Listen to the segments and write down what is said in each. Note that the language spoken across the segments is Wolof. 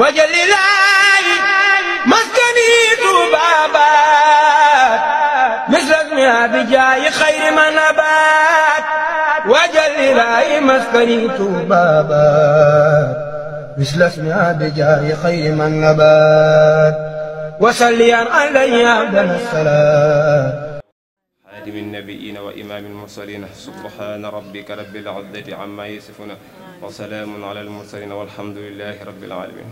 wajalilaayi maskani tuubaabaat misrak mi abijaayi xayri manabaat wajalilaayi maskani tuubaabaat misrak mi abijaayi xayri manabaat wasalli an alayhi abdana salaat xaatimi nabiyina wa imaami almursalina subhaana rabbika rabbil izzati amma yasifuna wa salaamun ala almursalina walhamdulilahi rabbil alamin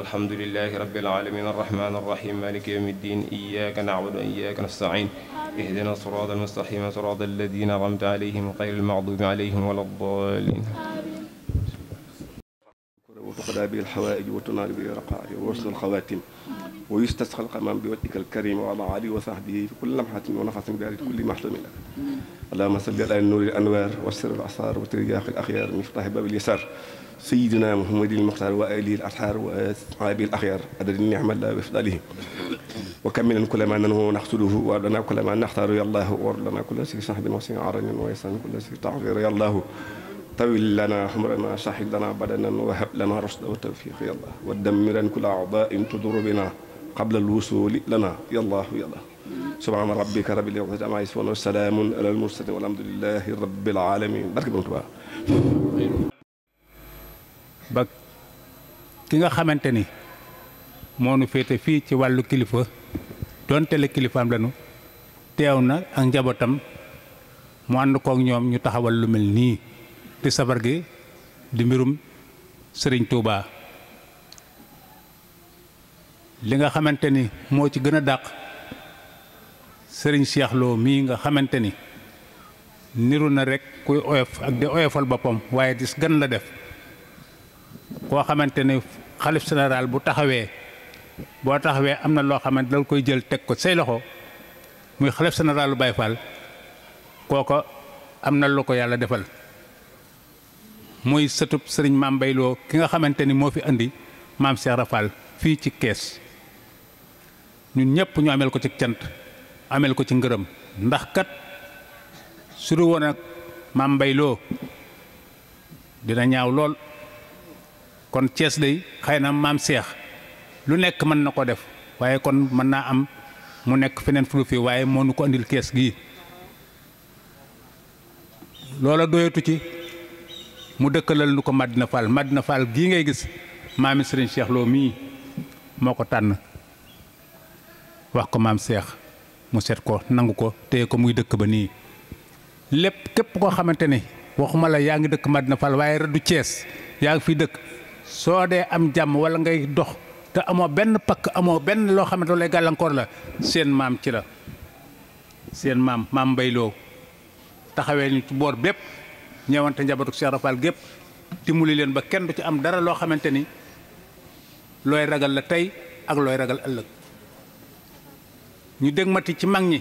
alhamdulilahi rabbil alamin arrahman arrahim maliki yawmi ddin iyaka nacbudu wa iyaka nastain ihdina sirata almustaqima sirata alladina anamta alayhim gayri almaghdubi alayhim wala ddalin وتقضى به الحوائج وتنال به الرقائج ويرسل الخواتم ويستسقى القمم بوجهك الكريم وعلى آله وصحبه في كل لمحة ونفس بارد كل محتم اللهم صل على النور الأنوار والسر الأسرار وترياق الأخيار مفتاح باب اليسار سيدنا محمد المختار وآله الأطهار وأصحابه الأخيار عدد النعمة لا بفضله وكملا كل ما ننهو نقتله وأرضنا كل ما نختار يا الله وأرضنا كل شيء صحب وسيع عرن ويسان كل شيء تعفير يا الله tawil lana xamrana sahid lana badanan wa hab lana rashda wa tawfiq yàlla wa dammiran kula ki nga xamante ni moo nu féete fii ci wàllu kilifa donte la kilifaam lanu teew na ak njabootam mu ànd koog ñoom ñu taxawal lu mel nii di sabar gi di mbirum sëriñ Touba li nga xamante ni moo ci gën a dàq sëriñ Cheikh Lo mii nga xamante ni niru na rekk kuy oyof ak di oyofal boppam waaye dis gan la def koo xamante ni xalif général bu taxawee boo taxawee am na loo xamante dal koy jël teg ko say loxo muy xalif général bu Baye kooko am na lu ko yàlla defal muy sëtub sëriñ maam bayloo ki nga xamante ni moo fi andi maam Cheikh Rafal fii ci kees ñun ñëpp ñu ameel ko ci cant amel ko ci ngërëm ndax kat su du woon maam bayloo dina ñaaw lool kon Cees day xëy na maam seex lu nekk mën na ko def waaye kon mën naa am mu nekk feneen fu fi waaye moo nu ko andil kees gii loola doyatu ci mu dëkkalal nu ko Madina Fall Madina Fall gii ngay gis maami Serigne Cheikh Lo mii moo ko tànn wax ko maam Cheikh mu set ko nangu ko te ko muy dëkk ba nii lépp képp koo xamante ne waxuma la yaa ngi dëkk Madina Fall waaye rëddu Cees yaa ngi fiy dëkk soo dee am jàmm wala ngay dox te amoo benn pakk amoo benn loo xamante lay gàllankoor la seen maam ci la seen maam maam mbayloo taxawee ñu ci boor bépp ñeewante njabootu Cheikh Ibra Fall gépp dimbali leen ba kenn du ci am dara loo xamante ni looy ragal la tey ak looy ragal ëllëg ñu dégmati ci mag ñi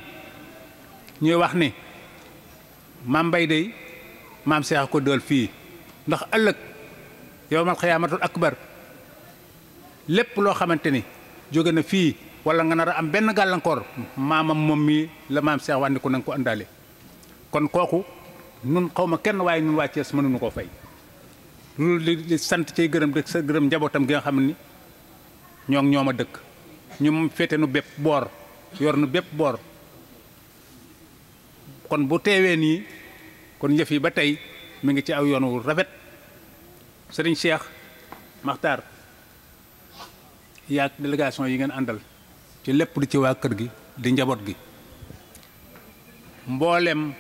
ñuy wax ni maam mbay day maam seex ko dool fii ndax ëllëg yowmal xiyaamatul akbar lépp loo xamante ni jóge na fii wala nga nar am benn gàllankoor maamam moom mii la maam seex wànni ko na nga ko àndaale kon kooku nun xaw ma kenn waaye nun waa Thiès mënuñu koo fay loolu li li sant cay gërëm rek sa gërëm njabootam gi nga xam ni ñoo ngi ñoom a dëkk ñu féete nu bépp boor yor nu bépp boor kon bu teewee nii kon yëf yi ba tey mu ngi ci aw yoon wu rafet sëriñ Cheikh Makhtar yaag délégation yi ngeen àndal ci lépp di ci waa kër gi di njaboot gi mboolem.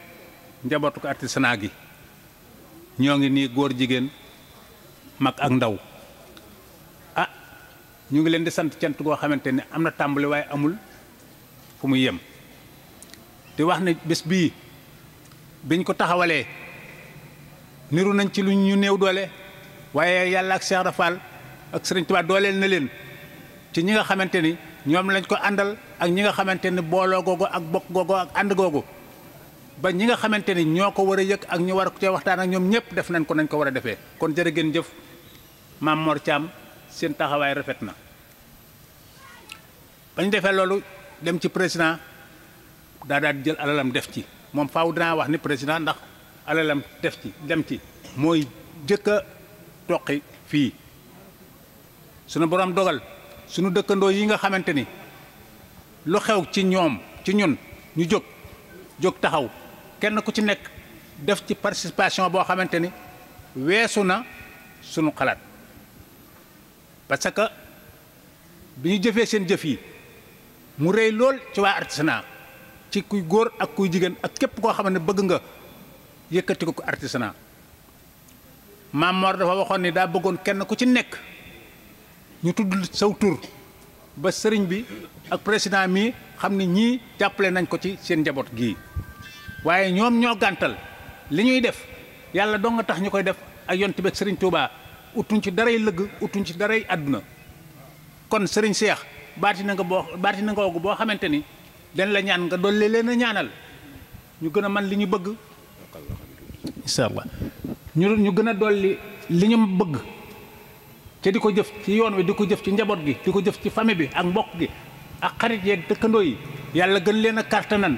njabootu ko artisanat gi ñoo ngi nii góor jigéen mag ak ndaw a ah, ñu ngi leen di sant cant goo xamante ne am na tàmbali waaye amul fu mu yem di wax ne bés bii biñ ko taxawalee niru nañ ci lu ñu néew doole waaye yàlla ak Cheikh Rafal ak Sëriñ Tuubaa dooleel na leen ci ñi nga xamante ni ñoom lañ ko àndal ak ñi nga xamante ni booloo googu ak bokk googu ak ànd googu ba ñi nga xamante ni ñoo ko war a yëg ak ñu war a cee waxtaan ak ñoom ñëpp def nañ ko nañ ko war a defee kon jërë ngeen jëf mam Mor Thiam seen taxawaay rafet na. bañ defee loolu dem ci président daa daal jël alalam def ci moom faw dinaa wax ni président ndax alalam def ci dem ci mooy jëkk a toqi fii sunu borom dogal sunu dëkkandoo yi nga xamante ni lu xew ci ñoom ci ñun ñu jóg jóg taxaw kenn ku ci nekk def ci participation boo xamante ni weesu na sunu xalaat parce que bi ñu jëfee seen jëf yi mu rëy lool ci waa artisanat ci kuy góor ak kuy jigéen ak képp koo xam ne bëgg nga yëkkati ko artisanat maam Mor dafa waxoon ni daa bëggoon kenn ku ci nekk ñu tudd saw tur ba sëriñ bi ak président mi xam ne ñii jàppale nañ ko ci seen njaboot gii waaye ñoom ñoo gàntal li ñuy def yàlla doo nga tax ñu koy def ak yonti beeg sëriñ Touba utuñ ci daray lëgg utuñ ci daray àdduna kon sëriñ Seex baati na nga boo na nga boo xamante ni dañ la ñaan nga dolli leen a ñaanal ñu gën a man li ñu bëgg incha allah ñu gën a dolli li ñu bëgg te di ko jëf ci yoon wi di ko jëf ci njaboot gi di ko jëf ci famille bi ak mbokk gi ak xarit yeeg dëkkandoo yi yàlla gën leen a kàttanan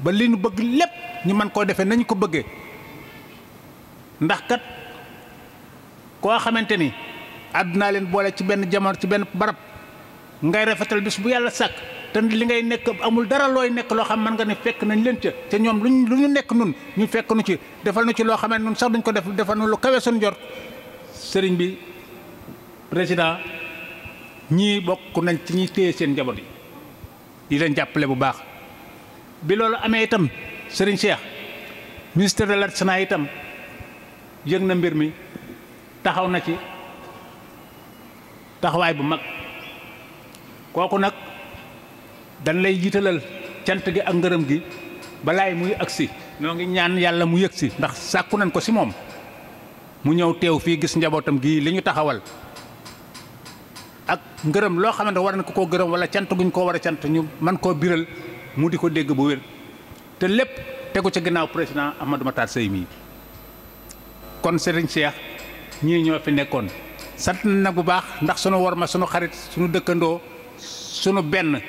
ba li ñu bëgg lépp ñu mën koo defee nañu ko bëggee ndax kat koo xamante ni àddunaa leen boole ci benn jamono ci benn barab ngay rafetal bis bu yàlla sàkk te li ngay nekk amul dara looy nekk loo xam man nga ne fekk nañ leen ca te ñoom luñ lu ñu nekk nun ñu fekk nu ci defal nu ci loo xam ne nun sax duñ ko def defal nu lu kawe suñ jot sëriñ bi président ñii bokk nañ ci ñi téye seen njaboot yi di leen jàppale bu baax bi loolu amee itam Serigne Cheikh ministre de l'artisanat itam yëg na mbir mi taxaw na ci taxawaay bu mag kooku nag dañ lay jiitalal cant gi ak ngërëm gi balaay muy agsi noo ngi ñaan yàlla mu yëg si ndax sàkku nañ ko si moom mu ñëw teew fii gis njabootam gii li ñu taxawal ak ngërëm loo xamante war nañ ko koo gërëm wala cant guñ koo war a cant ñu man koo biral mu di ko dégg bu wér te lépp tegu ci ginnaaw président Amadou Matar Seye mii kon Serigne Cheikh ñii ñoo fi nekkoon sant na bu baax ndax sunu worma sunu xarit sunu dëkkandoo sunu benn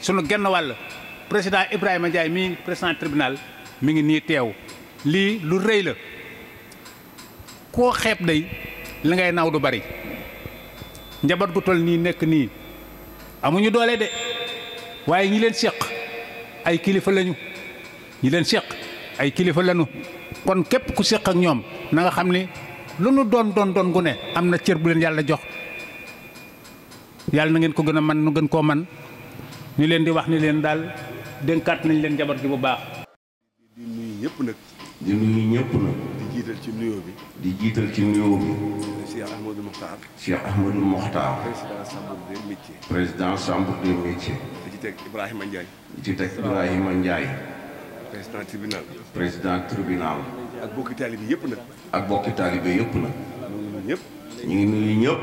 sunu genn wàll président Ibrahima Ndiaye mii président tribunal mi ngi nii teew lii lu rëy la koo xeep dey li ngay naw du bari njaboot gu toll nii nekk nii amuñu doole de waaye ñi leen séq ay kilifa lañu ñi leen seq ay kilifa lañu kon képp ku seq ak ñoom nanga xam ni lu nu doon doon doon gune am na cër bu leen yàlla jox yàlla na ngeen ko gën a man nu gën koo man ñu leen di wax ni leen daal dénkaat nañ leen jabar gi bu baax. di ñëpp nag. di jiital ci nuyoo bi. di jiital ci nuyoo bi. Cheikh Ahmadou Mokhtar. Cheikh Ahmadou Mokhtar. ci teg Ibrahima Ndiaye. ci teg Ibrahima Ndiaye. président tribunal. président tribunal. ak bokki taalibe yëpp nag. ak bokki taalibe yëpp nag. ñu ngi ñëpp. ñu ngi nuyu ñëpp.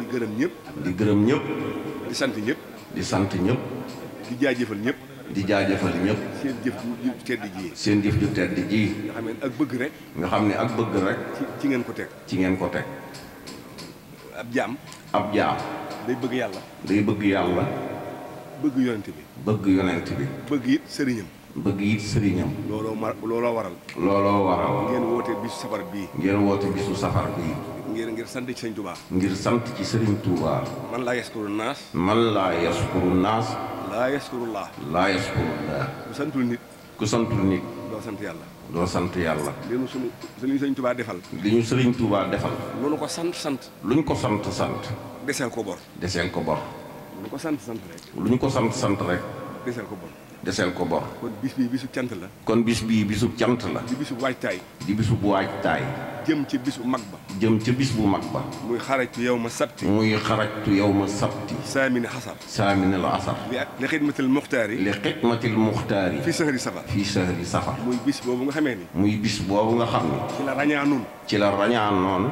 di gërëm ñëpp. di gërëm ñëpp. di sant ñëpp. di sant ñëpp. di jaajëfal ñëpp. di jaajëfal ñëpp. seen jëf ju tedd ji. seen jëf ju tedd ji. nga xam ne ak bëgg rek. nga xam ne ak bëgg rek. ci ngeen ko teg. ci ngeen ko teg. ab jaam. ab jaam. day bëgg yàlla. day bëgg yàlla. bëgg yonent bi. bëgg yonent bi. bëgg it sëriñam. bëgg it sëriñam. looloo mar looloo waral. looloo waral. ngeen woote bisu safar bii. ngeen woote bisu safar bii. ngir sant ci sëriñ Touba. ngir sant ci sëriñ Touba. man laa yaskuru naas. man laa yaskuru naas. laa yaskuru laa. laa yaskuru laa. ku santul nit. ku santul nit. doo sant yàlla. doo sant yàlla. li ñu sunu li ñu sëriñ Touba defal. li ñu sëriñ Touba defal. lu ñu ko sant sant. lu ñu ko sant sant. deseel ko bor. deseel ko bor. lu ko sant sant rek. lu ñu ko sant sant rek. deseel ko bor. deseel ko bor. kon bis bii bisu cant la. kon bis bii bisu cant la. di bisu waajtaay. di bisu waajtaay. jëm ci bisu mag ba. jëm ca bis bu mag ba. muy xarajtu yow ma sabti. muy xarajtu yow ma sabti. saamini xasar. saamini la asar. li xidmatil muxtaar yi. li xidmatil muxtaar yi. fii sahri safar. fii sahri safar. muy bis boobu nga xamee ni. muy bis boobu nga xam ni. ci la ràññaa ci la ràññaa noonu.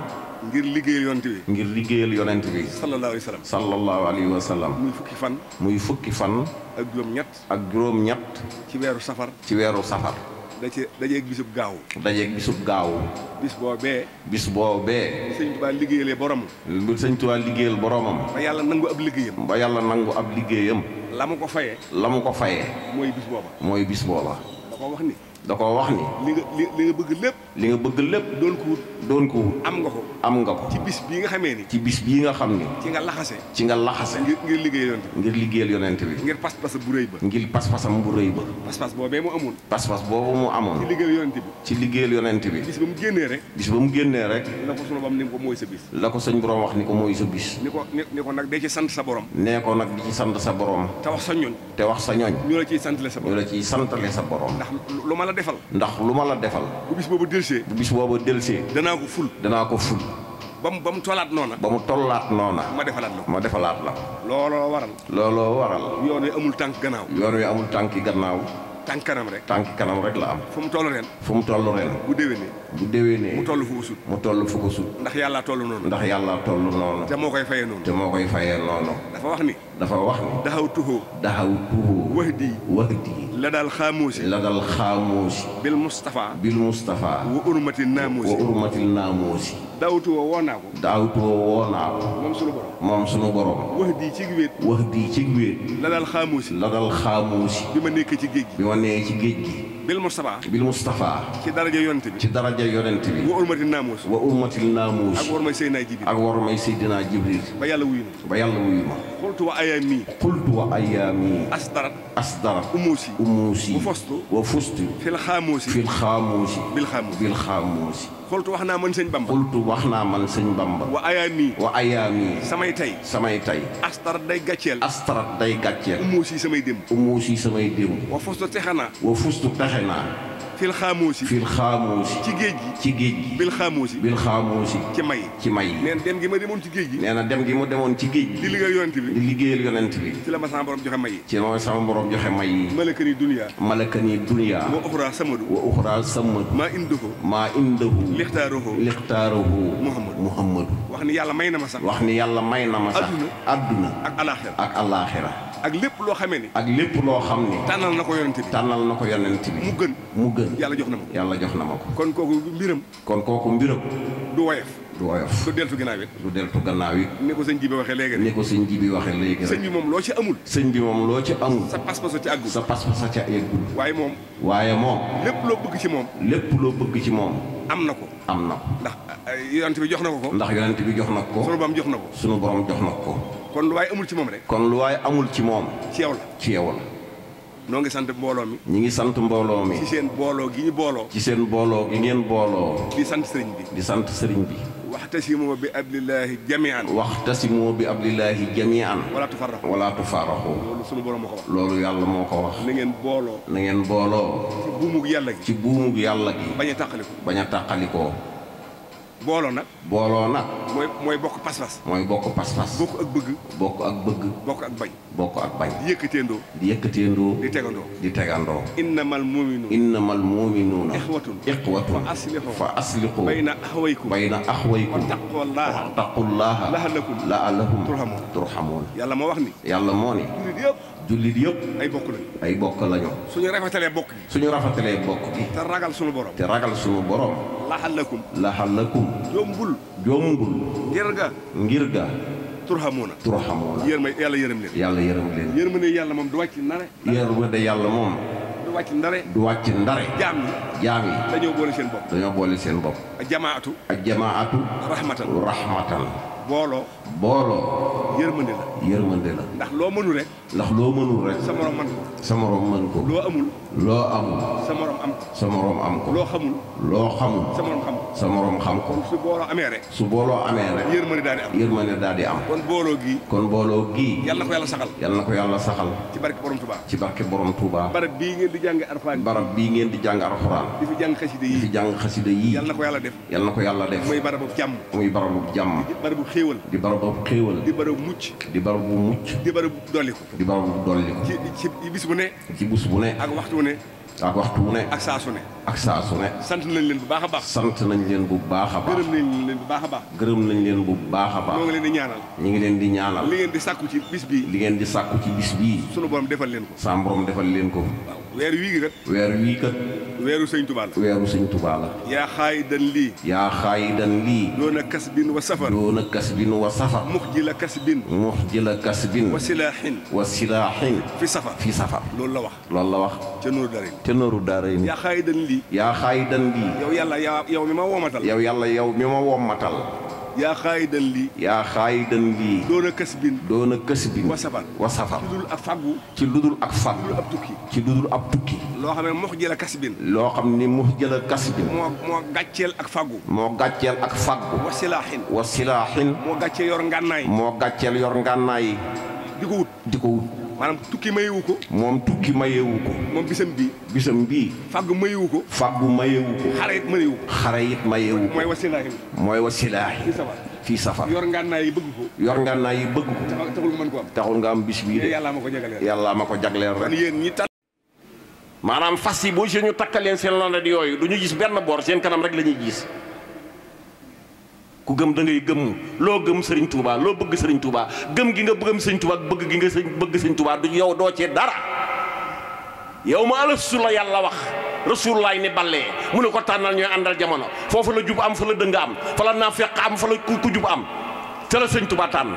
ngir liggéeyal yonent bi. ngir liggéeyal yonent bi. sallallahu alayhi wa sallam. sallallahu alayhi muy fukki fan. muy fukki fan. ak juróom-ñett. ak juróom-ñett. ci weeru safar. ci weeru safar. daje dajeeg bisub gaaw. dajeeg bisub gaaw. bis boobee. bis boobee. bi sëñ Tuubaa liggéeyalee boromam. bi sëñ Tuubaa liggéeyal boromam. ba yàlla nangu ab liggéeyam. ba yàlla nangu ab liggéeyam. la mu ko fayee. la mu ko fayee. mooy bis booba. mooy bis booba. da koo wax ni. li li nga bëgg lépp doon ko wut doon ko wut am nga ko am nga ko ci bis bii nga xam ni ci nga laxase ci nga laxase ngir liggéeyal yonent bi ngir liggéeyal yonent bi ngir pas-pasam bu rëy ba ngir pas-pasam bu rëy ba pas-pas boobee mu amoon pas-pas boobu mu amoon la ko suñu borom ni ko mooy sa bis la ko sëñ borom wax ni ko mooy sa bis ni ko nag dee ci sant sa borom nee ko nag di ci sant sa borom te wax sa ñooñ te wax sa ñooñ ñu la ciy santale sa borom ñu la ciy santale sa lu ma la defal dellusee bu bis boobu dellusee danaa ko ful danaa ko ful ba mu ba mu tollaat noona ba mu tollaat noona ma defalaat la ma defalaat la looloo waral looloo waral yoon wi amul tànk ganaaw yoon wi amul tànk gannaaw tànk kanam rek. tànk kanam rek la am. fu mu toll ren. fu mu toll ren. bu déwénee. bu déwénee. mu toll fu ko sut. mu toll fu ko sut. ndax yàllaa toll noonu. ndax yàllaa toll noonu. te moo koy fayee noonu. te moo koy fayee noonu. dafa wax ni. dafa wax ni. daxaw tuxoo. daxaw tuxoo. wax di. la daal xaamuusi. la daal xaamuusi. bil Moustapha. bil Moustapha. wa urmati naamuusi. daawutu woo woo naa ko. daawutu woo woo naa ko. moom sunu borom. moom sunu borom. wax dii cig wéet. wax dii cig wéet. la dal xaamuusi. la dal xaamuusi. bi ma nekk ci géej gi. bi ma nekk ci géej gi. bil Moustapha. bil Moustapha. ci daraja yonent bi. ci daraja yonent bi. wa urmatil naamuus. wa urmatil naamuus. ak war may Seydina Jibril. ak war ba yàlla wuyu ma. ba yàlla wuyu ma. قلت وأيامي قلت وأيامي أصدرت أصدرت أموسي أموسي وفزت وفزت في الخاموس wax naa man sëñ bamba xoltu naa man sëñ bamba wa ayaami wa ayaami samay tay samay tay astarat day gàcceel astarat day gàcceel umuus yi samay démb umuus samay démb wa fustu texe wa fustu texe fil xaamuusi fil xaamuusi ci géej gi ci géej gi bil xaamuusi bil xaamuusi ci may ci may nee dem gi ma demoon ci géej gi nee na dem gi mu demoon ci géej gi di liggéeyal yonent bi di liggéeyal yonent bi ci la ma sama borom joxe may yi ci la ma sama borom joxe may yi malakani dunya malakani dunya wa uxra samadu wa uxra samadu maa indahu maa indahu lixtaaruhu muhammadu wax ni yàlla may na ma sax wax ni yàlla may na ma sax adduna ak alaaxira ak alaaxira ak lépp loo xamee ni ak lépp loo xam ni tànnal na ko yonent bi tànnal na ko yonent bi mu gën mu gën yàlla jox na yàlla jox na kon kooku mbiram kon kooku mbiram du woyof du woyof du deltu gannaaw it du deltu gannaaw it ni ko ji bi waxee léegi ni ko sëñ ji bi waxee léegi sëñ bi moom loo ci amul sëñ bi moom loo ci amul sa pas-pas ci àggul sa pas-pas waaye moom waaye moom lépp loo ci moom lépp loo bëgg ci moom am na ko am na ko ndax eh, yonent bi jox na ko ko ndax yonent bi jox na ko sunu borom jox na ko sunu borom jox na ko kon lu waay amul ci moom rek. kon lu waay amul ci moom. ci yow la ci yow la. noo ngi sant mbooloo mi. ñi ngi sant mbooloo mi. ci seen booloo gi booloo. ci seen booloo gi ngeen booloo. di sant sëriñ bi. di sant sëriñ bi. waxtasimoo bi ablillahi jamian. moo bi ablillahi jamian. wala tufarraxu. wala tufarraxu. loolu sunu borom moo ko wax. loolu yàlla moo ko wax. na ngeen booloo. na ngeen booloo. ci buumug yàlla gi. ci buumug yàlla gi. bañ a tàqalikoo. bañ a tàqalikoo. booloo nag. booloo nag. mooy bokk pas-pas. mooy bokk pas-pas. bokk ak bëgg. bokk ak bëgg. bokk ak bañ. bokk ak bañ. di yëkkateendoo. di yëkkateendoo. di tegandoo. di tegandoo. innamal muminuuna. innamal muminuuna. ixwatun. ixwatun. fa asliqu. fa asliqu. bayna axwaykum. bayna axwaykum. wattaqullaaha. wattaqullaaha. la'allakum. la'allakum turhamuun. turhamuun. yàlla moo wax ni. yàlla moo ni. jullit yëpp. ay bokk lañu. ay bokk lañu. suñu rafetalee bokk gi. suñu rafetalee bokk gi. te ragal suñu borom. te ragal suñu borom. laxallakum. laxallakum. jombul. jombul. ngir ga. ngir ga. turhamuuna. turhamuuna. yéen may yàlla yërëm leen. yàlla yërëm leen. ne yàlla moom du wàcc ndare. yërmande yàlla moom. du wàcc ndare. du wàcc ndare. jaam yi. jaam yi. dañoo boole seen bopp. dañoo boole seen bopp. a jamaatu. ak jamaatu. rahmatan. mbooloo. yërmande la yërmande la. ndax loo mënu rek. ndax loo mënul rek. sa morom man ko. sa ko. loo amul. loo amul. sa morom ko. sa morom loo xamul. loo xamul. sa morom xam ko. xam ko. su booloo amee rek. su booloo amee rek. yërmande daal di am. yërmande daal di am. kon booloo gii. kon booloo gii. yal na ko yàlla saxal. yal na ko yàlla saxal. ci barke borom Touba. ci barke borom Touba. barab bii ngeen di jàng Alxuraan. barab bii ngeen di jàng Alxuraan. di fi jàng xasida yii. di fi jàng xasida yii. yal na ko yàlla def. yal na ko yàlla def. muy barabu jàmm. jàmm. di barabu xéewal. di barabu xéewal. di barabu mucc. di barabu mucc. di barabu dolliku. di barabu dolliku. ci bu ne. ak waxtu ne. ak waxtu wu ne. ak saa su ne. ak saa su ne. sant nañ leen bu baax a baax. sant nañ leen bu baax a baax. gërëm nañ leen bu baax a baax. gërëm nañ leen bu baax a baax. ñoo ngi leen di ñaanal. ñu ngi leen di ñaanal. li ngeen di sàkku ci bis bii. li ngeen di sàkku ci bis bii. sunu borom defal leen ko. sa borom defal leen ko. weer wii kat. weer wii kat. weeru sëñ Tuubaa la. weeru sëñ Tuubaa la. yaa xaayi dan lii. yaa xaayi dan lii. doona kas wa safar. doona kas bin wa safar. mux ji la kas bin. mux ji la kas bin. wa silaaxin. wa silaaxin. loolu la wax. loolu la wax. ca nooru daara yi. ca nooru daara yi. yaa xaayi dan lii. yaa xaayi dan lii. yow yàlla yow mi ma woomatal. yow yàlla yow mi ma woomatal. yaa xaayidan lii yaa xaayidan lii doon a kës bin doon a kës bin wa safar wa safar ci ludul ak fàggu ci ludul ak fàggu ab tukki ci ludul ab tukki loo xam ne mox jël a kas loo xam ni mox jël a moo moo gàcceel ak fàggu moo gàcceel ak fàggu wa silaaxin wa silaaxin moo gàcceel yor ngànnaay moo gàcceel yor ngànnaay di ko wut di ko wut maanaam tukki mayewu ko moom tukki mayewu ko moom bisam bii bisam bii fàggu mayewu ko fàggu mayewu ko xare it mayewu ko xare ma mayewu ko mooy wasilaahi mooy wasilaahi fii safar yor ngànnaay yi bëgg ko yor ngànnaay yi bëgg ko nga mën ko am taxul nga am bis bii de yàllaa ma ko jagleel yàllaa ma ko jagleel rek yéen ñi tal maanaam fas yi boo si ñu takkaleen seen landat yooyu du ñu gis benn boor seen kanam rek la ñuy gis ku gëm da ngay gëm loo gëm sëriñ Touba loo bëgg sëriñ Touba gëm gi nga bëggam sëriñ Touba bëgg gi nga sëriñ bëgg sëriñ Touba du yow doo ci dara yow ma ala su la yàlla wax rasulullaay ni ballee mu ne ko tànnal ñooy àndal jamono foofu la jub am fa la dëng am fa la naafeq am fa la ku jub am te la sëriñ Touba tànn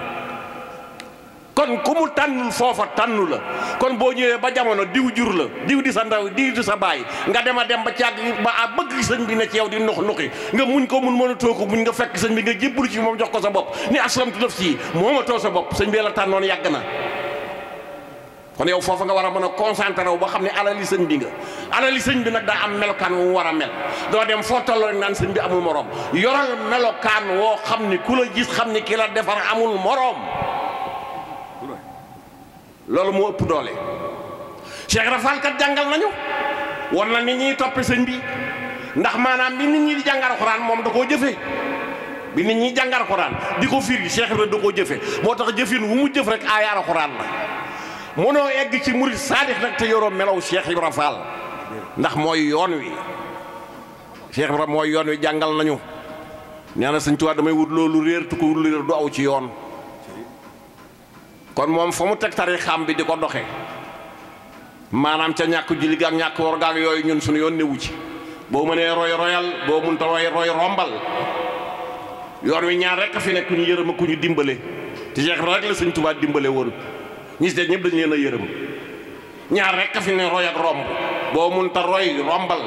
kon ku mu tànnul foofa tànnu la kon boo ñëwee ba jamono diw jur la diw di sa ndaw diw di sa baay nga dem a dem ba càgg ba a bëgg sëñ bi ne ci yow di nux nuxi nga muñ ko mun mën a ko muñ nga fekk sëñ bi nga jébbalu ci moom jox ko sa bopp ni aslamtu nafsi mooma too sa bopp sëñ bi la tànnoon yàgg na kon yow foofa nga war a mën a concentré wu ba xam ne alali sëñ bi nga alali sëñ bi nag daa am melokaan wu war a mel doo dem foo tolloo naan sëñ bi amul moroom yoral melokaan woo xam ni ku la gis xam ni ki la amul moroom loolu moo ëpp doole Cheikh Rafal kat jàngal nañu war na nit ñi toppe sëñ bi ndax maanaam bi nit ñi di jàngal moom da koo jëfe bi nit ñi jàngal alxuraan di ko firi Cheikh Ibra da koo jëfe moo tax jëfin wu mu jëf rek aaya alxuraan la mënoo egg ci murid saadix nag te yoroo melaw Cheikh Ibra Fall ndax mooy yoon wi Cheikh Ibra mooy yoon wi jàngal nañu nee na sëñ Tuubaa damay wut loolu réer tu ko wut lu du aw ci yoon kon moom fa mu teg tarixam bi di ko doxe maanaam ca ñàkk julli gaak ñàkk wor gaak yooyu ñun suñu yoon newu ci boo mënee roy royal boo mënta roy roy rombal yoon wi ñaar rek fi ne ku ñu yërëm ku ñu dimbale te Cheikh rek la Sëñ Tuubaa dimbale woon ñi si de ñëpp dañu leen a yërëm ñaar rek ka fi ne roy ak romb boo mun munta roy rombal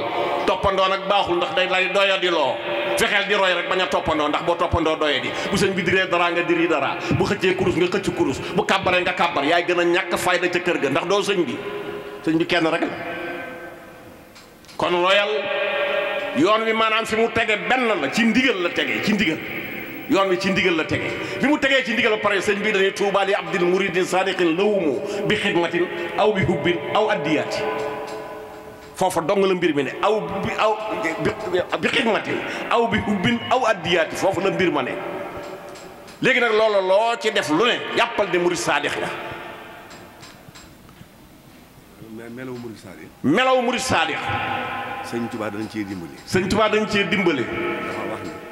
toppandoo nag baaxul ndax day lay doyadiloo fexeel di roy rek bañ a toppandoo ndax boo toppandoo doyadi bu sëñ bi diree dara nga diri dara bu xëccee kurus nga xëcc kurus bu kàbbaree nga kàbbar yaay gën a ñàkk fayda ca kër ga ndax doo sëñ bi sëñ bi kenn rek la kon royal yoon wi maanaam fi mu tege benn la ci ndigal la tege ci ndigal yoon wi ci ndigal la tege bi mu tegee ci ndigal ba pare sëñ bi dañuy tuubaa li abdil muridin sadiqin lawumu bi xidmatin aw bi hubbin aw addiyaati foofa dong la mbir mi ne aw bi aw bi xidmatin aw bi hubbin aw addiyaati foofu la mbir ma ne léegi nag loolu loo ci def lu ne yàppal ne murid saadix la melaw murid saadix melaw murid saadix sëñ tubaa dañ ci dimbali dimbali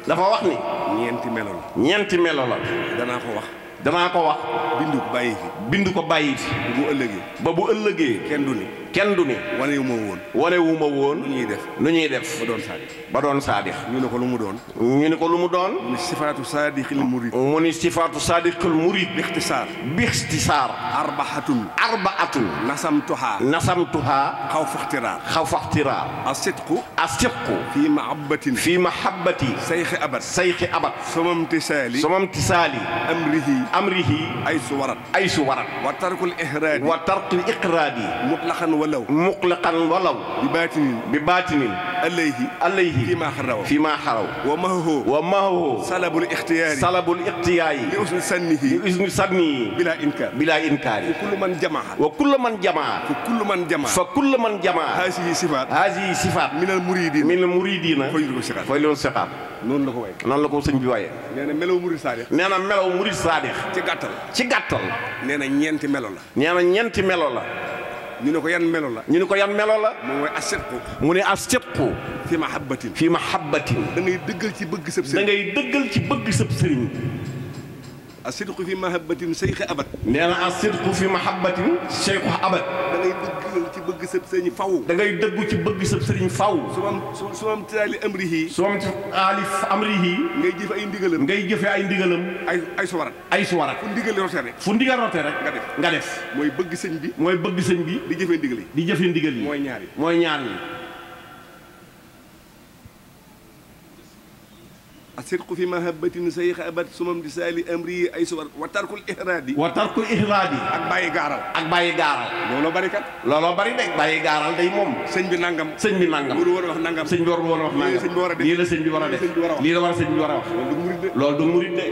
dafa wax ni. ñeenti melo ñeenti melo la. danaa ko wax. danaa ko wax. bind bàyyi fi. bind ko bàyyi fi. ba bu ëllëgee. ba bu ëllëgee. kenn du ni. kenn du ni wane wu ma woon wane wu ma woon lu ñuy def lu ñuy def ba doon saadix ba doon saadix ñu ne ko lu mu doon ñu ne ko lu mu doon mu ni sifaatu saadixil murid mu ni sifaatu saadixil murid bixtisaar bixtisaar arbaatun arbaatun nasamtuhaa nasamtuhaa xaw faxtiraar xaw faxtiraar asidqu asidqu fii mahabbatin fii mahabbati sayxi abad sayxi abad samamtisaali samamtisaali amrihi amrihi ay su warat ay su warat wa tarkul ihraadi wa tarkul iqraadi mutlaqan walaw muqlaqan walaw bi baatinin bi baatinin alayhi alayhi fii maa xaraw fii maa xaraw wa mahoo wa mahoo salabul ixtiyaari salabul ixtiyaari li usni sannihi li usni sannihi bilaa inkaar bilaa inkaar wa kullu man jamaa wa kullu man jamaa fa kullu man jamaa fa kullu man jamaa haasihi sifaat haasihi sifaat min al muridiina min al muridiina fooy loolu siqaat noonu la ko waaye noonu la ko sëñ bi waaye nee na melaw murid saadix nee na melaw murid saadix ci gàttal ci gàttal nee na ñeenti melo la nee na ñeenti melo la ñu ne ko yan melo la ñu ne ko yan melo la mu ne asitqu mu ne asitqu fi mahabbatin fi mahabbatin da ngay dëggal ci bëgg sëb sëriñ da ngay dëggal ci bëgg sëb sëriñ asidqu fi mahabbatin seyxi abad nee na asidqu fi mahabbatin seyxu abad da ngay dëgg ci bëgg sëb sëriñ faw dangay ngay dëggu ci bëgg sëb sëriñ faw su mam su mam taali amrihi su mam taali amrihi ngay jëfe ay ndigalam ngay jëfe ay ndigalam ay ay suwarat ay suwarat fu ndigal rote rek fu ndigal rote rek nga def nga def mooy bëgg sëñ bi mooy bëgg sëñ bi di jëfe ndigal yi di jëfe ndigal yi mooy ñaar yi mooy ñaar asirqu fi mahabbatin sayx abat sumam di saali amri ay suwar wa tarkul ihraadi wa tarkul ihraadi ak bàyyi gaaral ak bàyyi gaaral looloo bari kat looloo bari de bàyyi gaaral day moom sëñ bi nangam sëñ bi nangam wuru war a wax nangam sëñ bi war woon a wax nangam lii la sëñ bi war a def lii la war a sëñ bi war a wax loolu du murid de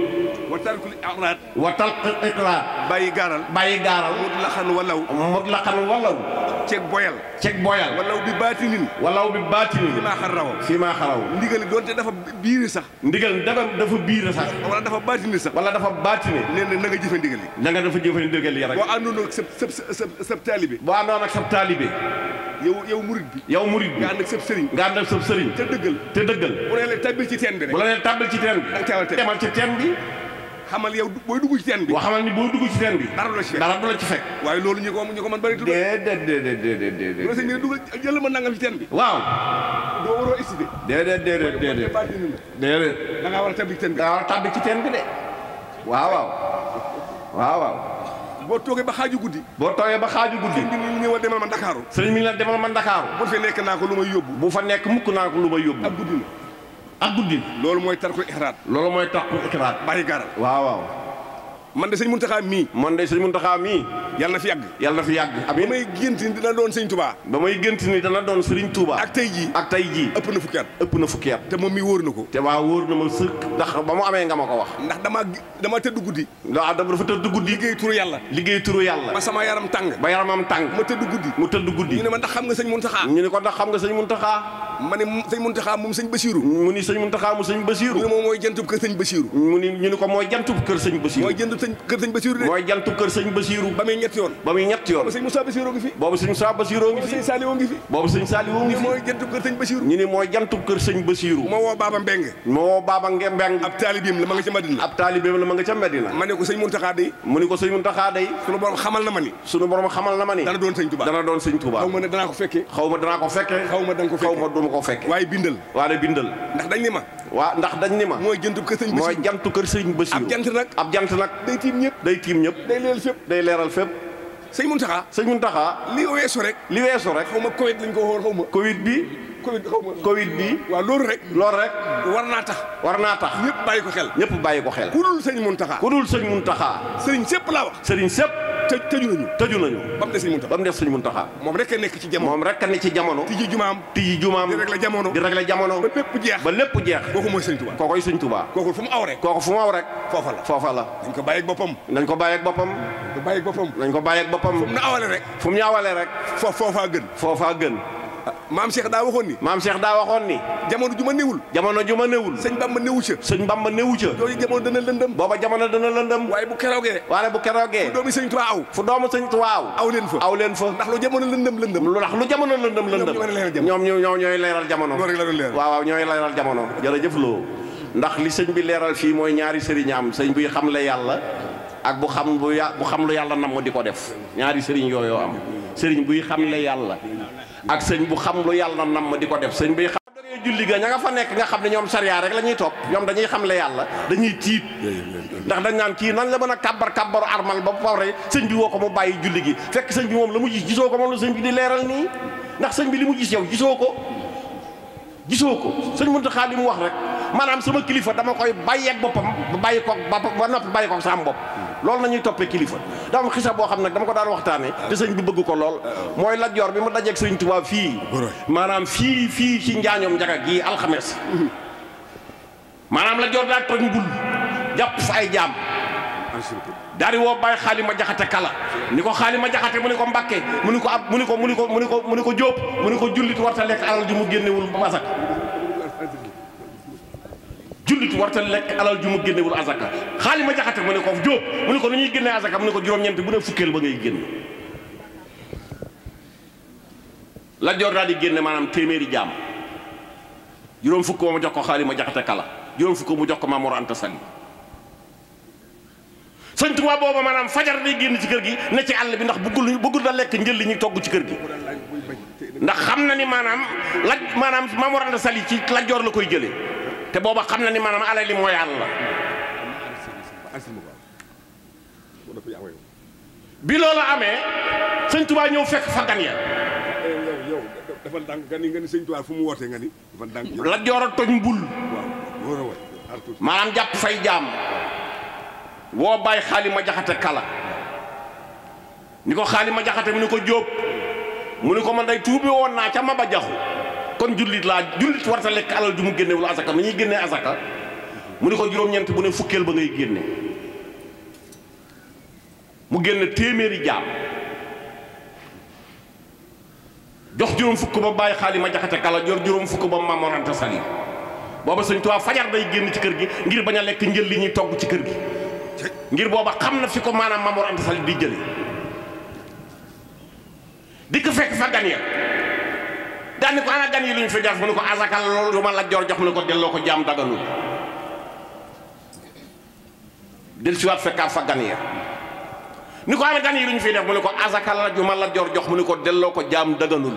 wa tarkul ihraad wa tarkul ihraad bàyyi gaaral bàyyi gaaral mutlaqan walaw mutlaqan walaw ceeg boyal ceeg boyal walaw bi baatinin walaw bi baatinin fi maa xaraw fi maa xaraw ndigal donte dafa biiri sax ndigal ndegam dafa biir sax wala dafa baatine sax wala dafa baatine nee na na nga jëfe ndigal yi nga dafa jëfe ndigal yi rek boo àndoon ak sab sab sab taalibe boo àndoon ak sab taalibe yow yow murid bi yow murid bi nga ànd ak sab sëriñ nga ànd ak sab sëriñ te dëggal te dëggal bu la leen ci teen bi rek teen bi ci teen bi xamal yow booy dugg ci teen bi. waaw xamal ni boo dugg ci teen bi. dara du la ci fekk dara du la ci waaye loolu ñu ko ñu ko mën bëri. déedéet déedéet déedéet déedéet. loolu sëñ bi ma nangam ci teen bi. waaw. doo waroo excité. déedéet da ngaa war a tabbi ci teen bi. da ngaa war a tabbi ci teen bi de. waaw waaw. waaw waaw. boo toogee ba xaaju guddi. boo toogee ba xaaju guddi. sëñ bi ñu ñëw a demal ma Ndakaaru. sëñ bi la demal bu fa nekk naa ko lu may yóbbu. bu fa nekk mukk naa ko lu may yóbbu. ak guddi ak guddin loolu mooy tarkul ixraat loolu mooy tarkul ixraat bàyyi garal waaw waaw man de sëñ Muntaxa mii man de sëñ Muntaxa yàlla fi yàgg yàlla na fi yàgg amiin ba may gént ni dana dana doon sëriñ ak tey jii ak tey jii ëpp na fukki at ëpp na moom mii wóor na ko te waa wóor na ma sëkk ndax ba mu amee nga ma ko wax ndax damaa damaa tëdd guddi waaw dafa tëdd guddi liggéey turu yàlla liggéey turu yàlla ba sama yaram tàng ba yaramam tàng ma tëdd guddi mu tëdd guddi ñu ne ma ndax xam nga sëñ Muntaxa ñu ne ko ndax xam nga sëñ Muntaxa ma ne sëñ Muntaxa moom sëñ Basiru mu ni sëñ Muntaxa mu sëñ Basiru ñu ne moom mooy jantub kër sëñ Basiru mu ni ñu ne ko mooy jantub kër sëñ Basiru sëñ kër sëñ Basiru mooy jantu kër sëñ Basiru ba muy ñetti ba muy ñetti yoon sëñ mooy jantu kër sëñ Basiru ñu mooy jantu kër sëñ Basiru moo mooy jantu kër sëñ Basiru ab jant nag day tiim ñëpp. day tiim ñëpp. day leeral fépp. day leeral fépp. sëñ Mountakha. sëñ Mountakha. li weesu rek. li weesu rek. xaw ma Covid lañ ko waxoon xaw ma. Covid bi. Covid xaw ma Covid loolu rek. loolu rek. war naa tax. war naa tax ñëpp bàyyi ko xel. ñëpp bàyyi ko xel. ku dul sëñ mun Muntaxa. ku dul sëñ Muntaxa. sëriñ sëpp laa wax. sëriñ sëpp. të tëju nañu tëju nañu ba mu def sëñ mun taxa moom rek a nekk ci jamono moom rek a nekk ci jamono tijji jumaam tijji jumaam di régler jamono di régler jamono ba lépp jeex ba lépp jeex kooku mooy sëñ Tuubaa kookoy sëñ Tuubaa kooku fu mu aw rek kooku fu mu aw rek foofa la nañ ko bàyyi ak boppam nañ ko bàyyi ak boppam nañ ko bàyyi ak boppam nañ ko bàyyi ak boppam na awale rek fu mu ñu awale rek foo foofaa gën foofaa gën maam Cheikh daa waxoon ni. maam Cheikh daa waxoon ni. jamono ju ma néewul. jamono ju ma néewul. sëñ Bamba néewu ca. sëñ Bamba néewu ca. yooyu jamono dana lëndëm. booba jamono dana lëndëm. waaye bu keroogee. waaye bu keroogee. fu doomi sëñ Tuubaa aw. fu doomu sëñ Tuubaa aw. aw leen fa aw leen fa. ndax lu jamono lëndëm lëndëm. lu ndax lu jamono lëndëm lëndëm. ñoom ñoo ñooy leeral jamono. loolu rek la doon leeral waaw waaw ñooy leeral jamono. jërëjëf loo ndax li sëñ bi leeral fii mooy ñaari sëriñam sëñ buy xam la yàlla ak bu xam bu xam lu yàlla nam di ko def ñaari sëriñ yooyu am sëriñ buy xam la yàlla ak sëñ bu xam lu yàlla nam di ko def sëñ bi xam dangay julli ga ña nga fa nekk nga xam ne ñoom sariya rek la ñuy topp ñoom dañuy xam le yàlla dañuy tiit ndax dañ naan kii nan la mën a kàbbar kàbbaru armal ba pare sëñ bi woo ko mu bàyyi julli gi fekk sëñ bi moom la mu gis gisoo ko moom la sëñ bi di leeral nii ndax sëñ bi li mu gis yow gisoo ko gisoo ko sëñ Muntaxa li mu wax rek maanaam sama kilifa dama koy bàyyeeg boppam ba bàyyi ko ba noppi bàyyi ko sama bopp loolu nañuy toppee kilifa dafa am xisa boo xam nag dama ko daan waxtaane te sëñ bi bëggu ko lool mooy Lat Joor bi mu dajeeg sëñ Tuubaa fii maanaam fii fii ci njaañoom njaga gii alxames maanaam Lat Joor daa toj mbul jàpp fa ay jaam daal di woo bàyyi ma jaxate kala ni ko ma jaxate mu ni ko mbàkke mu ni ko ab mu ni ko mu ni ko mu ni ko mu ni ko jóob mu ni ko jullit warta lekk alal mu génnewul masak jullit warta lekk alal ju mu génnewul azaka xaali ma jaxate mu ne ko jóob mu ne ko nu ñuy génne azaka mu ne ko juróom-ñeent bu ne fukkeel ba ngay génn la daal di génne maanaam téeméeri jaam juróom fukk ma jox ko xaali ma jaxate kala juróom fukk mu jox ko Mamoor Anta Sali sëñ Tuubaa booba maanaam fajar day génn ci kër gi ne ci àll bi ndax bëggul bëggul da lekk njël li ñuy togg ci kër gi ndax xam na ni maanaam la maanaam Mamoor Anta Sali ci la joor la koy jëlee te booba xam na ni maanaam alali mooy yàlla bi loolu amee sëñ Tuubaa ñëw fekk fa gan ya dafa ndànk gan yi nga fu mu wootee nga ni dafa ndànk la joor a jàpp fay jaam woo bàyyi xaali jaxate kala ni ko xaali ma jaxate mu ni ko jóob mu ni ko man day tuubi woon naa ca ma ba jaxu kon jullit laa jullit warta lekk alal ju mu génnewul asaka na ñuy génnee asaka mu ni ko juróom-ñeent bu ne fukkeel ba ngay génne mu génne téeméeri jaam jox juróom fukk ba bàyyi xaali ma jaxate kala jox juróom fukk ba Maam Mor booba sëñ Tuubaa fajar day génn ci kër gi ngir bañ a lekk njël li ñuy togg ci kër gi ngir booba xam na fi ko maanaam Maam Mor Anta Sali di jële dikk fekk fa gan ya daanni ko ana gan yi lu ñu fi def mu ne ko asakal loolu lu ma la joor jox mu ne ko delloo ko jaam daganul del siwaat fekkaat fa gan ni ko ana gan yi lu ñu fi def mu ne ko asakal la ju la joor jox mu ne ko delloo ko jaam daganul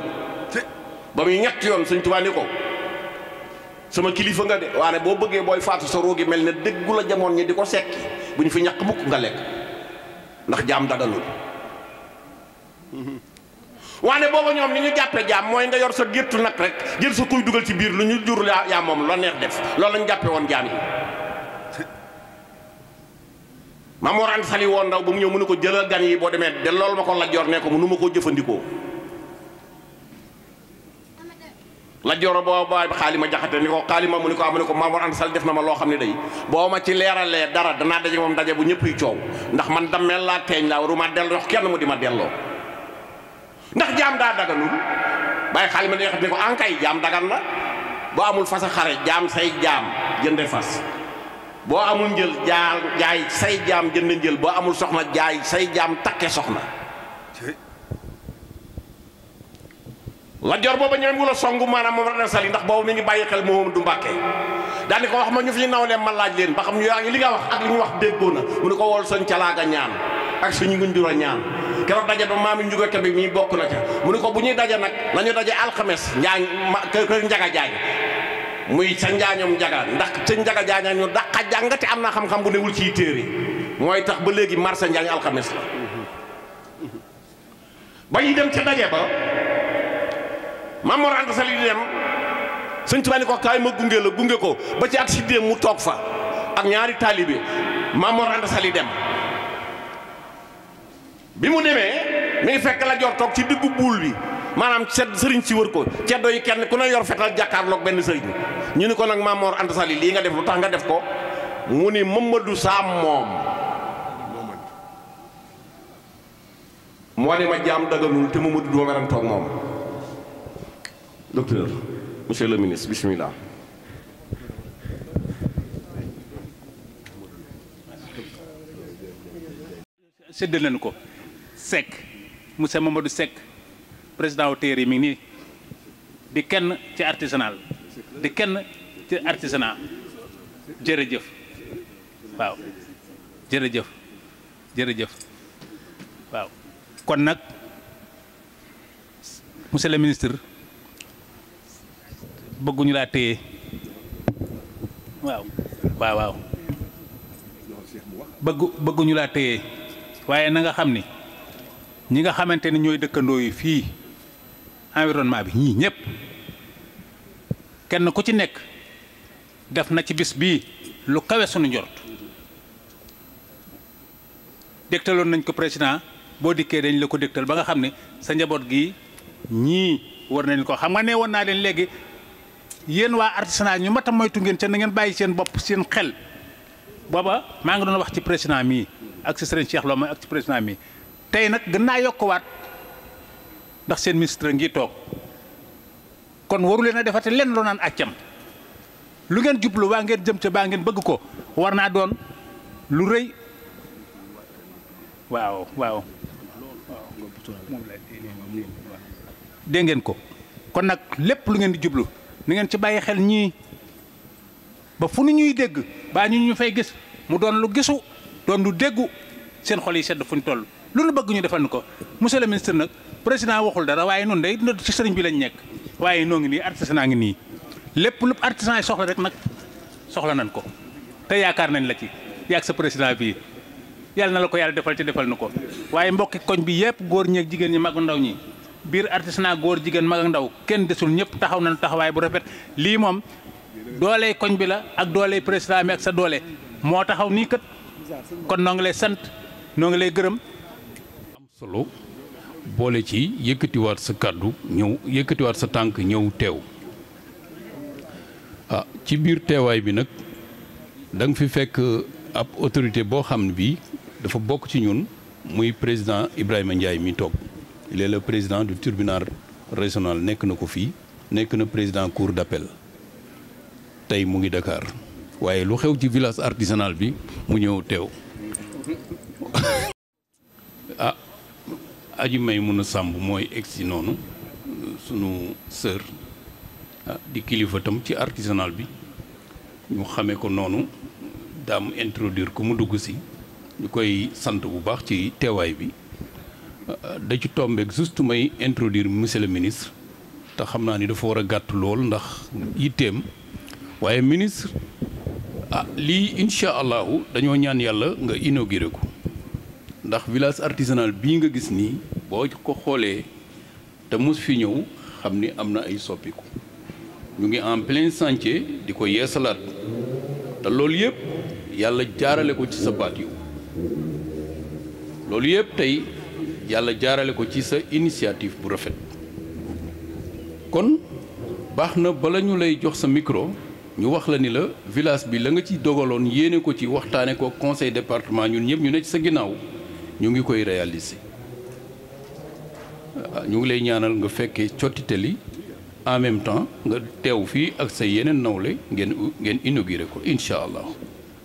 ba muy ñett yoon Sëñ Tuubaa ni ko sama kilifa nga de waane boo bëggee booy faatu sa roogi mel ne déggu la jamoon ñi di ko sekki bu ñu fi ñàkk mukk nga lekk ndax jaam daganul waane booba ñoom li ñu jàppee jaam mooy nga yor sa gétt nag rek jël sa kuy dugal ci biir lu ñu jur yaa moom la neex def loolu lañu jàppe woon jaam yi woon ndaw ba mu ñëw mu ne ko jëlal gan yi boo demee de loolu ma ko lajoor ne ko mu nu ma koo jëfandikoo lajoor boo baay xaalima jaxate ni ko xaalima mu ni ko amu ah ne ko maam war an def na ma loo xam ne day boo ma ci leeralee dara danaa daje moom daje bu ñëpp yi coow ndax man dammeel laa teeñ laa waruma delloo kenn mu di ma delloo ndax jaam daa daganul bàyyi xaalima day xam ne ko ankay ah, jaam dagan na boo amul fas a xare jaam say jaam jënde fas boo amul njël jaal jaay say jaam jënd njël boo amul soxna jaay say jaam takke soxna Lat Joor booba ñoom wula songu maanaam moom Rane Sali ndax boobu mi ngi bàyyi xel moom du Mbàkke daal ko wax ma ñu fi nawle ma laaj leen ba xam ñu yaa ngi li nga wax ak li ñu wax déggoo na mu ne ko wool soñ calaaga ñaan ak suñu ngunjura ñaan keroog daje ba maam Ndiouga Kébé mii bokk na ca mu ne ko bu ñuy daje nag nañu daje alxames njaañ ma kër Njaga Jaañ muy sa njaañom njaga ndax sa njaga jaaña ñu daqa jàngate am naa xam-xam bu newul ciy téere mooy tax ba léegi marsa njaañ alxames la ba ñu dem maam Mor Anta Sali di dem sëñ Tuubaa ni ko kaay ma gunge la gunge ko ba ci at siddeem mu toog fa ak ñaari taalibe maam Mor Anta Sali dem bi mu demee mi ngi fekk la jor toog ci diggu buul bi maanaam sedd sëriñ si wër ko ceddo kenn ku na yor fetal jàkkaarloog benn sëriñ ñu ni ko nag maam Mor Anta Sali lii nga def lu tax nga def ko mu ni Mamadou Saam moom moo ne ma jaam daganul te Mamadou doo merantoog moom docteur monsieur le ministre bismillah séddal nañu ko Seck monsieur Mamadou Seck président wu téere yi mi ngi nii di kenn ci artisanal di kenn ci artisanat jërëjëf waaw jërëjëf jërëjëf waaw kon nag monsieur le ministre bëgguñu laa téye waaw waaw bëggu bëgguñu laa téye waaye na nga xam ni ñi nga xamante ni ñooy dëkkandoo yi fii environnement bi ñii ñëpp kenn ku ci nekk def na ci bis bii lu kawe sunu njort dégtaloon nañ ko président boo dikkee dañ la ko dégtal ba nga xam ne sa njaboot gi ñii war nañ ko xam nga ne woon naa leen léegi yéen waa artisanat ñu matam a moytu ngeen ca na ngeen bàyyi seen bopp seen xel booba maa ngi doon wax ci président mii ak si sëriñ Cheikh Lo ak ci président mii tey nag gën naa yokk waat ndax seen ministre ngi toog kon waru leen a defate leen loo naan accam lu ngeen jublu waa ngeen jëm ca baa ngeen bëgg ko war naa doon lu rëy waaw waaw dégg ngeen ko kon nag lépp lu ngeen di jublu ni ngeen ci bàyyi xel ñii ba fu nu ñuy dégg baa ñu ñu fay gis mu doon lu gisu doon lu déggu seen xol yi sedd fu ñu toll lu nu bëgg ñu defal ni ko monsieur le ministre nag président waxul dara waaye noonu day ci sëriñ bi lañ nekk waaye noo ngi nii artisanat ngi nii lépp lu artisan yi soxla rek nag soxla nañ ko te yaakaar nañ la ci yaag sa président bii yàlla na la ko yàlla defal ci defal na ko waaye mbokki koñ bi yëpp góor ñeeg jigéen ñi mag ndaw ñi biir artisanat góor jigéen mag ndaw kenn desul ñëpp taxaw nañu taxawaay bu rafet lii moom dooley koñ bi la ak dooley président mi ak sa doole moo taxaw nii kat kon noo ngi lay sant noo ngi lay gërëm. am solo boole ci yëkkatiwaat sa kàddu ñëw yëkkatiwaat sa tànk ñëw teew ah ci biir teewaay bi nag danga fi fekk ab autorité boo xam ne bii dafa bokk ci ñun muy président Ibrahima Ndiaye mi toog. il président du tribunal régional nekk na ko fii nekk na président cour d'appel tey mu ngi Dakar waaye lu xew ci village artisanal bi mu ñëw teew ah aji may mun a sàmb mooy egsi noonu sunu sœur ah, di kilifa tam ci artisanal bi ñu xamee ko noonu daam introduire ko mu dugg si ñu koy sant bu baax ci teewaay bi da ci tombeek juste may introduire monsieur le ministre te xam naa ni dafa war a gàtt lool ndax yitteem waaye ministre ah lii incha allahu dañoo ñaan yàlla nga inauguré ko ndax village artisanal bii nga gis nii boo ko xoolee te mos fi ñëw xam ni am na ay soppiku ñu ngi en plein chantier di ko yeesalaat te loolu yëpp yàlla jaarale ko ci sa baat yow loolu yëpp tey yàlla jaarale ko ci sa initiative bu rafet kon baax na bala ñu lay jox sa micro ñu wax la ni la village bi la nga ci dogaloon yéene ko ci waxtaane ko conseil département ñun ñëpp ñu ne ci sa ginnaaw ñu ngi koy réaliser ah, ñu ngi lay ñaanal nga fekkee cottitali en même temps nga teew fii ak sa yeneen nawle ngeen ngeen inauguré ko incha allah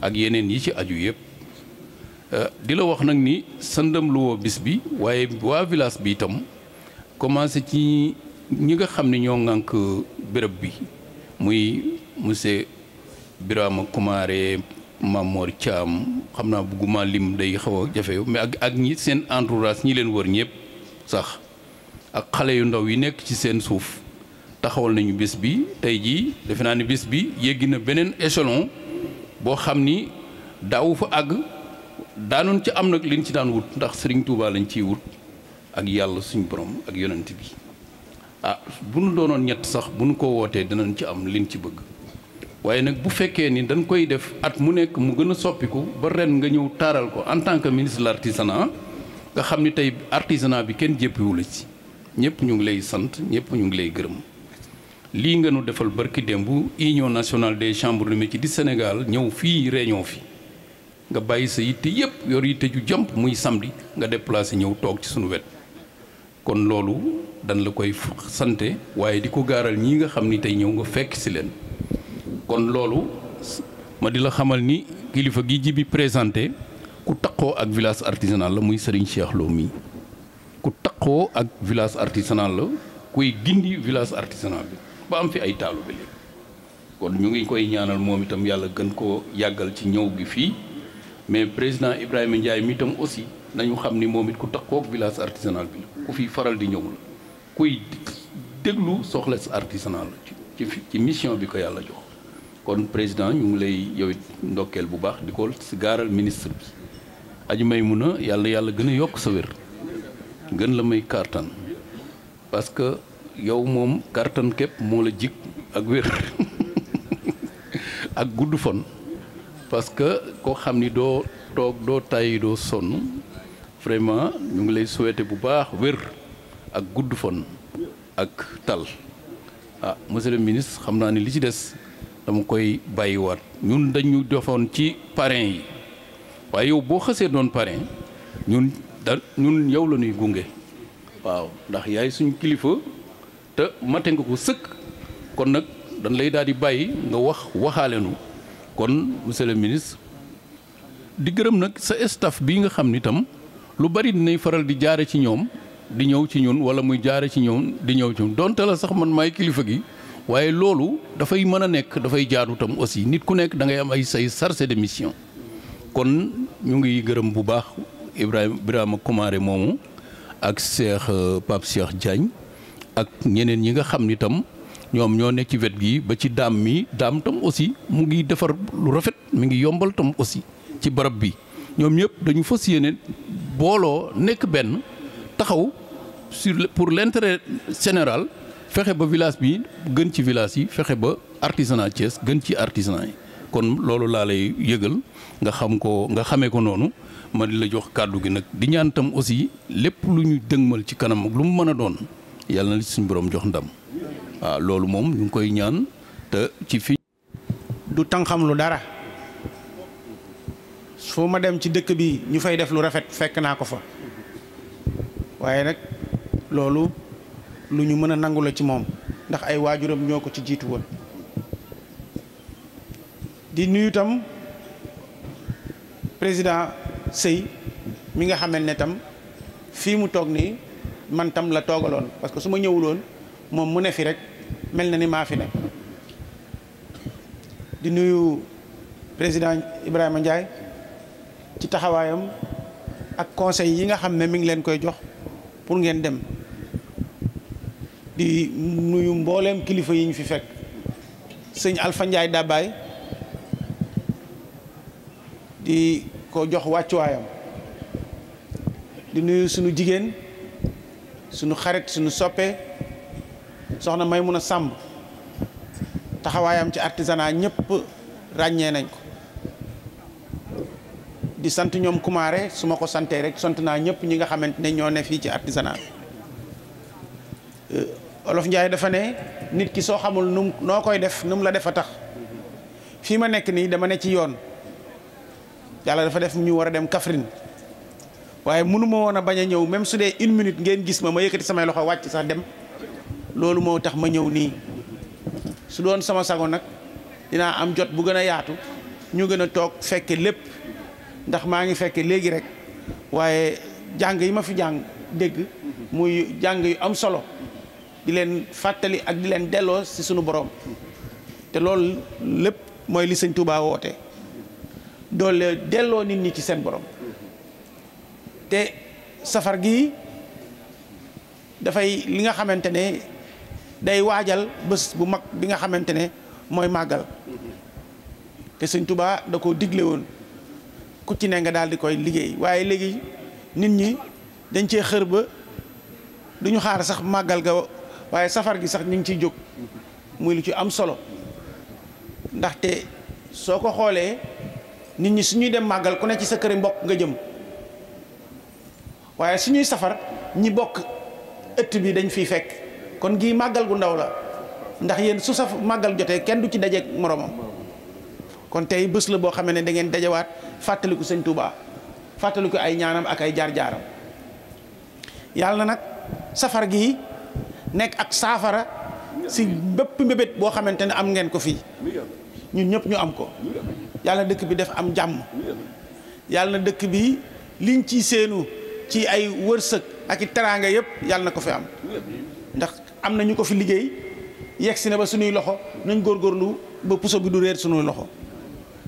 ak yeneen yi ci aju yëpp di la wax nag ni sëndam lu woo bis bi waaye waa village bi itam commencé ci ñi nga xam ni ñoo ŋànk béréb bi muy monsieur Birama Kumaare Mamor Thiam xam naa bëgguma lim day xaw a jafe mais ak ñi seen entourage ñi leen wër ñépp sax ak xale yu ndaw yi nekk ci seen suuf taxawal nañu bis bi tey jii defe naa ni bis bi yéggi na beneen échelon boo xam ni daawu fa àgg. daanoon ci am nag liñ ci daan wut ndax sëriñ Touba lañ ciy wut ak yàlla suñu borom ak yonent bi ah bu nu doonoon ñett sax bu nu ko wootee dinañ ci am liñ ci bëgg waaye nag bu fekkee ni dañ koy def at mu nekk mu gën a soppiku ba ren nga ñëw taaral ko en tant que ministre de l'artisanat nga xam ni tey artisanat bi kenn jéppiwu la ci ñëpp ñu ngi lay sant ñëpp ñu ngi lay gërëm lii nga nu defal barki démb union nationale des chambres de métiers di Sénégal ñëw fii réunion fi nga bàyyi sa yitte yëpp yor yitte ju jomp muy samedi nga déplacé ñëw toog ci sunu wet kon loolu dañ la koy sante waaye di ko gaaral ñii nga xam ni tey ñëw nga fekk si leen kon loolu ma di la xamal ni kilifa gi ji bi ku taqoo ak village artisanal la muy Serigne Cheikh Lo mii ku taqoo ak village artisanal la kuy gindi village artisanal bi ba am fi ay taalu bi léegi kon ñu ngi koy ñaanal moom itam yàlla gën koo yàggal ci ñëw gi fii mais président Ibrahima Ndiaye mi itam aussi nañu xam ni moom it ku takkook village artisanal bi la ku fi faral di ñëw la kuy déglu soxla artisanal la ci ci mission bi ko yàlla jox kon président ñu ngi lay yow it ndokkeel bu baax di ko si gaaral ministre bi aju may mun a yàlla yàlla gën a yokk sa wér gën la may kartan parce que yow moom kartan képp moo la jik ak wér ak gudd fan parce que koo xam ni doo toog doo tàyyi doo sonn vraiment ñu ngi lay souhaiter bu baax wér ak gudd fonn ak tal ah monsieur ministre xam naa ni li ci des dama koy bàyyiwaat ñun dañu defoon ci parrain yi waaye yow boo xasee doon parrain ñun da ñun yow la gunge waaw ndax yaay suñu kilifa te mate nga ko sëkk kon nag dañ lay daal di bàyyi nga wax waxaale kon monsieur le ministre di gërëm nag sa staff bii nga xam ni tam lu bari dinañ faral di jaare ci ñoom di ñëw ci ñun wala muy jaare ci ñoom di ñëw ci ñun donte la sax man maay kilifa gi waaye loolu dafay mën a nekk dafay jaaru tam aussi nit ku nekk da ngay am ay say chargé de mission kon ñu ngi gërëm bu baax Ibrahima Birama Kumaare moomu ak Cheikh Pape Cheikh Diagne ak ñeneen ñi nga xam ni tam ñoom ñoo nekk ci wet gi ba ci daam mi daam tam aussi mu ngi defar lu rafet mu ngi yombal tam aussi ci barab bi ñoom ñëpp dañu fas yéene booloo nekk benn taxaw sur pour l'intérêt général fexe ba village bi gën ci village yi fexe ba artisanat Thiès gën ci artisanat yi kon loolu laa lay yëgal nga xam ko nga xamee ko noonu ma di la jox kàddu gi nag di ñaan tam aussi lépp lu ñu dëgmal ci kanam lu mu mën a doon yàlla na li suñu borom jox ndam waaw ah, loolu moom ñu koy ñaan te ci fi du tànqam lu dara soo ma dem ci dëkk bi ñu fay def lu rafet fekk naa ko fa waaye nag loolu lu ñu mën a nangu la ci moom ndax ay waajuram ñoo ko ci jiitu woon di nuyutam président sëy mi nga xamal ne tam fii mu toog nii mantam la toogaloon parce que su ma ñëwuloon moom mu ne fi rek mel na ni maa fi di nuyu président Ibrahima Ndiaye ci taxawaayam ak conseil yi nga xam ne mi ngi leen koy jox pour ngeen dem di nuyu mbooleem kilifa yi ñu fi fekk sëñ Alpha Ndiaye Dabaye di ko jox wàccuwaayam di nuyu sunu jigéen sunu xarit sunu soppee soxna may a Sàmb taxawaayam ci artisanat ñëpp ràññee nañ ko di sant ñoom kumaare su ma ko santee rek sant naa ñëpp ñi nga xamante ne ñoo ne fii ci artisanat euh, Olof Njaay dafa ne nit ki soo xamul num noo koy def nu la def a tax fii ma nekk nii dama ne ci yoon yàlla dafa def ñu war a dem Kaffrine waaye mënuma woon a bañ a ñëw même su dee une minute ngeen gis ma ma yëkkati samay loxo wàcc sax dem loolu moo tax ma ñëw nii su doon sama sago nag dinaa am jot bu gën a yaatu ñu gën a toog fekke lépp ndax maa ngi fekke léegi rek waaye jàng yi ma fi jàng dégg muy jàng yu am solo di leen fàttali ak di leen delloo ci sunu boroom te loolu lépp mooy li sëñ Touba woote doole delloo nit ñi ci seen borom te safar gi dafay li nga xamante ne day waajal bés bu mag bi nga xamante ne mooy màggal te sëñ tubaa da koo digle woon ku ci ne nga daal di koy liggéey waaye léegi nit ñi dañ cee xër ba du xaar sax màggal ga waaye safar gi sax ñu ngi ciy jóg muy lu ci am solo ndaxte soo ko xoolee nit ñi su ñuy dem màggal ku ne ci sa këri mbokk nga jëm waaye suñuy ñuy safar ñi bokk ëtt bi dañ fiy fekk kon gii màggal gu ndaw la ndax yéen su saf màggal jotee kenn du ci dajeeg moromam kon tey bés la boo xamee ne da ngeen dajawaat fàttaliku sëñ Touba fàttaliku ay ñaanam ak ay jaar-jaaram yàlla na nag safar gi nekk ak saafara si bépp mbébét boo xamante ne am ngeen ko fii ñun ñëpp ñu am ko yàlla dëkk bi def am jàmm yàlla na dëkk bi liñ ciy séenu ci ay wërsëg ak i teraanga yëpp yàlla na ko fi am ndax am na ñu ko fi liggéey yegg si na ba suñuy loxo nañ góorgóorlu ba puso bi du réer suñuy loxo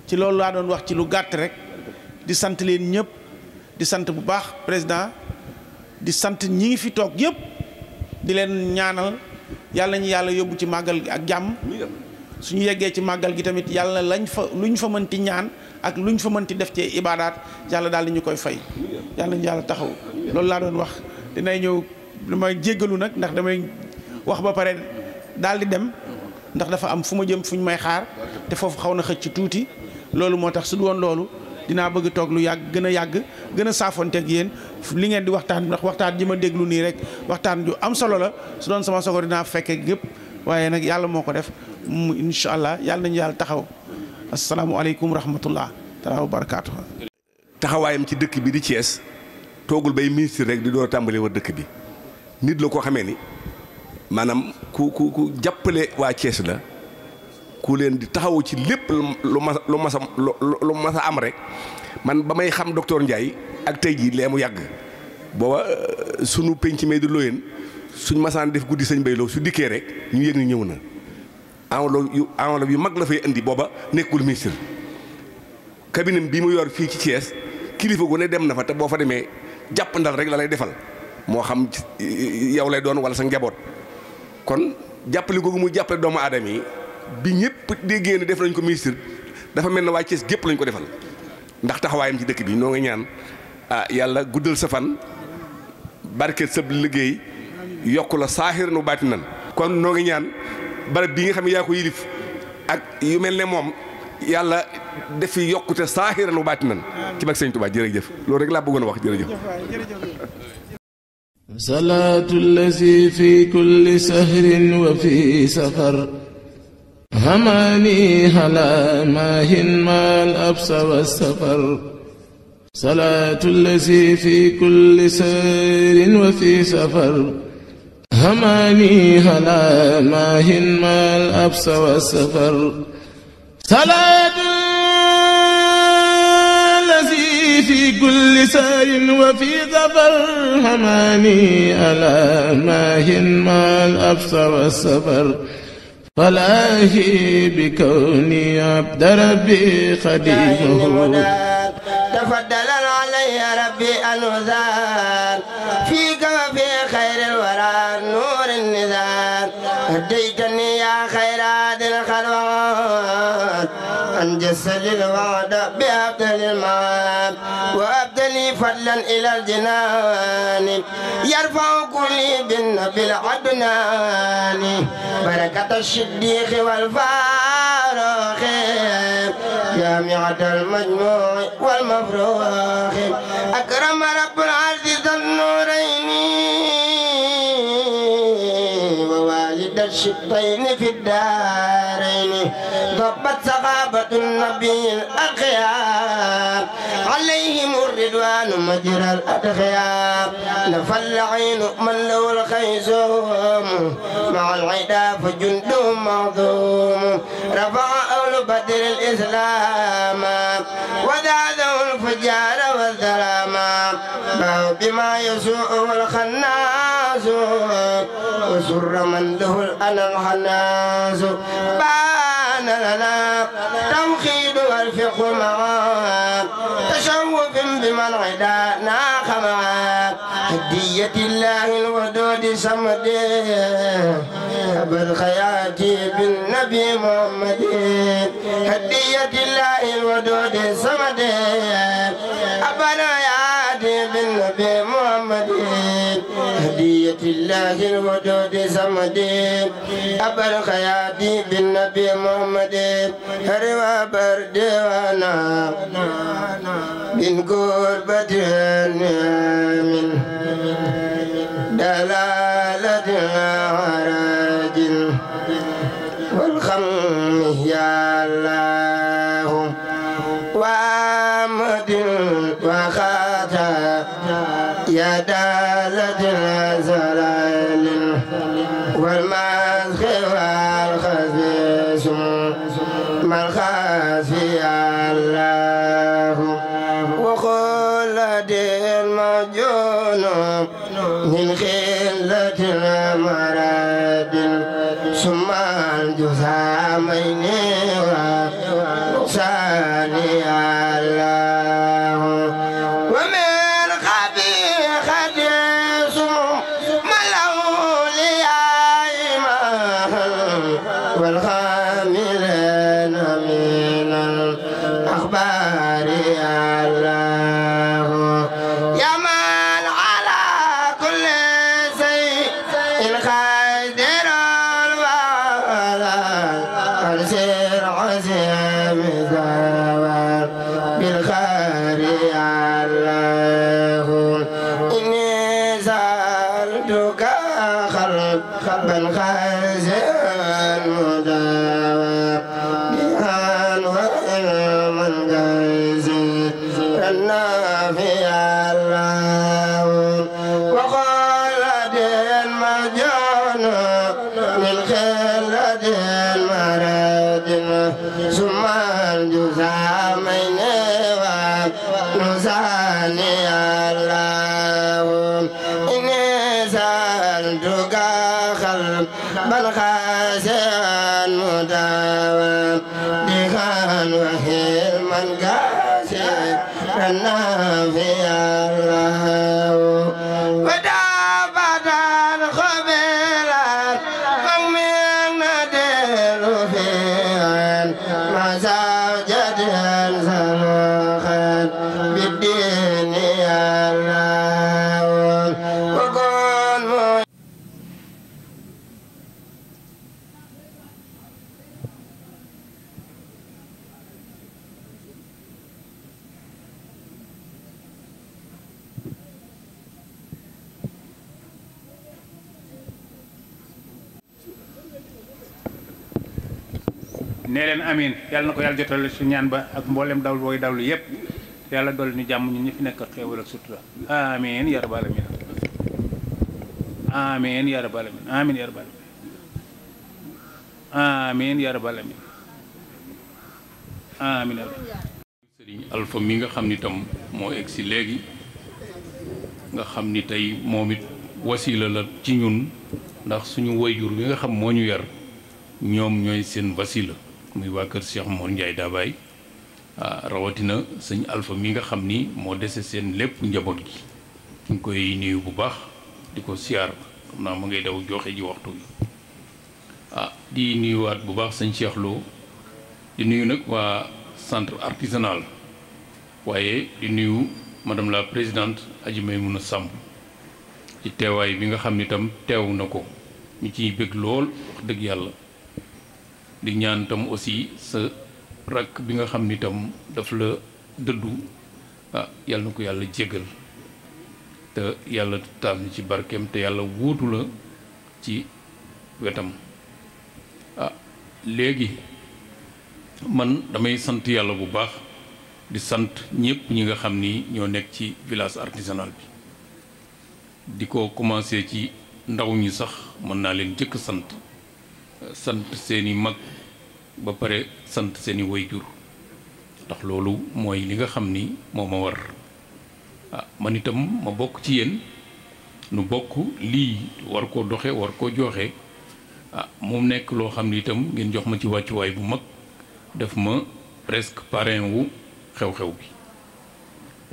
ci loolu laa doon wax ci lu gàtt rek di sant leen ñëpp di sant bu baax président di sant ñi ngi fi toog yëpp di leen ñaanal yàlla ñu yàlla yóbbu ci màggal gi ak jàmm suñu yeggee ci màggal gi tamit yàlla lañ fa lu luñ fa mënti ñaan ak luñ fa mënti def ci ibaadaat yàlla daal di ñu koy fay yàlla ñu yàlla taxaw loolu laa doon wax dinay ñëw damay jéggalu nag wax ba pare daal di dem ndax dafa am fu ma jëm fu ñu may xaar te foofu xaw na xëcc tuuti loolu moo tax su doon loolu dinaa bëgg toog lu yàgg gën a yàgg gën a saafonteeg yéen li ngeen di waxtaan ndax waxtaan ji ma déglu nii rek waxtaan ju am solo la su doon sama sogo dinaa fekkee gépp waaye nag yàlla moo ko def mu incha allah yàlla nañu yàlla taxaw asalaamualeykum rahmatullah taala wa taxawaayam ci dëkk bi di Thiès toogul bay ministre rek di doo a dëkk bi nit la koo xamee ni. maanaam ku ku ku jàppale waa Thiès la ku leen di taxawu ci lépp lu ma lu mas a lu mas a am rek man ba may xam docteur Ndiaye ak tey jii lee mu yàgg booba euh, sunu penc may di looyeen suñ masaan def guddi sëñ Bayloo su dikkee rek ñu yëg ni ñëw na enveloppe yu enveloppe yu mag la fay indi booba nekkul ministre cabinet bi mu yor fii ci Thiès kilifa gu ne dem na fa te boo fa demee jàpp ndal rek la lay defal moo xam yow lay doon wala sa njaboot kon jàppale googu muy jàppale doomu aadama yi bi ñëpp déggee ne def nañ ko ministre dafa mel ne waa Thiès gépp lañ ko defal ndax taxawaayam ci dëkk bi noo ngi ñaan ah yàlla guddal sa fan barkeel sa liggéey yokku la saaxir nu baati nan kon noo ngi ñaan barab bii nga xam yaa ko yilif ak yu mel ne moom yàlla def yokkute saaxiran nu baati nan ci mag sëñ Tuubaa jërëjëf loolu rek laa bëggoon wax wax jërëjëf salaatu lazi fi kulli sahrin wa fi safar hamaani hala maahin maal absa wa safar salaatu lazi fi kulli sahrin wa fi safar hamaani hala maahin maal absa wa safar salaatu في كل سار وفي ظفر حماني ألا ماهن ما الأبص والسفر فلاهي بكوني عبد ربي خديمه تفضل علي ربي الوزان فيك وفي خير الورى نور النزال هديتني يا خيرات الخلوات أنجز للوعد بأفضل المال فضلا إلى الجنان يرفع كل بن بالعدنان بركة الشديق والفارق جامعة المجموع والمفروخ أكرم رب العالمين الشطين في الدارين ضبت سخافة النبي الأخيار عليهم الردوان مجرى الأدخيار نفى اللعين من له الخيزوم مع العدا فجندهم معظوم رفع أول بدر الإسلام وذاذوا الفجار والظلام بما يسوء الخناس سر من له الألم حناس بان لنا توحيد والفقه معا تشوف بمن عدانا خمعا هدية الله الودود سمد أبا الخيات بالنبي محمد هدية الله الودود سمد أبنا بقية الله الوجود سمدي أبا الخيات بالنبي محمد هروا بردوانا من قربة من دلالة عراج والخم يا الله عدالة الأزلال والمسخ والخسيس من خافي الله وكل دين مجنون من خلة مراد ثم الجثامين وساني الله yàlla na ko yàlla jotale su ñaan ba ak mboolem dawlu booy dawlu yépp yàlla dool ñu jàmm ñun ñi fi nekk xéewal ak sutura amiin yaa rabbal aalamiin amiin yaa rabbal aalamiin amiin yaa rabbal aalamiin amiin yaa rabbal aalamiin amiin sëriñ Alpha mi nga xam ni tam moo egg si léegi nga xam ni tey moom it wasiila la ci ñun ndax suñu wayjur bi nga xam moo ñu yar ñoom ñooy seen wasiila muy waa kër Cheikh Mor Ndiaye Dabaye ah, rawatina sëñ Alpha mi nga xam ni moo dese seen lépp njaboot gi ñu ngi koy nuyu bu baax di ko siyaar xam naa mu ngay daw joxe ji waxtu bi ah di nuyuwaat bu baax sañ Cheikh di nuyu nag waa centre artisanal waaye di nuyu madame la présidente Adji Maimouna Samb ci teewaay bi nga xam ni tam teew na ko ñu ciy bëgg lool wax dëgg yàlla. di ñaan tam aussi sa rakk bi nga xam ni tam daf la dëddu ah yàlla na ko yàlla jégal te yàlla taam ci barkeem te yàlla wuutu la ci wetam ah léegi man damay sant yàlla bu baax di sant ñëpp ñi nga xam ni ñoo nekk ci village artisanal bi di ko commencé ci ndaw ñu sax mën naa leen jëkk sant sant seeni mag ba pare sant seeni wayjur ndax loolu mooy li nga xam ni moo ma war ah man itam ma bokk ci yéen nu bokk lii war koo doxe war koo jooxe ah moom nekk loo xam ne itam ngeen jox ma ci wàccuwaay bu mag def ma presque parrain wu xew-xew bi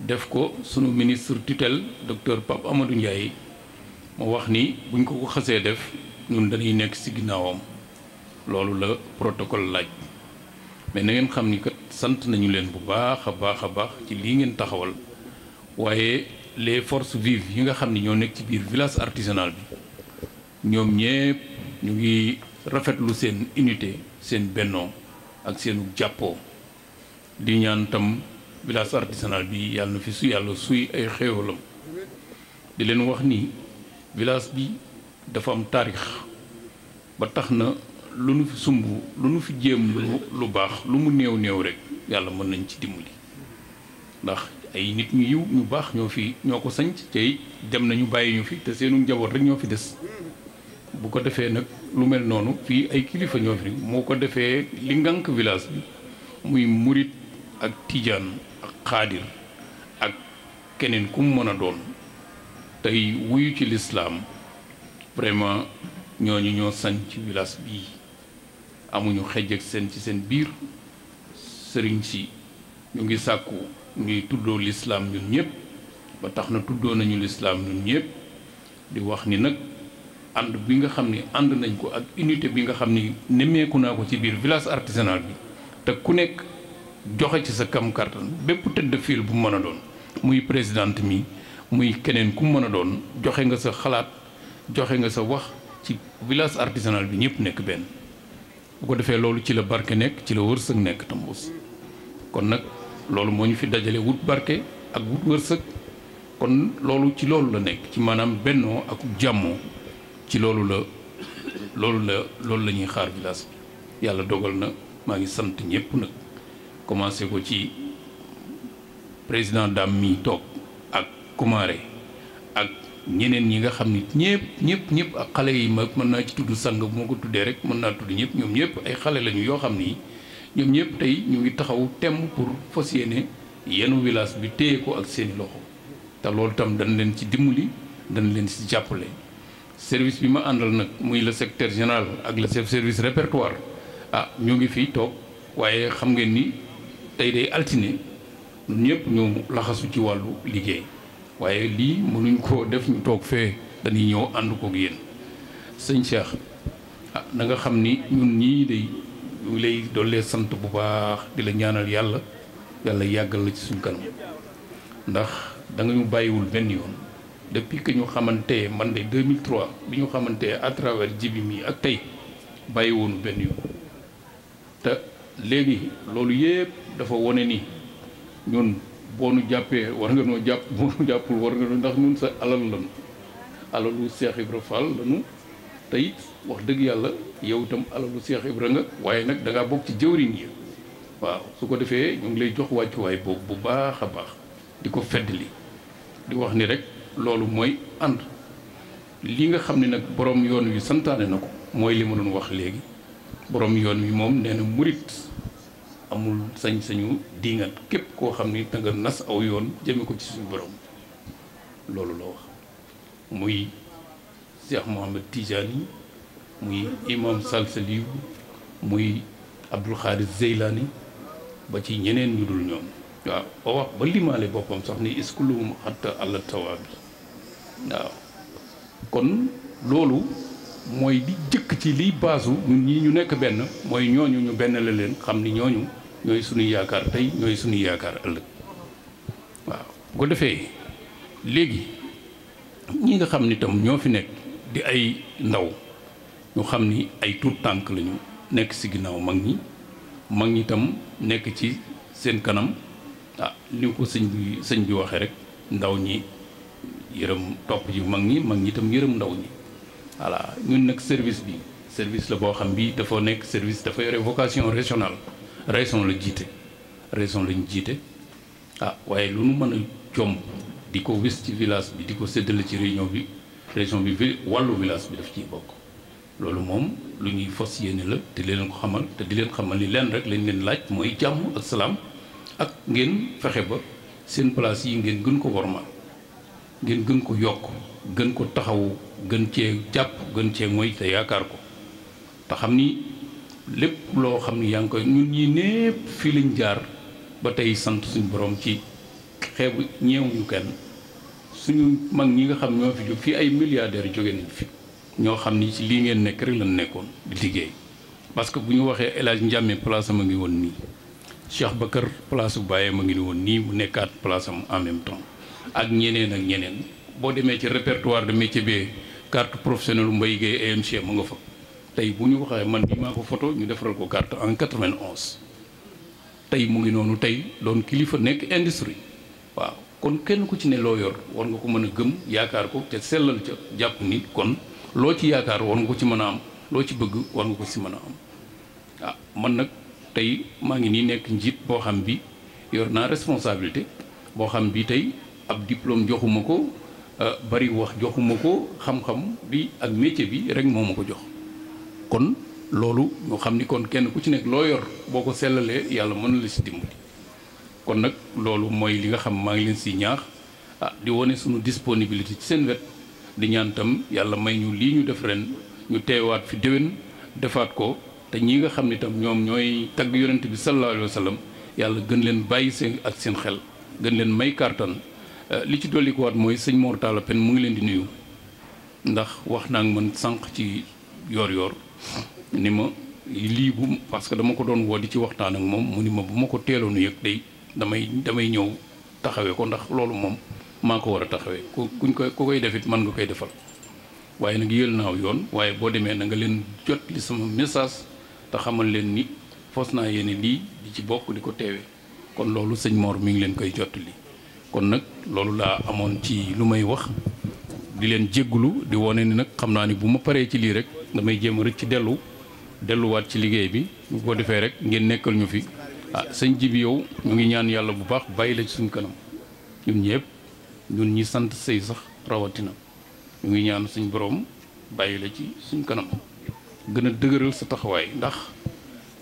def ko sunu ministre tutel docteur Pape Amadou Ndiaye ma wax ni buñ ko ko xasee def ñun dañuy nekk ci ginnaawam loolu la protocole laaj mais na ngeen xam ni kat sant nañu leen bu baax a baax a baax ci lii ngeen taxawal waaye les force vive yi nga xam ni ñoo nekk ci biir village artisanal bi ñoom ñëpp ñu ngi rafetlu seen unité seen bennoo ak seenu jàppoo di ñaan tam village artisanal bi yàlla na fi su yàlla suy ay xéewalam di leen wax ni village bi dafa am taarix ba tax na lu nu fi sumb lu nu fi jéem lu baax lu mu néew néew rekk yàlla mën nañ ci dimbali ndax ay nit ñu yiw ñu baax ñoo fi ñoo ko sanc tey dem nañu bàyyi ñu fi te seenu njaboot rek ñoo fi des bu ko defee nag lu mel noonu fii ay kilifa ñoo fi moo ko defee li ngànk village muy murit ak tijaan ak xaadir ak keneen ku mu mën a doon tey wuyu ci lislaam vraiment ñooñu ñoo sañ ci village bii amuñu xëj ak seen ci seen biir sëriñ si ñu ngi sàkku ñuy tuddoo lislaam ñun ñëpp ba tax na tuddoo nañu lislaam ñun ñëpp di wax ni nag ànd bi nga xam ni ànd nañ ko ak unité bi nga xam ni nemmeeku naa ko ci biir village artisanal bi te ku nekk joxe ci sa kam kartan bépp tëdd fiil bu mën a doon muy présidente mi muy keneen ku mën a doon joxe nga sa xalaat joxe nga sa wax ci village artisanal bi ñëpp nekk benn bu ko defee loolu ci la barke nekk ci la wërsëg nekk tambuus kon nag loolu moo ñu fi dajale wut barke ak wut wërsëg kon loolu ci loolu la nekk ci maanaam bennoo ak jàmmoo ci loolu la loolu la loolu la ñuy xaar village bi yàlla dogal na maa ngi sant ñëpp nag commencé ko ci président Dame mi toog ak Kumaare ñeneen ñi nga xam ni ñëpp ñëpp ñëpp ak xale yi mag mën naa ci tudd sang bu ma ko tuddee rek mën naa tudd ñëpp ñoom ñëpp ay xale lañu yoo xam ni ñoom ñëpp tey ñu ngi taxaw temm pour fas yéene yenu village bi téye ak seeni loxo te loolu tam dañ leen ci dimbali dañ leen ci jàppale. service bi ma àndal nag muy le secrétaire général ak le chef service répertoire ah ñu ngi fii toog waaye xam ngeen ni tey day altine ñëpp ñoo laxasu ci wàllu liggéey. waaye lii mënuñ koo def ñu toog fee dañuy ñëw ànd kook yéen sëñ Cheikh ah, na nga xam ni ñun ñii de ñu lay dollee sant bu baax di la ñaanal yàlla yàlla yàggal la ci suñ kanam ndax danga ñu bàyyiwul benn yoon depuis que ñu xamante man de 2003 bi ñu xamante à travers jibi mi ak tey bàyyi woonu benn yoon te léegi loolu yëpp dafa wone ni ñun. boo nu jàppee war nga noo jàpp boo nu jàppul war nga noo ndax nun sa alal lanu alalu Seex Ibra Fall lanu te wax dëgg yàlla yow itam alalu Seex Ibra nga waaye nag da ngaa bokk ci jëwriñ yi waaw su ko defee ñu ngi lay jox wàccuwaay boobu bu baax a baax di ko fedd li di wax ni rek loolu mooy ànd li nga xam ne nag borom yoon wi santaane na ko mooy li ma doon wax léegi borom yoon wi moom nee na murit amul sañ-sañu diingat képp koo xam ni da nga nas aw yoon jëme ko ci suñu borom loolu la wax muy Cheikh Mohamed Tijani muy imam Salsaliou muy Abdul Xaadir Zeylani ba ci ñeneen ñu dul ñoom waaw ba limaale boppam sax ni iskulum xatta àll tawaab bi waaw kon loolu mooy di jëkk ci liy baasu ñun ñi ñu nekk benn mooy ñooñu ñu benn la leen xam ni ñooñu ñooy suñu yaakaar tey ñooy suñu yaakaar ëllëg waaw bu ko defee léegi ñi nga xam ni tam ñoo fi nekk di ay ndaw ñu xam ni ay tuut tànk lañu nekk si ginnaaw mag ñi mag ñi tam nekk ci seen kanam ah li ko sëñ bi sëñ bi waxee rek ndaw ñi yërëm topp ji mag ñi mag ñi tam yërëm ndaw ñi voilà ñun nag service bi service la boo xam bi dafa nekk service dafa yore vocation régionale raison la jiite raison lañ jiite ah waaye lu nu mën a jomb di ko wis ci village bi di ko séddale ci réunion bi région bi vi wàllu village bi daf ciy bokk loolu moom lu ñuy fos yéene la te leen ko xamal te di leen xamal ni leen rek lañ leen laaj mooy jàmm ak salaam ak ngeen fexe ba seen place yi ngeen gën ko wormaal ngeen gën ko yokk gën ko taxawu gën cee jàpp gën cee mooy te yaakaar ko te xam ni lépp loo xam ne yaa ngi koy ñun ñi népp fii lañ jaar ba tey sant suñu borom ci xeebu ñeewuñu kenn suñu mag ñi nga xam ñoo fi jóg fii ay milliardaires jóge nañ fi ñoo xam ni ci lii ngeen nekk rek lañ nekkoon di liggéey parce que bu ñu waxee El Hadj Ndiame place am a ngi woon nii Cheikh kër place bu Baye ma ngi woon nii mu nekkaat place am en temps ak ñeneen ak ñeneen boo demee ci répertoire de métier bi carte professionnelle mbay Guèye EMC mu nga fa. tey bu ñu waxee man mii maa ko foto ñu defaral ko carte en 91 tey mu ngi noonu tey doon kilifa nekk industrie waaw kon kenn ku ci ne loo yor war nga ko mën a gëm yaakaar ko te sellal ca jàpp ni kon loo ci yaakaar war nga ko ci mën a am loo ci bëgg war nga ko ci mën a am ah man nag tey maa ngi nii nekk njiit boo xam bi yor naa responsabilité boo xam bi tey ab diplôme joxuma ko euh, bari wax joxuma ko xam-xam bi ak métier bi rek moo ma ko jox kon loolu nga xam ni kon kenn ku ci nekk loo yor boo ko sellalee yàlla mën na la si dimbali kon nag loolu mooy li nga xam maa ngi leen si ñaax ah di wane suñu disponibilité ci seen wet di ñaan tam yàlla may ñu lii ñu def ren ñu teewaat fi déwén defaat ko te ñi nga xam ne tam ñoom ñooy tagg yonent bi sallallahu alayhi yàlla gën leen bàyyi seen ak seen xel gën leen may kàttan eh, li ci dollikuwaat mooy sëñ Mor Talla Pène mu ngi leen di nuyu ndax wax naa man sànq ci yoor ni ma lii bu parce que dama ko doon woo di ci waxtaan ak moom mu ni ma bu ma ko teeloonu yëg day damay damay ñëw taxawee ko ndax loolu moom maa ko war a taxawee ku kuñ koy ku koy defit man nga koy defal waaye nag yël naaw yoon waaye boo demee na nga leen jot li sama message te xamal leen ni fos naa yéene lii di ci bokk di ko teewe kon loolu sañ moor mi ngi leen koy jot li kon nag loolu laa amoon ci lu may wax di leen jéggulu di wone ni nag xam naa ni bu ci lii rek damay jéem a rëcc dellu delluwaat ci liggéey bi bu ko defee rek ngeen nekkal ñu fi ah sëñ ji yow ñu ngi ñaan yàlla bu baax bàyyi la ci suñ kanam ñun ñëpp ñun ñi sant sëy sax rawatina ñu ngi ñaan suñ boroom bàyyi la ci suñ kanam gën a dëgëral sa taxawaay ndax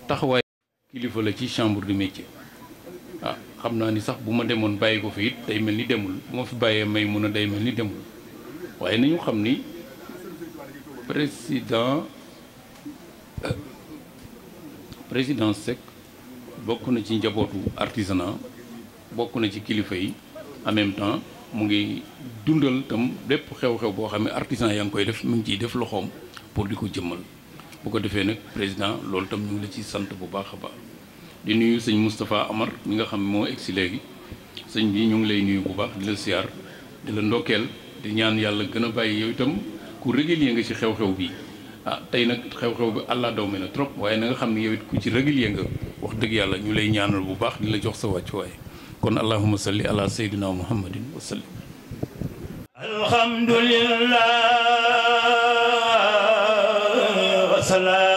taxawaay kilifa la ci chambre de métier ah xam naa ni sax bu ma demoon bàyyi ko fi it day mel ni demul moo fi bàyyee may mun a day mel ni demul waaye nañu xam ni président euh, président Seck bokk na ci njabootu artisanat bokk na ci kilifa yi en même temps mu ngi dundal tam lépp xew-xew boo xam ne artisan yaa ngi koy def mu ngi ciy def loxoom pour di ko jëmmal bu ko defee nag président loolu tam ñu ngi la ci sant bu baax a baax di nuyu sëñ Moustapha Amar mi nga xam moo egg si léegi sëñ bi ñu ngi lay nuyu bu baax di la siyaar di la ndokkeel di ñaan yàlla gën a bàyyi yow itam ku régulier nga ci xew-xew bi ah tey nag xew-xew bi àllaa daw me na trop waaye na nga xam ne yow it ku ci régulier nga wax dëgg yàlla ñu lay ñaanal bu baax di la jox sa wàccuwaay kon allahumma salli ala sayyidina muhammadin wa sallim alhamdulillah wa salaam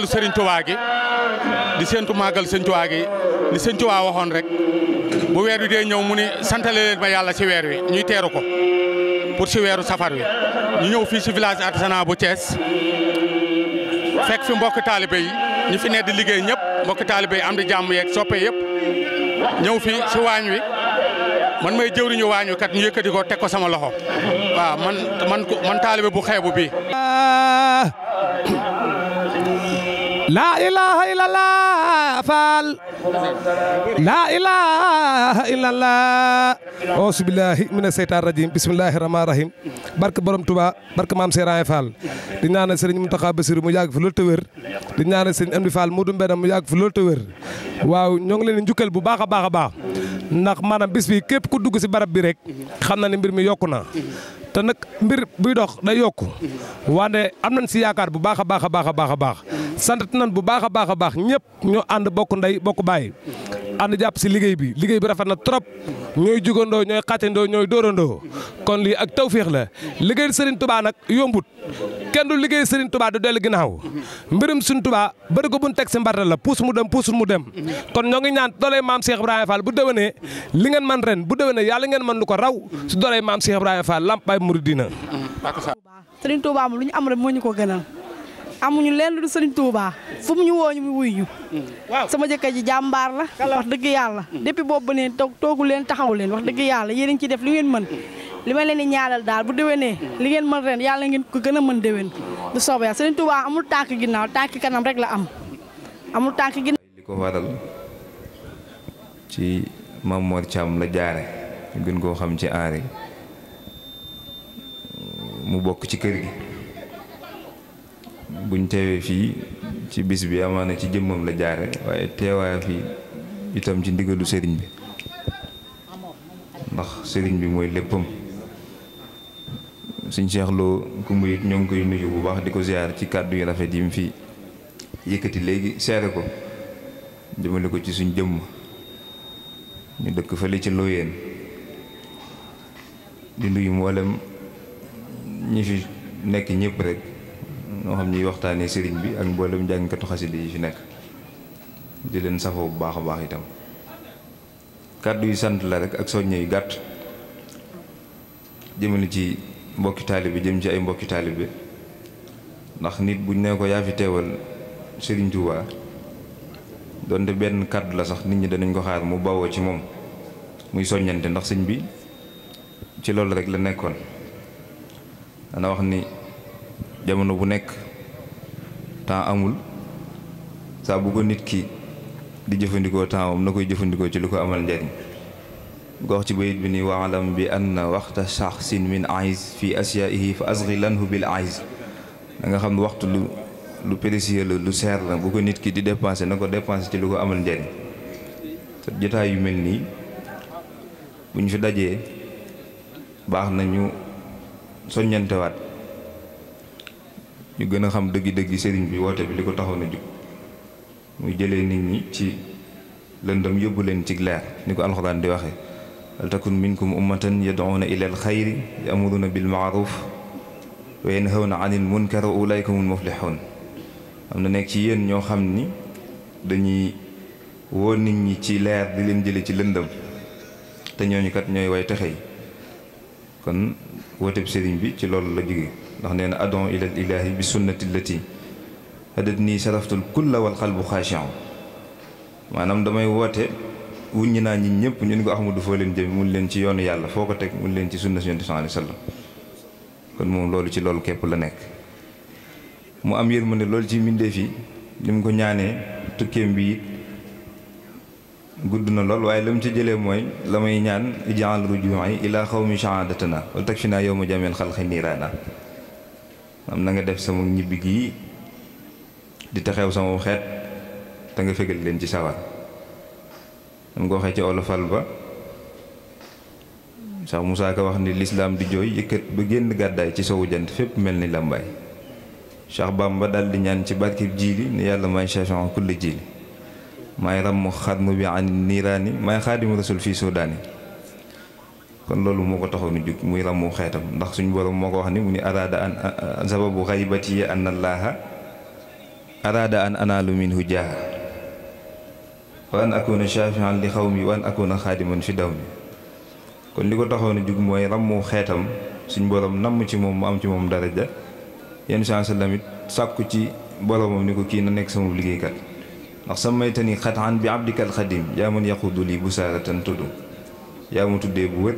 màggalu Serigne Touba gi di séentu màggal Serigne Touba gi ni Serigne waxoon rek bu weer wi dee ñëw mu ni santale leen ma yàlla ci weer wi ñuy teeru ko pour si weeru safar wi ñu ñëw fii ci village artisanal bu cees fekk fi mbokk taalibe yi ñu fi ne di liggéey ñëpp mbokk taalibe yi am di jàmm yeeg soppe yëpp ñëw fi ci waañ wi man may jëwriñu waañ wi kat ñu yëkkati ko teg ko sama loxo waaw man taalibe bu xeebu bii ah! laa ilaaha illallah faal laa ilaaha illallah auzu billaahi mina seytaan rajiim bismillaahi rahmaani rahiim barke borom Touba barke maam Seeraay Fall di ñaanal sëriñ Mountakha Bassirou mu yàgg fi loolu te wér di ñaanal sëriñ Amdi Fall Modou Mbène mu yàgg fi loolu te wér waaw ñoo ngi leen di bu baax a baax a baax ndax maanaam bis bi képp ku dugg si barab bi rek xam na ne mbir mi yokku na te nag mbir buy dox day yokk wante am nañ si yaakaar bu baax a baax a baax a baax a baax sant nañ bu baax a baax a baax ñëpp ñoo ànd bokk ndey bokk bàyyi ànd jàpp si liggéey bi liggéey bi rafet na trop ñooy jugandoo ñooy xàccandoo ñooy dóorandoo kon lii ak tawféex la liggéey Serigne Touba nag yombut kenn du liggéey Serigne Touba du dellu ginnaaw mbirum nu Touba bëri ko buñ teg si mbartal la puus mu dem puus mu dem kon ñoo ngi ñaan dooley maam Cheikh Ibrahima Fall bu déwénee li ngeen man ren bu déwénee yàlla ngeen man lu ko raw si dooley maam Mouridina. Serigne Touba moom lu ñu am rek moo ñu ko gënal. amuñu leen lu Serigne Touba fu mu ñu woo ñu wuy ñu. waaw sama jëkkër ji jàmbaar la. wax dëgg yàlla. Mm. depp boobu ba neen toog toogu leen taxawu leen wax dëgg yàlla yéen a ngi ci def li ngeen mën. li ma leen di ñaanal daal bu déwénee li ngeen mën ren yàlla ngeen ko gën a mën déwén. bu soobee yàlla Serigne amul tànk ginnaaw tànk kanam rek la am amul tànk ginnaaw. li ko waral ci Mamor Thiam la jaare gën koo xam ci aar mu bokk ci kër gi buñ teewee fii ci bis bi amaana ci jëmmam la jaare waaye teewaay fii itam ci ndigalu sëriñ bi ndax sëriñ bi mooy léppam suñ Cheikh Lo kumba it ñoo ngi koy nuyu bu baax di ko ziar ci kàddu yu rafet yi mu fi yëkkati léegi seere ko jëmale ko ci suñ jëmm ñu dëkk fële ci looyeen di nuyu mboolem ñi fi nekk ñëpp rek ñoo xam ñuy waxtaanee sëriñ bi ak mboolem jàngkatu xasida yi fi nekk di leen safoo bu baax a baax itam kàddu yu sant la rek ak soññe yu gàtt jëmale ci mbokki taalibe jëm ci ay mbokki taalibe ndax nit buñ ne ko yaa fi teewal sëriñ benn kàddu la sax nit ñi danañ ko xaar mu bawoo ci moom muy soññante ndax sëñ bi ci loolu rek la nekkoon dana wax ni jamono bu nekk temps amul saa bu ko nit ki di jëfandikoo temps moom na koy jëfandikoo ci lu ko amal njariñ gox ci bayit bi ni waalam bi na waxta shaxsin min aiz fi asiyaihi fa asghi lanhu bil aiz da nga xam waxtu lu lu précieux la lu seer la bu ko nit ki di dépensé na ko dépensé ci lu ko amal njariñ te jotaay yu mel nii bu ñu fi dajee baax nañu soññantewaat ñu gën a xam dëggi-dëggi sëriñ bi woote bi li ko taxoon a jug muy jëlee nit ñi ci lëndëm yóbbu leen ci leer ni ko alxuraan di waxe waxee wal takun minkum ummatan yad'uuna ila al xayri ya'muruuna bil ma'ruf wa yanhawna anil munkar wa ulaika humul muflihun am na nekk ci yéen ñoo xam ni dañuy woo nit ñi ci leer di leen jële ci lëndëm te ñooñu ñooy way texe yi kon wooteb sëriñ bi ci loolu la jóge ndax nee na adon ilal ilaahi bi sunnati lati hadat nii la kulla wal xalbu xaashian maanaam damay woote wuññi naa ñi ñëpp ñun ko du foo leen jëm mun leen ci yoonu yàlla foo ko teg mun leen ci sunna Yonent bi sallallaahu alayhi wa sallam kon moom loolu ci loolu képp la nekk mu am ne loolu ci mbindeef yi li mu ko ñaanee tukkeem bi gudd na lool waaye la mu ci jëlee mooy la may ñaan illaa ijaal rujuu'i ilaa xawmi shahaadatana wal takfinaa yawma jamil xalqi niiraana am na nga def sama ñibbi gii di taxew sama xeet te nga fegal leen ci sawar dam ko waxee ci olofal ba sax Musaa Ka wax ni lislaam di jooy yëkkat ba génn gàddaay ci sowu jant fépp mel ni làmbaay Cheikh Bamba daal di ñaan ci barkeb jiili ne yàlla may chafion kull jiili maay ràmm xadmu bi an niiraani maay xaadimu rasul fii suudaani kon loolu moo ko taxaw nu muy ràmmu xeetam ndax suñu borom moo ko wax ni mu ni araada an sababu xaybati an allaaha araada an anaalu minhu jaaha xaw mi akuna shafian li xawmi wa an akuna xaadiman kon li ko taxaw nu jóg mooy ràmmu xeetam suñu borom namm ci moom mu am ci moom daraja yenn saa sallam it sàkku ci boromam ni ko kii na nekk sama liggéeykat ndax sammaytani xataan bi abdika alxadim yaa man yaqudu lii busaaratan tudd yaa ma tuddee bu wér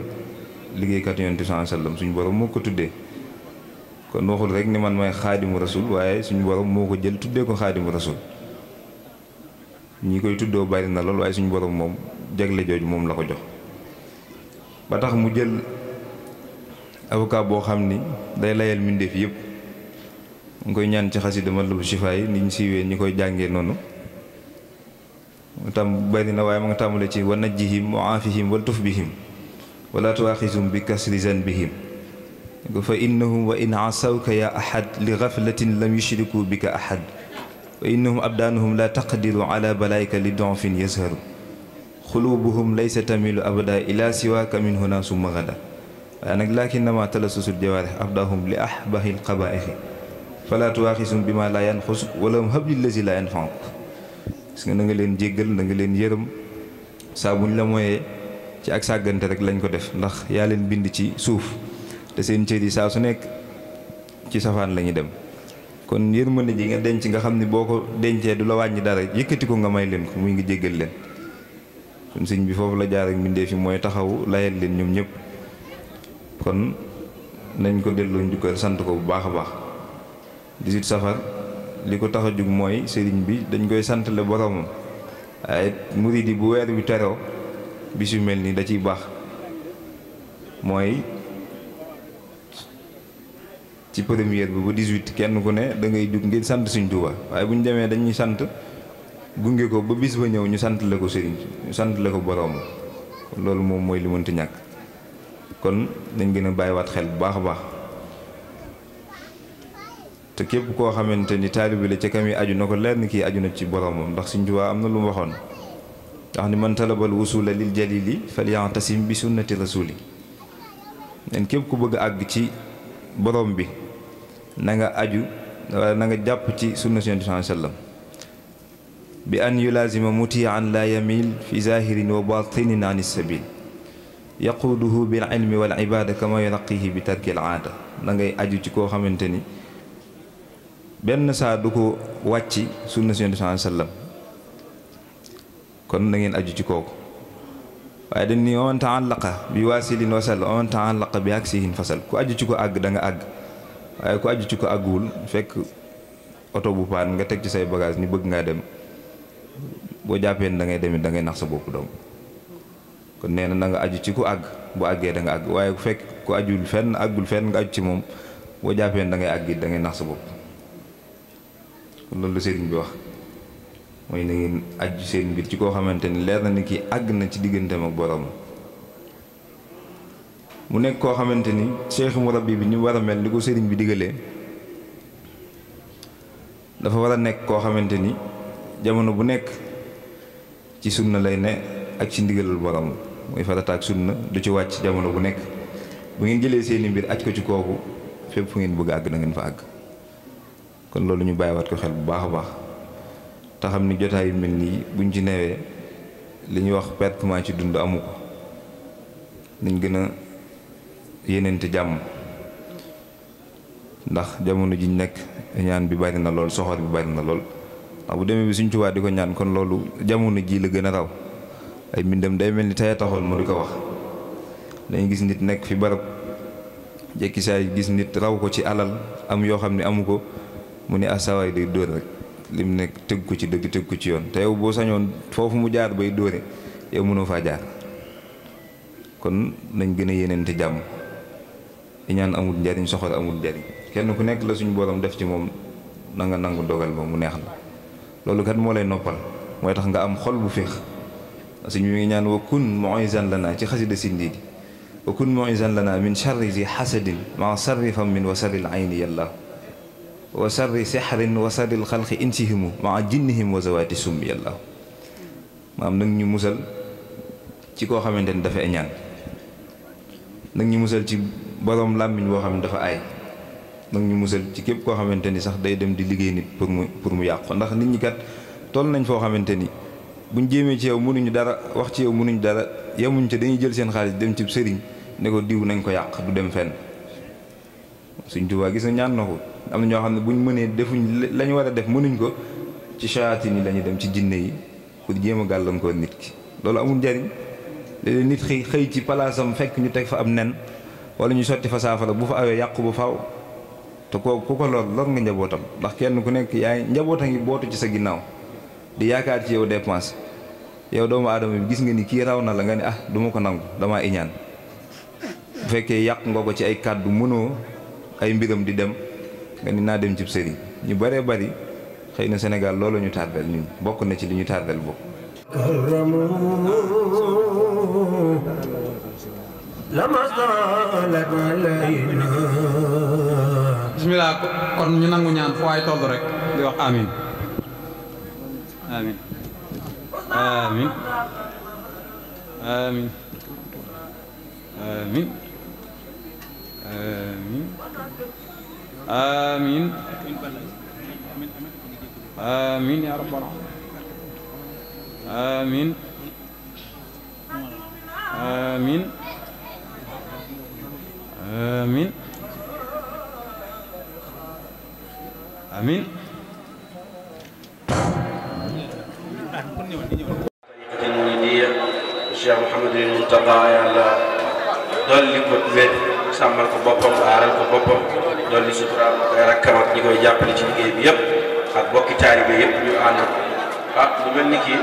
liggéeykat yonent bi saa sallam suñu borom moo ko tuddee kon waxul rek ni man may xaadimu rasul waaye suñu borom moo ko jël tuddee ko xaadimu rasul ñi koy tuddoo bari na lool waaye suñu borom moom jagle jooju moom la ko jox ba tax mu jël avocat boo xam ni day layal mbindeef yëpp ñu koy ñaan ci xasida Matlabu Chifa yi ni ñu siiwee ñi koy jàngee noonu tam bari na waaye ma nga tàmbale ci wa najjihim wa aafihim wal tuf bihim wala tuwaaxisum bi kasri zanbihim fa innahum wa in asawka ya ahad li gaflatin lam yushriku bika ahad wa innahum abdaanuhum la taqdiru ala balaayka li donfin yazharu xulubuhum laysa tamilu abada ila siwaaka min huna summa gada waaye nag lakinnama talasusul jawaarix abdaahum li ahbahil qabaixi fala tuwaaxisum bi ma la yanxus wala hum hablillasi la yanfanku gis nga na nga leen jéggal na leen yërëm saa buñ la moyee ci ak sàggante rek lañ ko def ndax yaa leen bind ci suuf te seen cër yi saa su nekk ci safaan lañuy dem kon yërmande ji nga denc nga xam ne boo ko dencee du la wàññi dara yëkkati ko nga may leen ko muy ngi jéggal leen kon bi foofu la jaar ak mbindee fi mooy taxaw layal leen ñoom ñëpp kon nañ ko delloo njukkal sant ko bu baax a baax 18 safar li ko tax a jug mooy sëriñ bi dañ koy sant la boromam waaye murid bu weer bi teroo bis yu mel ni da ciy baax mooy ci première bi ba 18 kenn ku ne dangay jug ngir sant suñ Tuubaa waaye bu ñu demee dañuy sant gunge ko ba bis ba ñëw ñu sant la ko sëriñ ñu sant la ko borom loolu moom mooy li mënti ñàkk kon dañ gën a bàyyiwaat xel bu baax a baax te képp koo xamante ni taalibi la ca aju na ko leer ni kii aju na ci boromam ndax Sëriñ Tuubaa am na lu mu waxoon ndax ni man talabal wusula lil jalili falyantasim bi sunnati rasuli nen képp ko bëgg àgg ci boroom bi na nga aju wala na nga jàpp ci sunna Yonent bi sallam bi an yulaazima mutian la yamil fi zahirin wa batinin an sabil yaquuduhu bil ilmi wal ibada kama yuraqihi bi tarkil aada da ngay aju ci koo xamante ni benn saa du ko wàcc sunna si yonent bi sallam kon na ngeen aju ci kooku waaye dañ ni waman taallaqa bi waasilin wasal waman taallaqa bi aksihin fasal ku aju ci ko àgg da nga àgg waaye ku aju ci ko àgguwul fekk oto bu paan nga teg ci say bagage ni bëgg ngaa dem boo jàppee da ngay demit da ngay nax sa bopp doom kon nee na na nga aju ci ku àgg bu àggee da nga àgg waaye ku fekk ku ajul fenn àggul fenn nga aju ci moom boo jàppee da ngay àgg it da ngay nax sa loolu lu sëriñ bi wax mooy na ngeen ajju seen mbir ci koo xamante ni leer na ni ki àgg na ci diggante ak borom mu nekk koo xamante ni cheikh murabbi bi ñu war a mel di ko sëriñ bi digalee dafa war a nekk koo xamante ni jamono bu nekk ci sunna lay ne ak ci ndigalul borom mooy farata ak sunna du ci wàcc jamono bu nekk bu ngeen jëlee seeni mbir aj ko ci kooku fépp fu ngeen bëgg àgg na ngeen fa àgg kon loolu ñu bàyyiwaat ko xel bu baax a baax te xam ni jotaay yu mel nii buñ ci newee li ñuy wax pertement ci dund amu ko nañ gën a yéeneente jàmm ndax jamono jiñ nekk ñaan bi bari na lool soxor bi bari na lool ndax bu demee bi suñ Tuubaa di ko ñaan kon loolu jamono jii la gën a raw ay mbindam day mel ni tey taxoon mu di ko wax dañuy gis nit nekk fi barab jekki saay gis nit raw ko ci alal am yoo xam ne amu ko mu ne asawaay ah, day dóor rek li mu nekk tëgg ko ci dëgg tëgg ko ci yoon te yow boo sañoon foofu mu jaar bay dóore yow mënoo faa jaar kon nañ gën a yéeneente jàmm iñaan amul njariñ soxor amul njariñ kenn ku nekk la suñu borom def ci moom nanga nangu dogal ba mu neex la loolu kat moo lay noppal mooy tax nga am xol bu féex suñ mi ñaan wa kun muizan lana ci xasida sindiidi wa kun muizan lana min charri zi xasadin maa sarri fam min wa sarril ayni wa sarri sixrin wa sarri alxalqi insihimu maa jinnihim wa zawaati summi yàlla maam nag ñu musal ci koo xamante ni dafa ñaan nag ñu musal ci borom làmmiñ boo xam ne dafa aay nag ñu musal ci képp koo xamante ni sax day dem di liggéey nit pour mu pour mu yàqu ndax nit ñi kat toll nañ foo xamante ni buñ jéemee ci yow mënuñu dara wax ci yow mënuñu dara yemuñ ci dañuy jël seen xaalis dem ci sëriñ ne ko diw nañ ko yàq du dem fenn suñ tubaa gis na ñaan na ko am na ñoo xam ne ñu mënee defuñ la ñu war a def mënuñ ko ci shayatin yi la dem ci jinne yi pour jéem a gàllankoor nit ki loolu amul njariñ léeg nit xëy xëy ci palaasam fekk ñu teg fa am nen wala ñu sotti fa saafara bu fa awee yàqu bu faw te koo ku ko lor lor nga njabootam ndax kenn ku nekk yaa ngi njaboota ngi bootu ci sa ginnaaw di yaakaar ci yow dépense yow doomu aadama bi gis nga ni kii raw na la nga ne ah duma ko nangu damaa iñaan bu fekkee yàq nga ko ci ay kàddu mënoo ay mbiram di dem nga ni naa dem cib ñu bëree bëri xëy na Sénégal loolu ñu tardel ñun bokk na ci li ñu tardel bokk bismillah kon ñu nangu ñaan fu waay toll rek di wax amin amiin amiin yaa rabbal aalamiin amiin amiin amiin tariqatil muridiyya Cheikh Mouhamadul Muntaqa yàlla dolli ko wér sàmmal ko boppam aaral ko boppam dolli suturaal ko ay rakkam ak ñi koy jàppale ci liggéey bi yëpp ak bokki taalibe yëpp ñu ànd ah lu mel ni kii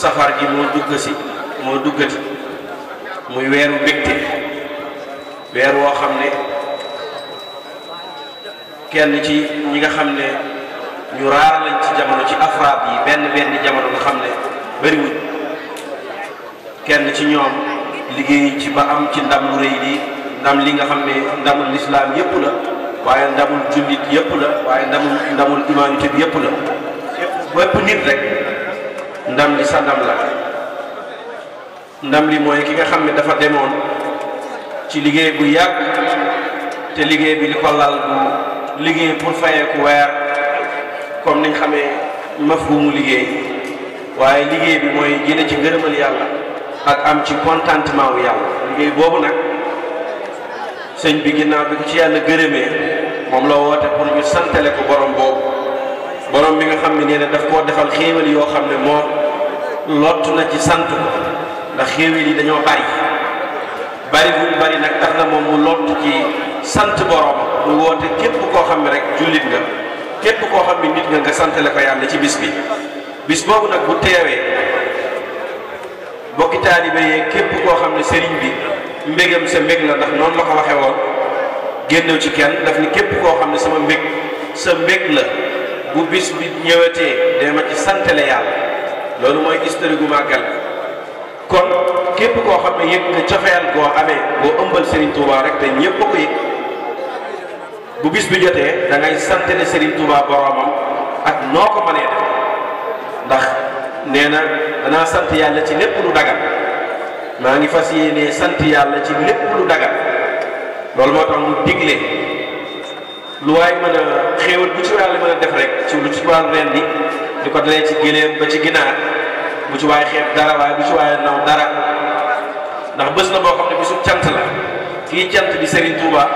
safar gi moo dugg moo duggati muy weeru mbégte weer woo xam ne kenn ci ñi nga xam ne ñu raar lañ ci jamono ci afraad yi benn benn jamono nga xam ne bëriwuñ kenn ci ñoom liggéey ci ba am ci ndam lu rëy li ndam li nga xam ne ndamul lislaam yépp la waaye ndamul waaye ndamul ndamul humanité yépp yëpp la bépp nit rek ndam li sa ndam la ndam li mooy ki nga xam ne dafa demoon ci liggéey bu yàgg te liggéey bi di ko lal bu liggéey pour fayeeku weer comme niñ xamee mafhumu liggéey waaye liggéey bi mooy jële ci ngërëmal yàlla ak am ci contentement wu yàlla liggéey boobu nag sëñ bi ginnaaw bi ci yàlla gërëmee moom la woote pour ñu santale ko borom boobu boroom bi nga xam ne nee na daf koo defal xéewal yoo xam ne moo lott na ci sant ko ndax xéewal dañoo bari bari nag tax na moom mu lott ci sant borom mu woote képp koo xam ne rek jullit nga képp koo xam ne nit nga nga santale ko yàlla ci bis bi bis boobu nag bu teewee. bokki taalibe képp koo xam ne sëriñ bi mbégam sa mbég la ndax noonu la ko waxe génnew ci kenn daf ni képp koo xam ne sama mbég sa mbég la bu bis bi ñëwatee dee ma ci santale yàlla loolu mooy historique gu màggal kon képp koo xam ne yëg nga cofeel boo amee boo ëmbal Serigne Touba rek te ñëpp a ko yëg bu bis bi jotee da ngay santale Serigne Touba boromam ak noo ko mënee def ndax nee na danaa sant yàlla ci lépp lu dagal maa ngi fas yéenee sant yàlla ci lépp lu dagal loolu moo tax mu digle lu waay mën a xéewal bu ci yàlla mën a def rek ci lu ci wàllu ren bi di ko dalee ci géléem ba ci ginaar bu ci waay xeeb dara waaye bu ci waay naw dara ndax bés la boo xam ne bisu cant la kii cant bi Serigne Touba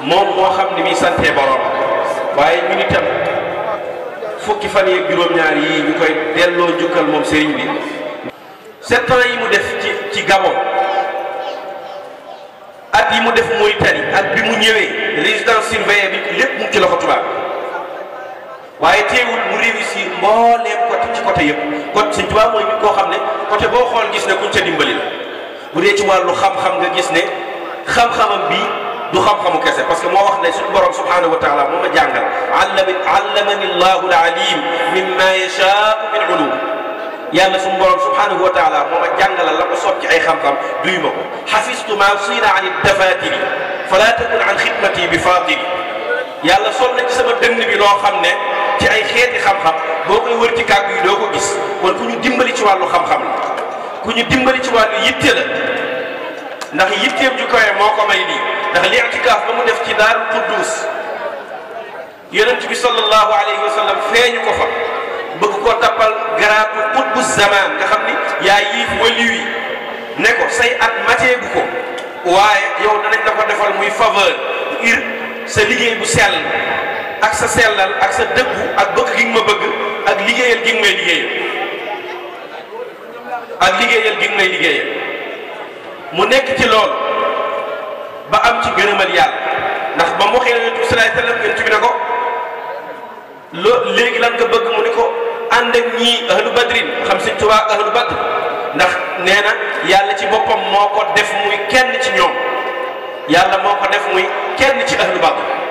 moom moo xam ni muy santee borom waaye ñu ni tam fukki fan yeeg juróom-ñaar yi ñu koy delloo njukkal moom sëriñ bi sept ans yi mu def ci ci Gabon at yi mu def Mauritanie ak bi mu ñëwee résidence surveillée bi lépp mu ci loxo tubaab waaye teewul mu réussir mbooleem côté ci côté yëpp côté Sëriñ Tuubaa mooy koo xam ne côté boo xool gis ne kuñ ca dimbali la bu dee ci wàllu xam-xam nga gis ne xam-xamam bii du xam kese parce que moo wax ne suñu borom wa taala moo ma jàngal allama allamani llahu alalim mimma yashaau min ulum yàlla suñu borom subhanahu wa taala moo ma jàngalal la ko soob ci ay xam-xam duy ma ko xafistu ma sina an dafatiri fala takun an xidmati bi fatiri yàlla sol na ci sama dënn bi loo xam ne ci ay xeeti xam-xam boo koy wër ci kàggu yi doo ko gis kon ku ñu dimbali ci wàllu xam-xam la ku ñu dimbali ci wàllu yitte la ndax yitteem ju koy moo ko may nii ndax li i'tikaaf ba mu def ci daal quddus yonent bi sallallahu alayhi wa sallam feeñu ko fa bëgg koo tappal garaatu qutbu zaman nga xam ni yaa yiif waliw yi ne ko say at mateegu ko waaye yow danañ la ko defal muy faveur ngir sa liggéey bu sell ak sa sellal ak sa dëggu ak bëgg gi nga ma bëgg ak liggéeyal gi nga may liggéeyal ak liggéeyal gi nga may liggéeyal mu nekk ci lool ba am ci gërëmal yàlla ndax ba mu waxee yonent bi salaay sallam yonent bi ne ko loo léegi lan nga bëgg mu ne ko ànd ak ñii ahlu badrin xam si tubaa ahlu badr ndax nee na yàlla ci boppam moo ko def muy kenn ci ñoom yàlla moo ko def muy kenn ci ahlu badr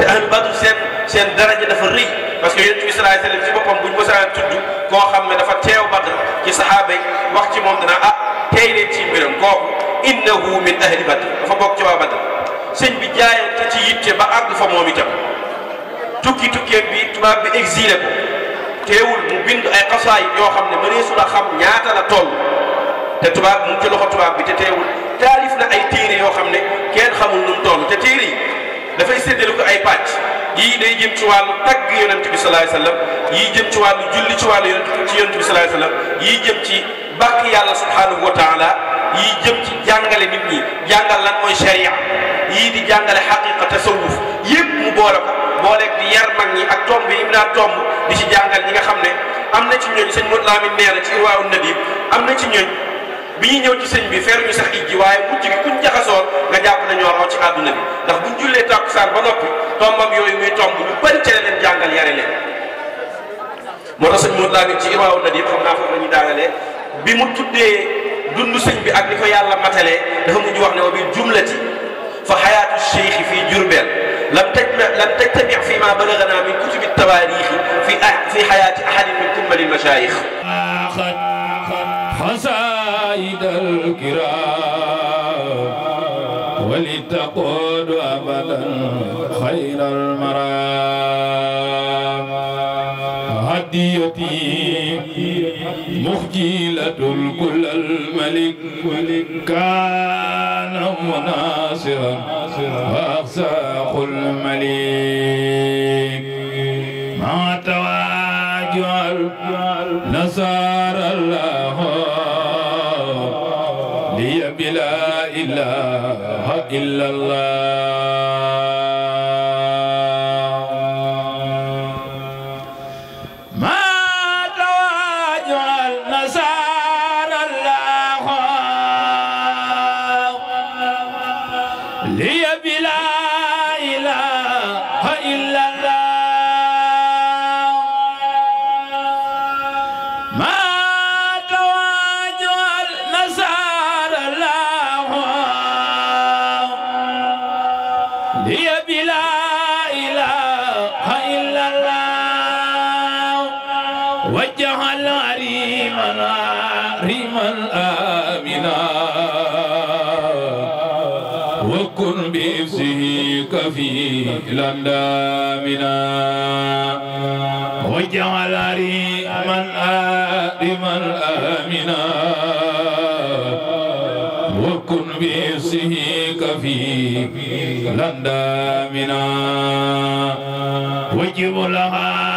te ahlu badr seen seen daraja dafa rëy parce que yonent bi sallallahu alayhi wasallam ci boppam bu ñu mosaan koo xam ne dafa teew badr ci saxaaba yi wax ci moom dana ah tey leen ci mbiram kooku innahu min ahli badr dafa bokk ci waa badr sëñ bi jaayante yitte ba àgg fa moom itam tukki tukkeem bi tubaab bi exilé ko teewul mu bind ay xasaay yoo xam ne mëneesu la xam ñaata la toll te tubaab mu ci loxo tubaab bi te teewul taalif na ay téere yoo xam ne mu toll te téere yi dafay séddale ko ay pàcc yii day jëm ci wàllu tagg yonent bi salaay sallam yii jëm ci wàllu julli ci wàllu ci yonent bi salaay sallam yii jëm ci bàkk yàlla subhanahu wa taala yii jëm ci jàngale nit ñi jàngal lan mooy sharia yii di jàngale xaqiqa tasawuf yëpp mu boole ko booleeg di yar mag ñi ak tomb bi mu daan tomb di ci jàngal ñi nga xam ne am na ci ñooñ sëñ Modou Lamine nee na ci irwaawu nadim am na ci ñooñ bi ñuy ñëw ci sëñ bi feeru ñu sax ijji waaye mujj gi kuñ jaxasoon nga jàpp na ñoo raw ci àdduna bi ndax buñ jullee tàkkusaan ba noppi tombam yooyu muy tomb ñu bëri ci la leen jàngal yare leen moo tax sëñ Modou Lamine ci Irwaaw Nadiim xam naa foofu la ñuy daangalee bi mu tuddee dund sëñ bi ak ni ko yàlla matalee dafa mujj wax ne wa bi jumlati fa xayaatu cheikhi fii jurbeel lam tajma lam tajtami fi ma balaganaa min kutubi tawaarixi fi fi xayaati ahadin min kummalil mashaayix القائد الكرام ولتقود أبدا خير المرام هديتي مخجلة الكل الملك كان مناصرا وأخساق الملك illallah واجعل ريما ريما آمنا وكن بإفسه كفيلا دامنا واجعل ريما ريما آمنا وكن بإفسه كفيلا دامنا واجب لها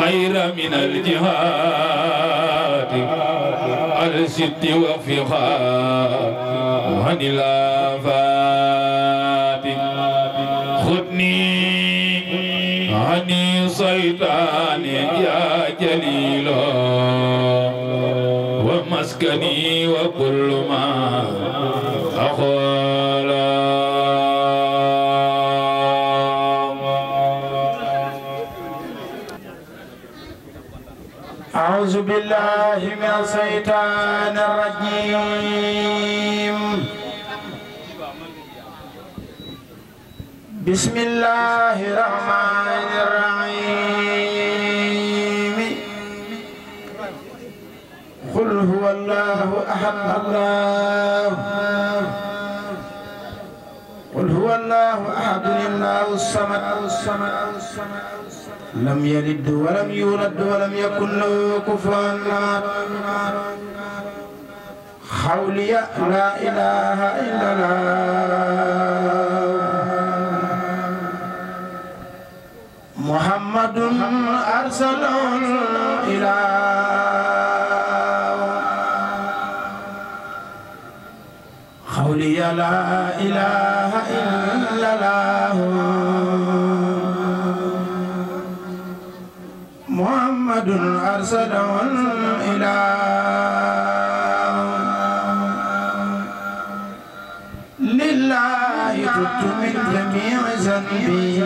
خير من الجهاد على الشد والفخار وعن الآفات خذني عني سيطان يا جليل ومسكني وكل ما الشيطان الرجيم بسم الله الرحمن الرحيم قل هو الله أحد الله قل هو الله أحد الله الصمد الصمد الصمد لم يلد ولم يولد ولم يكن له كفوا احد حولي لا اله الا الله محمد ارسله الاله حولي لا اله الا الله أحمد أرسله الإله لله تبت من جميع ذنبي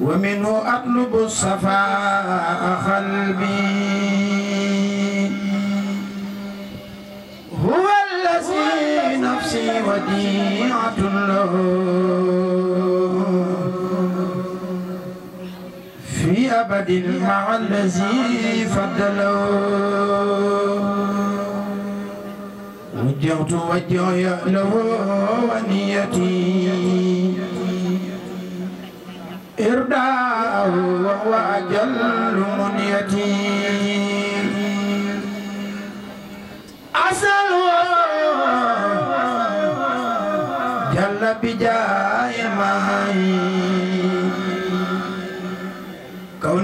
ومنه أطلب الصفاء قلبي هو الذي نفسي وديعة له أبد مع الذي فضله وجهت وجهي له ونيتي إرداءه وهو أجل منيتي أسأله جل بجاه معي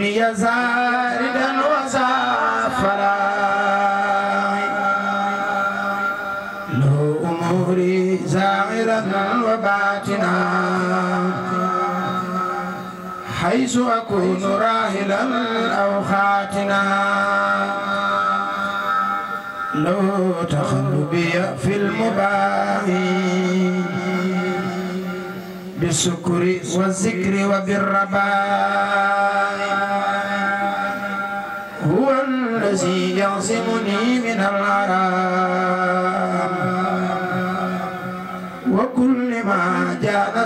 لي زاردا وسافرا له أموري زاهرا وباطنا حيث أكون راهلا أو خاتنا لو تخلبي في المباهي بالسكر والذكر وبالرباء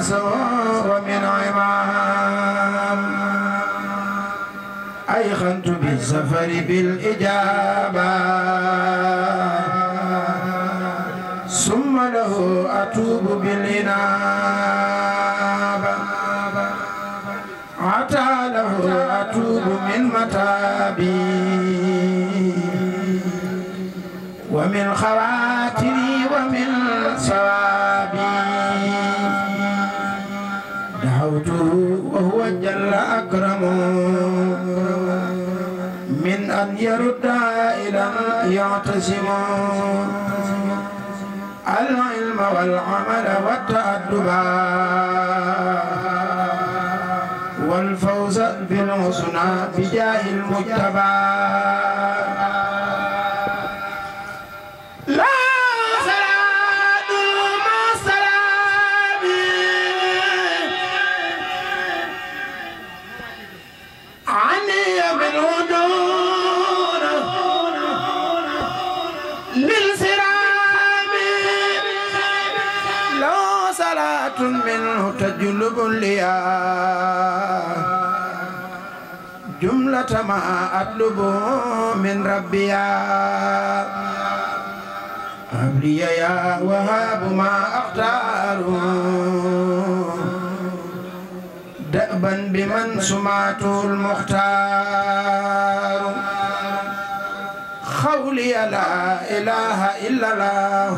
سوى من عمام أيقنت بالسفر بالإجابة ثم له أتوب بالإنابة عتى له أتوب من متابي ومن خواتي أن يرد إلى يعتصم العلم والعمل والتأدب والفوز بالحسنى بجاه المجتبى الأولياء جملة ما أطلب من ربي أبلي يا وهاب ما أختار دأبا بمن سمعت المختار خولي لا إله إلا الله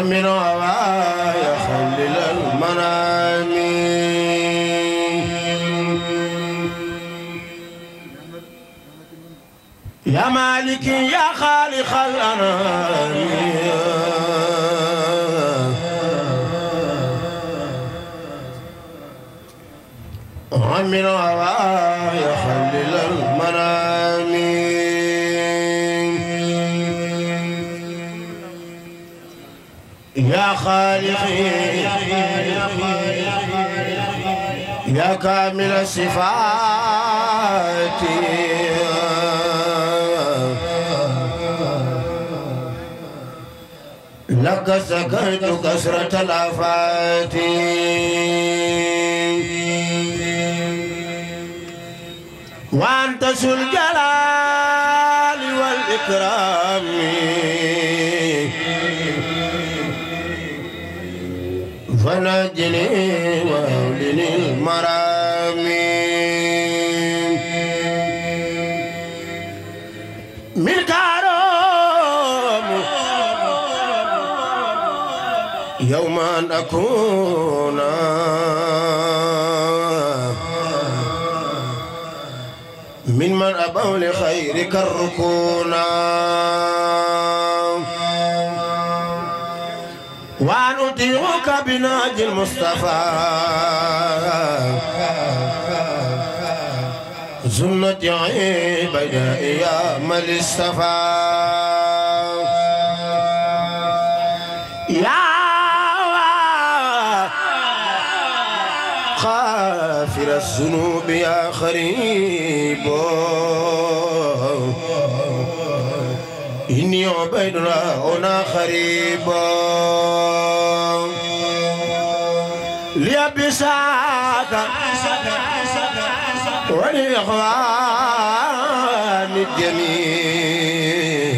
ومن هواي خلل المنام يا مالك يا خالق الأنام ومن هواي خلل المنام يا خالقي يا كامل الصفات لك سكرت كسرة الآفات وأنت ذو الجلال والإكرام ونجني وأولني المرام من كرم يوم أن أكون من من أبوا لخيرك الركونا ونطيعك بناج المصطفى سنة عبيد يا من اصطفى يا غافر الذنوب يا خريب عبيدنا هنا خريبا لأبي ساكا ولإخوان الجميع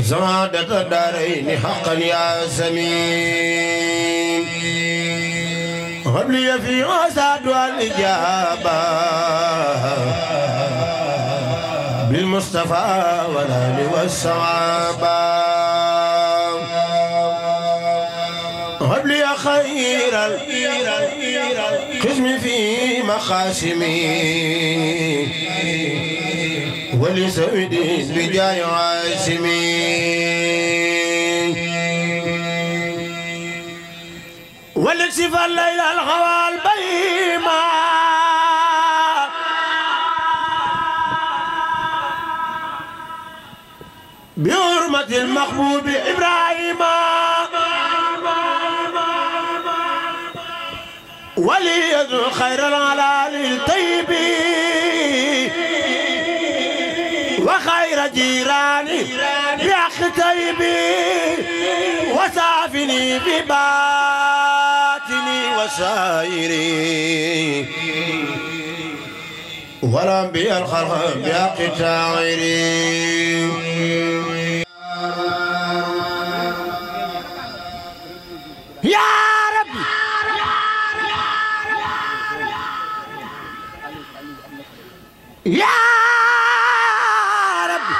زرادة الدارين حقا يا سمين قبلي في أسعد والإجابة للمصطفى والآل والصحابة هب لي خير القسم في مخاسمي ولسويد بجاي عاسمي ولك سفر ليلى الغوالب بحرمة المحبوب إبراهيم وليد خير العلال الطيب وخير جيراني بأخ طيبي وسافني بباطني وسائري ولم بي الخرم بأخ تاعري yaa rabbi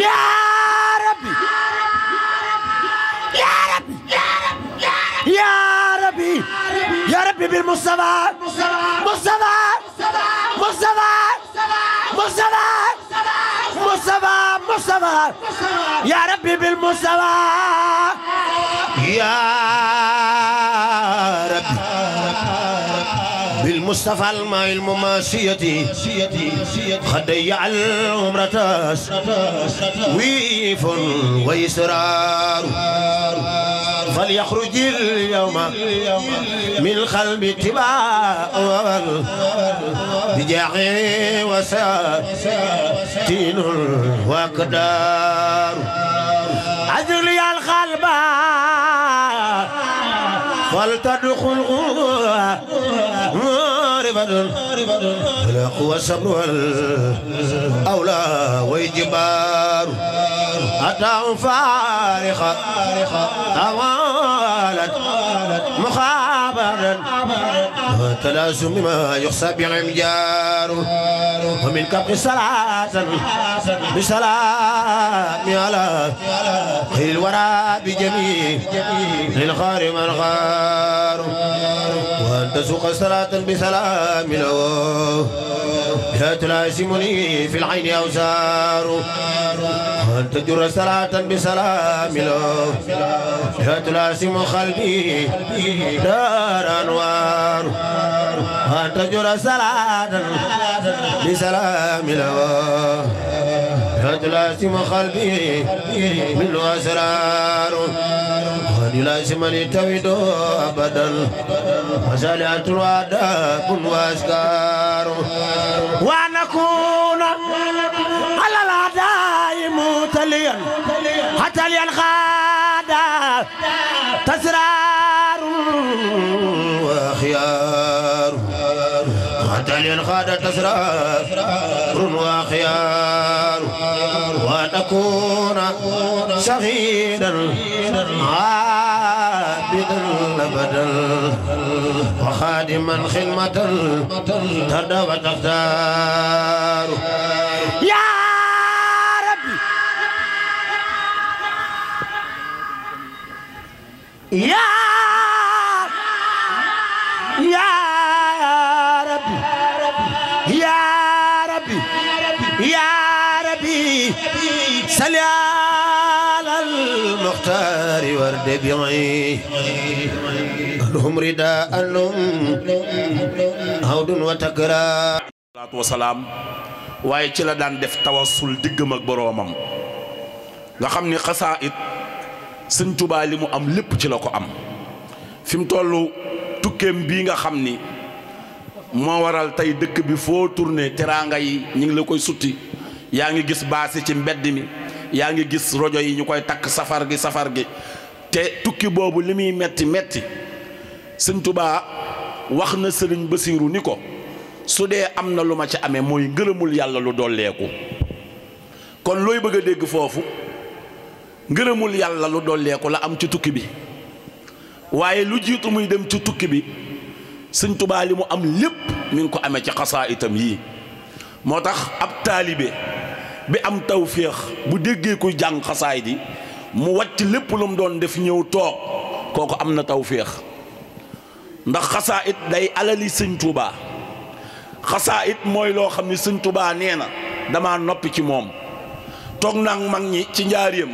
yaa rabbi yaa rabbi yaa rabbi yaa rabbi bil Mustafa Mustafa Mustafa Mustafa Mustafa Mustafa yaa rabbi bil Mustafa yaa rabbi مصطفى الماء المماسية خدي العمرة ويف وإسرار فليخرج اليوم من قلب اتباع بجاعي وساتين وقدار أجري القلب ولتدخل غربة ولا قوة صبر أولى ويجبار أتى فارخة طوالت مخابرا تلازم ما يخصى بالعمجار ومن كبر صلاة بسلام على خير الورى بجميع للخار من غار وأن تسوق صلاة بسلام له لا تلازمني في العين أوزار وأن تجر صلاة بسلام له لا تلازم قلبي دار أنوار وأن تجر صلاة بسلام له لا تلازم قلبي من أسرار للا سمني تويدو أبدا مسألة وعدا بن واسكار ونكون على الأعداء متليا حتى الغادة تسرار وخيار حتى الغادة تسرار وخيار أكون شهيدا عابدا أبدا وخادما خدمة ترضى وتختار يا ربي يا صل على المختار waaye ci la daan def tawassul diggam ak boroomam nga xam ni xasaa it sëñ Tuubaa li mu am lépp ci la ko am fi mu toll tukkeem bii nga xam ni moo waral tey dëkk bi foo tourné teraanga yi ñu ngi la koy sutti yaa ngi gis baasi ci mbedd mi yaa ngi gis rojo yi ñu koy takk safar gi safar gi te tukki boobu li muy metti metti sëñ tubaa wax na sëriñ basiiru ni ko su dee am na lu ma ci amee mooy ngërëmul yàlla lu dolleeku kon looy bëgg a dégg foofu ngërëmul yàlla lu dolleeku la am ci tukki bi waaye lu jiitu muy dem ci tukki bi sëñ tubaa li mu am lépp mi ngi ko amee ci xasaa itam yii moo tax ab taalibe bi am tawféex bu déggee kuy jàng xasaay di mu wàcc lépp lu mu doon def ñëw toog kooku am na tawféex ndax xasaa it day alali sëñ Tuubaa xasaa it mooy loo xam ne sëñ Tuubaa nee na damaa noppi ci moom toog naa mag ñi ci njaareem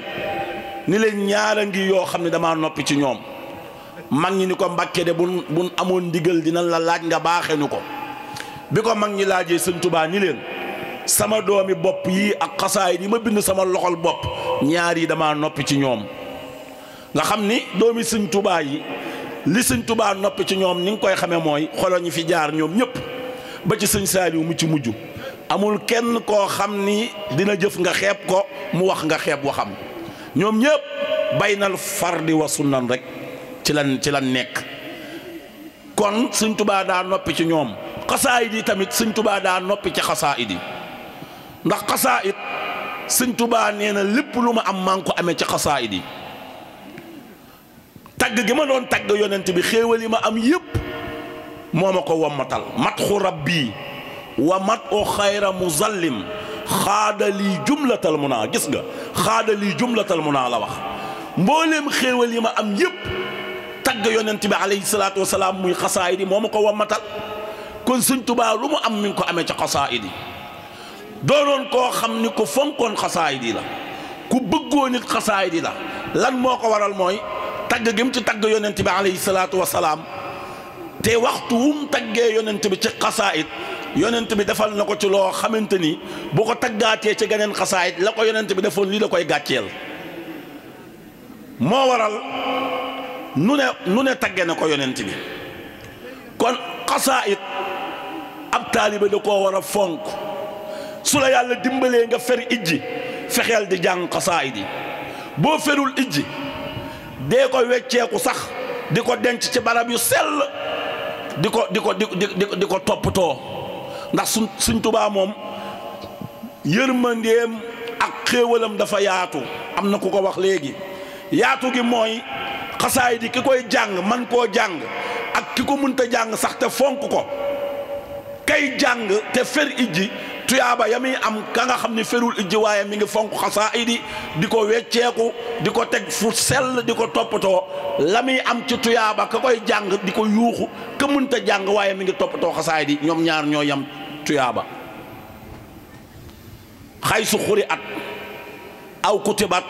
ni leen ñaara ngi yoo xam ne damaa noppi ci ñoom mag ñi ni ko mbàkke de bu bun amoon ndigal dinañ la laaj nga baaxeñu ko bi ko mag ñi laajee sëñ Tuubaa ni leen sama doomi bopp yi ak xasaayit yi ma bind sama loxol bopp ñaar yi damaa noppi ci ñoom nga xam ni doomi suñ tubaa yi li sëñ tubaa noppi ci ñoom ni nga koy xamee mooy xolo ñi fi jaar ñoom ñëpp ba ci sëñ Saaliw mu ci mujj amul kenn koo xam ni dina jëf nga xeeb ko mu wax nga xeeb xam ñoom ñëpp far di wa sunnan rekk ci la ci lan nekk kon sëñ tubaa daa noppi ci ñoom xasaayid yi tamit suñ tubaa daa noppi ci xasaayid yi ndax xasaayit sëñ tubaa nee na lépp lu ma am maa ko amee ci xasaayit yi tagg gi ma doon tagg yonent bi xéewal yi ma am yépp moo ma ko wommatal matxu rabbi wa mat o xayra muzallim xaada lii jumlatal mu naa gis nga xaada lii jumlatal mu naa la wax mbooleem xéewal yi ma am yépp tagg yonent bi alayhi salaatu wasalaam muy xasaayit yi moo ma ko wommatal kon sëñ tubaa lu mu am mi ko amee ci xasaayit yi doonoon koo xam ni ku fonkoon xasaay di la ku bëggoon it xasaay di la lan moo ko waral mooy tagg gi mu ci tagg yonent bi alayhi salaatu wasalaam te waxtu wu mu taggee yonent bi ci xasaayit yonent bi defal na ko ci loo xamante ni bu ko taggaatee ci geneen xasaayit la ko yonent bi defoon lii la koy gàcceel moo waral nu ne nu ne tagge na ko yonent bi kon xasaayit ab taalibe da koo war a fonk su yàlla dimbalee nga fer ijji fexeel di jàng xasaayid yi boo ferul ijji dee ko wecceeku sax di ko denc ci barab yu sell di ko di ko di di di ko toppatoo ndax suñ suñ tubaa moom yërmandeem ak xéewalam dafa yaatu am na ku ko wax léegi yaatu gi mooy xasaay di ki koy jàng man koo jàng ak ki ko mënta jàng sax te fonk ko kay jàng te fer ijji tuyaaba ya muy am ka nga xam ni ferul ijji waaye mi ngi fonk xasaayidi di ko wecceeku di ko teg fu sell di ko toppatoo la am ci tuyaaba ka koy jàng di ko yuuxu ka mënta jàng waaye mi ngi toppatoo xasaayidi ñoom ñaar ñoo yam tuyaaba xay su xuri at aw kutibat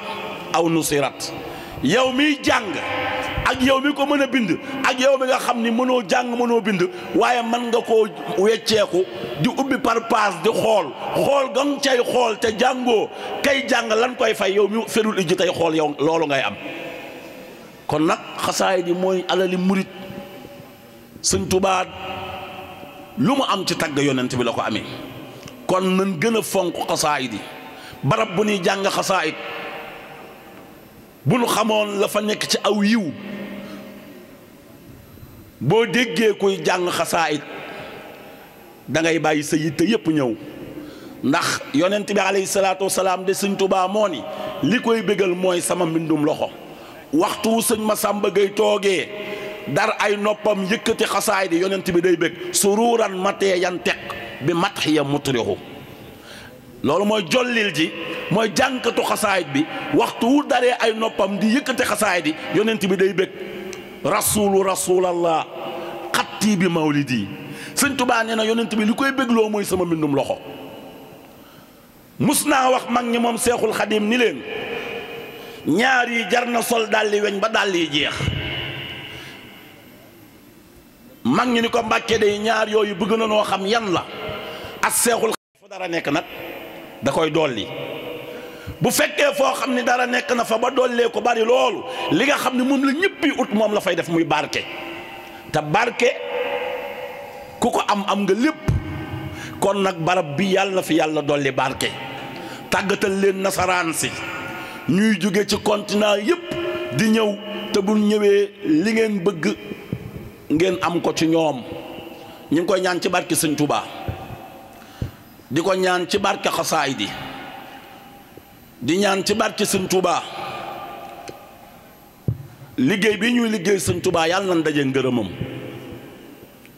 aw nusirat yow miy jàng ak yow mi ko mën a bind ak yow mi nga xam ni mënoo jàng mënoo bind waaye mën nga koo wecceeku di ubbi parpaas di xool xool ga nga xool te jàngoo kay jàng lan koy fay yow mi ferul ijji tey xool yow loolu ngay am kon nag xasaay di mooy alali murit sëñ Tuubaa lu mu am ci tagg yonent bi la ko amee kon nan gën a fonk xasaay di barab bu ñuy jàng xasaayit bu nu xamoon la fa nekk ci aw yiw boo déggee kuy jàng xasaayit dangay bàyyi sa yitte yépp ñëw ndax yonent bi aleyhi salaatu wasalaam de sëñ tubaamoo moo ni li koy bégal mooy sama mbindum loxo waxtu wu ma sàmb Gay toogee dar ay noppam yëkkati xasaayit yi yonent bi day bég suruuran matee yan teq bi mat ya mutrixu loolu mooy jollil ji mooy jànkatu xasaayit bi waxtu wu daree ay noppam di yëkkate xasaayit yi yonent bi day bëgg rasuulu rasuulallah xatti bi mawlidi sëñ tubaa nee na yonent bi li koy bégloo mooy sama mbindum loxo mus naa wax mag ñi moom seexul xadim ni leen ñaar yi jar na sol dàlli weñ ba dàll yi jeex mag ñi ni ko mbàkkee day ñaar yooyu bëgg na noo xam yan la ak seexul fa dara nekk nag da koy dolli bu fekkee foo xam ne dara nekk na fa ba dollee ko bari loolu li nga xam ne moom la ñëpp yi ut moom la fay def muy barke te barke ku ko am am nga lépp kon nag barab bi yàlla na fi yàlla dolli barke tàggatal leen nasaraan si ñuy jóge ci continent yëpp di ñëw te bu ñëwee li ngeen bëgg ngeen am ko ci ñoom ñu ngi koy ñaan ci barke Sëñ Tuubaa di ko ñaan ci barke xasaay di di ñaan ci barke sëñ Tuubaa liggéey bi ñuy liggéey sëñ Tuubaa yàlla nañ daje ngërëmam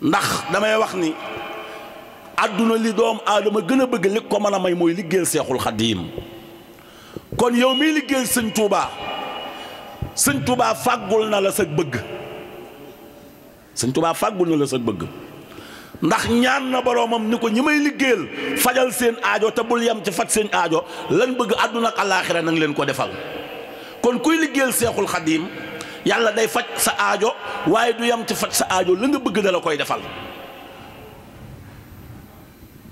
ndax damay wax ni àdduna li doom aadama gën a bëgg li ko mën a may mooy liggéeyal seexul xadiim kon yow miy liggéey sëñ Tuubaa sëñ Tuubaa fàggul na la sa bëgg sëñ Tuubaa fàggul na la sa bëgg ndax ñaan na boroomam ni ko ñi may liggéeyal fajal seen aajo te bul yem ci faj seen aajo lañ bëgg àdduna ak alaaxira nang leen ko defal kon kuy liggéeyal seexul xadiim yàlla day faj sa aajo waaye du yem ci faj sa aajo la nga bëgg dala koy defal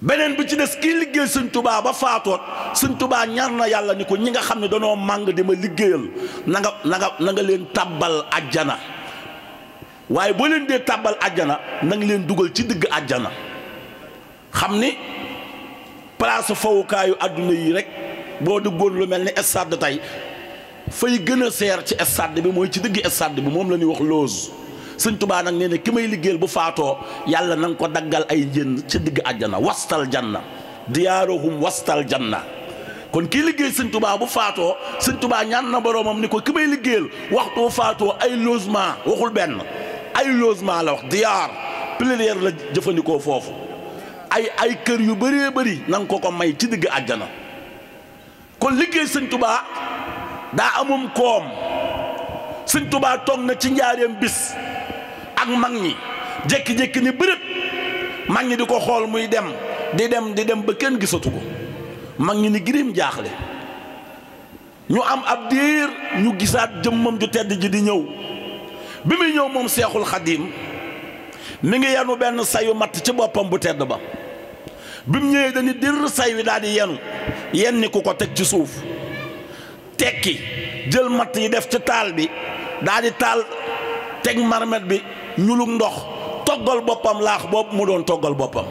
beneen bi ci des kiy liggéey sëñ tubaa ba faatoot sëñ tubaa ñaan na yàlla ni ko ñi nga xam ne danoo màng di ma liggéeyal na nga na nga na nga leen tàbbal ajjana waaye boo leen dee tàbbal àjjana na nga leen dugal ci digg àjjana xam ni palaas fowukaayu àdduna yi rek boo duggoon lu mel ni stade tey fay gën a seer ci stade bi mooy ci digg stade bi moom la ñuy wax loose sëñ tubaa nag nee ki may liggéeyal bu faatoo yàlla na ko daggal ay njënd ci digg àjjana wastal janna diyaarohum wastal janna kon kii liggéey sëñ tubaa bu faatoo sëñ tubaa ñaan na boroomam ni ko ki may liggéeyal waxtu faatoo ay logement waxul benn ay logement la wax diyaar plénière la jëfandikoo foofu ay ay kër yu bëree bëri na ko ko may ci digg àjjana kon liggéey sëñ tubaa daa amum koom sëñ tubaa toog na ci njaareem bis ak mag ñi jékki-jékki ni bërëb mag ñi di ko xool muy dem di dem di dem ba kenn gisatu ko mag ñi ni girim jaaxle ñu am ab diir ñu gisaat jëmmam ju tedd ji di ñëw bi muy ñëw moom seexul xadiim mi ngi yenu benn sayu matt ci boppam bu tedd ba bi mu ñëwee dañu dir say wi daal di yenu yenn ku ko teg ci suuf tekki jël matt yi def ci taal bi daal di taal teg marmet bi ñulug ndox toggal boppam laax boobu mu doon toggal boppam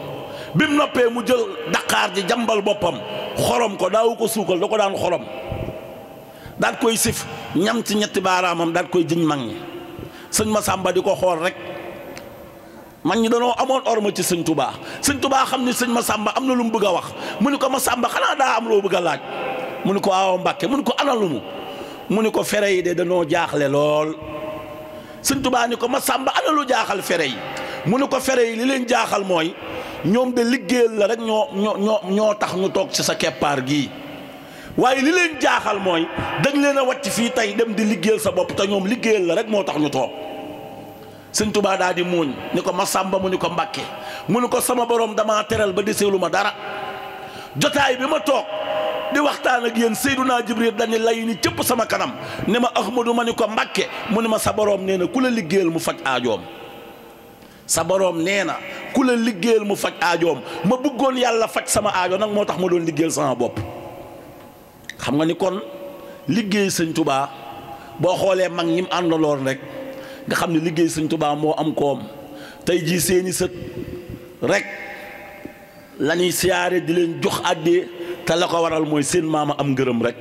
bi mu noppee mu jël daqaar ji jambal boppam xorom ko daawu ko suukal da ko daan xorom daat koy sif ñam ci ñetti baaraamam daat koy jiñ mag sëñ ma sàmba di ko xool rek man ñi danoo amoon orma ci sëñ Touba sëñ Touba xam ni sëñ ma Masamba am na lu mu bëgg a wax mu ni ko Masamba xanaa daa am loo bëgg a laaj mu ni ko a Mbàkke mu ni ko ana lu mu mu ni ko fere yi de danoo jaaxle lool sëñ Touba ni ko Masamba ana lu jaaxal fere yi mu ni ko fere yi li leen jaaxal mooy ñoom de liggéeyal la rek ñoo ñoo ñoo tax ñu toog si sa keppaar gii. waaye li leen jaaxal mooy dañ leen a wàcc fii tey dem di liggéeyal sa bopp te ñoom liggéeyal la rek moo tax ñu toog sëñ tubaa daa di muuñ ni ko ma sàmba mu ni ko mbàkke mu ni ko sama boroom damaa teral ba deseelu ma dara jotaay bi ma toog di waxtaan ak yéen naa Jibril dañu lay ni cëpp sama kanam ne ma Ahmadu ma ni ko mbàkke mu ni ma sa boroom nee na ku la liggéeyal mu faj aajoom sa borom nee na ku la liggéeyal mu faj aajoom ma bëggoon yàlla faj sama aajo nag moo tax ma doon liggéeyal sama bopp xam nga ni kon liggéey sëñ tubaa boo xoolee mag ñi mu àndaloon rek nga xam ne liggéey sëñ tubaa moo am koom tey jii seeni sët rek la ñuy siyaare di leen jox àddee te la ko waral mooy seen maama am ngërëm rek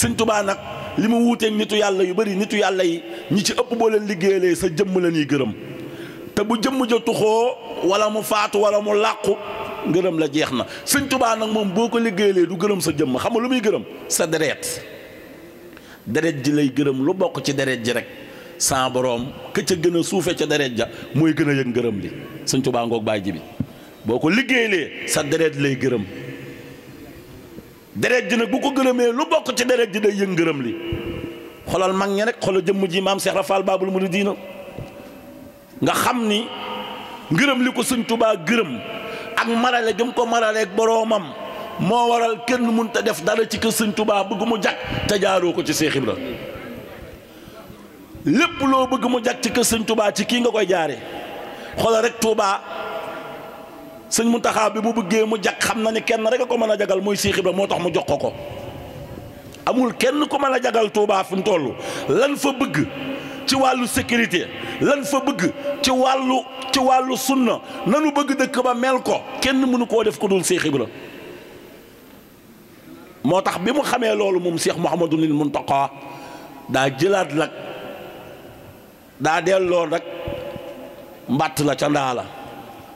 sëñ tubaa nag li mu wuuteeg nitu yàlla yu bari nitu yàlla yi ñi ci ëpp boo leen liggéeyalee sa jëmm la ñuy gërëm te bu jëmm ja tuxoo wala mu faatu wala mu làqu ngërëm la jeex na sëñ tubaa nag moom boo ko liggéeyalee du gërëm sa jëmm xam nga lu muy gërëm sa deret deret ji lay gërëm lu bokk ci deret ji rek sa boroom ka ca gën a ca deret ja mooy gën a yëg ngërëm li sëñ tubaa ngoog baay ji bi boo ko liggéeyalee sa deret lay gërëm deret ji nag bu ko gërëmee lu bokk ci deret ji day yëg ngërëm li xolal mag ñi rek xolal jëmm ji maam Cheikh mu Baabul Muridiina nga xam ni ngërëm li ko sëñ tubaa gërëm ak marale gëm ko maraleeg boroomam moo waral kenn mënut a def dara ci kër sëñ Tuubaa bëgg mu jag te jaaroo ko ci Seex Ibra lépp loo bëgg mu jag ci kër sëñ Tuubaa ci kii nga koy jaare xoolal rek Tuubaa sëñ taxaa bi mu bëggee mu jag xam na ni kenn rek a ko mën a jagal mooy Seex Ibra moo tax mu jox ko ko amul kenn ko mën a jagal Tuubaa fi mu lan fa bëgg ci wàllu sécurité lan fa bëgg ci wàllu ci wàllu sunna nanu bëgg dëkk ba mel ko kenn mënu koo def ko dul Seex Ibra moo tax bi mu xamee loolu moom Seex Muhammadul Muntaqa daa jëlaat nag daa delloo nag mbàtt la ca ndaa la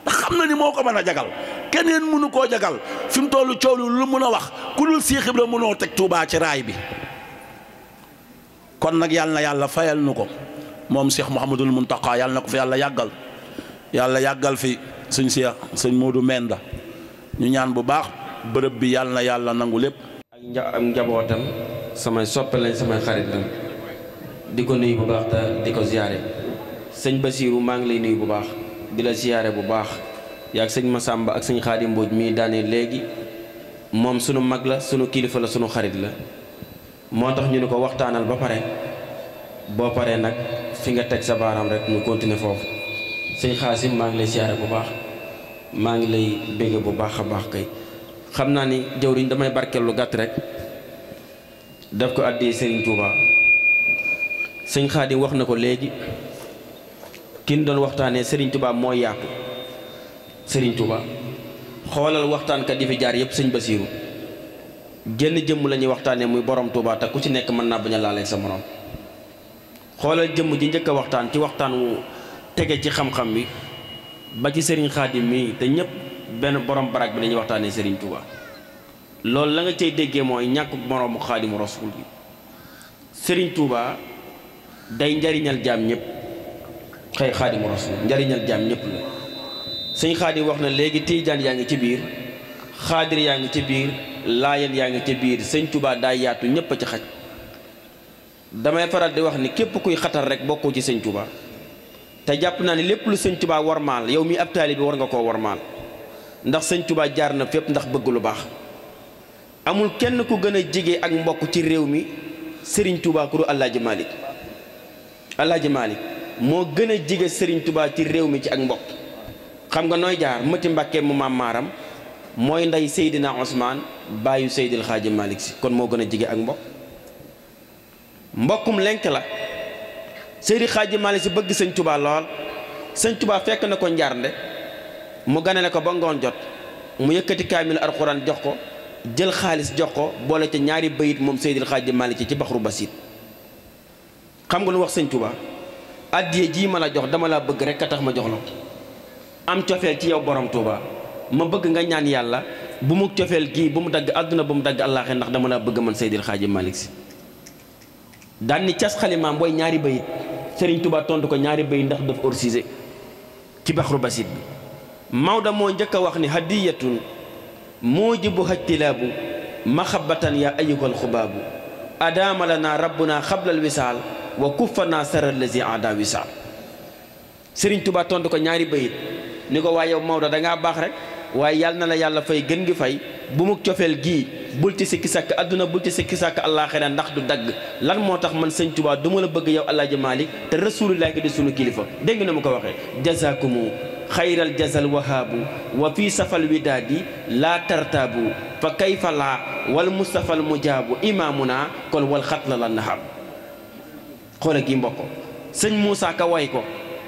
ndax xam na ni moo ko mën a jagal keneen mënu koo jagal fi mu toll coow lu mën a wax ku dul la mënoo teg Tuubaa ci raay bi kon nag yàlla na yàlla fayal nu ko moom Cheikh Mouhamadul Mountakha yàlla na ko fi yàlla yàggal yàlla yàggal fi suñ Cheikh suñ Modou Menda ñu ñaan bu baax bërëb bi yàlla na yàlla nangu lépp. ak nja njabootam samay soppe lañ samay xarit lañ di ko nuyu bu baax te di ko ziyaare sëñ Basiiru maa ngi lay nuyu bu baax di la ziyaare bu baax yaag sëñ Masamba ak sëñ Xaadim Mbooj mii daane léegi moom sunu mag la sunu kilifa la sunu xarit la. moo tax ñu ne ko waxtaanal ba pare boo paree nag fi nga teg sa baaraam rek ñu continuer foofu sëñ Xaasim maa ngi lay siyaare bu baax maa ngi lay bégge bu baax a baax kay xam naa ni jëwriñ damay barkeel lu gàtt rek def ko àddee Serigne Touba sëñ Xaadim wax na ko léegi ki doon waxtaanee sëriñ Touba moo yàq Serigne Touba xoolal waxtaankat yi fi jaar yëpp sëñ Basiiru jenn jëmm la ñuy waxtaanee muy borom Touba te ku ci nekk mën naa bañ a laaleeg sa morom xoolal jëmm ji njëkk waxtaan ci waxtaan wu tege ci xam-xam bi ba ci Serigne Khadim mi te ñëpp benn borom barak bi lañuy waxtaanee Serigne Touba loolu la nga cay déggee mooy ñàkk moroomu Xaadimu Rasul bi Serigne Touba day njariñal jaam ñépp xëy Xaadimu Rasul njariñal jaam ñépp la sëñ Xaadim wax na léegi Tijaan yaa ngi ci biir Xaadir yaa ngi ci biir. laayeen yaa ngi ca biir sëñ Touba daa yaatu ñépp a ci xaj damay faral di wax ni képp kuy xatar rek bokkoo ci sëñ Touba te jàpp naa ne lépp lu sëñ Touba warmaal yow mi ab taalibe war nga koo warmaal ndax sëñ Touba jaar na fépp ndax bëgg lu baax amul kenn ku gën a jege ak mbokk ci réew mi sëriñ Touba ku du Alaaji Maalik Alaaji Maalik moo gën a jege sëriñ Touba ci réew mi ci ak mbokk xam nga nooy jaar mëti Mbàkke mu maam maaram mooy ndey Seydina Ousmane bàyyu Seydil Xaaji Malick si kon moo gën a jige ak mbokk mbokkum lenk la Seydi Xaaji Malick si bëgg sëñ Tuubaa lool sëñ Tuubaa fekk na ko njarnde mu ganale ko ba ngoon jot mu yëkkati kaamil alxuraan jox ko jël xaalis jox ko boole ca ñaari bayit moom Seydil Xaaji Malick si ci baxru basit xam nga lu wax sëñ Tuubaa addiye jii ma la jox dama laa bëgg rek a tax ma jox la ko am cofeel ci yow borom Tuubaa ma bëgg nga ñaan yàlla bu mu cofeel gii bu mu dagg àdduna bu mu dagg àllaaxe ndax dama laa bëgg man Seydil Xaaji Malick Si daan ni cas xalimaam booy ñaari bayit sëriñ Touba tontu ko ñaari bayit ndax dafa orsisé ci baxru basit bi Maodo moo njëkk a wax ni hadiyatun muujibu hajtilaabu maxabatan yaa ayyuhal xubaabu naa lanaa naa xablal wisaal wa kuffanaa saral lazi ada wisaal Serigne Touba tontu ko ñaari bayit ni ko waaye yow Maodo dangaa baax waaye yàlla na la yàlla fay gën gi fay bu mu cofeel gii bul ci sikki sàkk àdduna bul ci sikki sàkk àllaaxira ndax du dagg lan moo tax man sëñ Tuubaa duma la bëgg yow Alaaji Maalik te rasuulullaah ki di sunu kilifa dégg na mu ko waxee jazaakumu xayral jazal wahaabu wa fii safal widaadi laa tartaabu fa kayfa laa wal mustafal mujaabu naa kon wal xat la la naxam xoola gi mbokk sëñ Moussa Ka way ko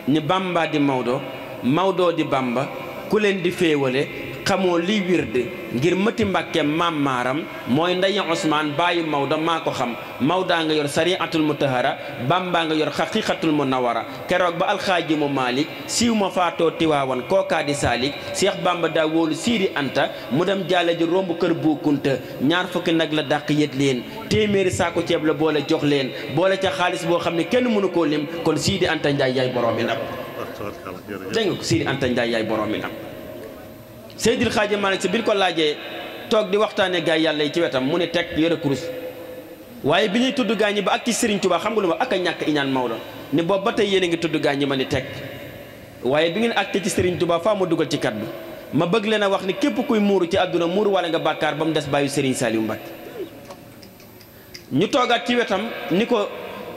ni Bamba di Maodo Maodo di Bamba ku leen di féewale xamoo liy wirde ngir mëti mbàkke maam maaram mooy ndeyi Ousmane bàyyi da maa ko xam Maodaa nga yor sariatul mutahara Bàmbaa nga yor xaqiqatul munawara keroog ba alxaaji mu Maalik siiw ma faatoo tiwaawan kookaa di saalik Seex Bàmba daa wóolu siiri anta mu dem jaale ji romb kër buukunta ñaar fukki nag la dàq yët leen téeméeri saako ceeb la boole jox leen boole ca xaalis boo xam ne kenn mënu koo lim kon siidi anta njaay yaay boroomi nag dégg nga ko Sidi Anta Ndiaye yaay borom mi ndam Seydil Xaaji Maalik Si bi ñu ko laajee toog di waxtaanee gaay yàlla yi ci wetam mu ne teg yore kurus waaye bi ñuy tudd gaa ba ak ci sëriñ Touba xam nga lu ma ak a ñàkk iñaan Maodo ne boobu ba tey yéen a ngi tudd gaa ñi ma ni teg waaye bi ngeen ak ci sëriñ Touba faa ma dugal ci kaddu ma bëgg leen a wax ni képp kuy muuru ci àdduna muuru wala nga bàkkaar ba mu des bàyyi sëriñ Saliou Mbacké ñu toogaat ci wetam ni ko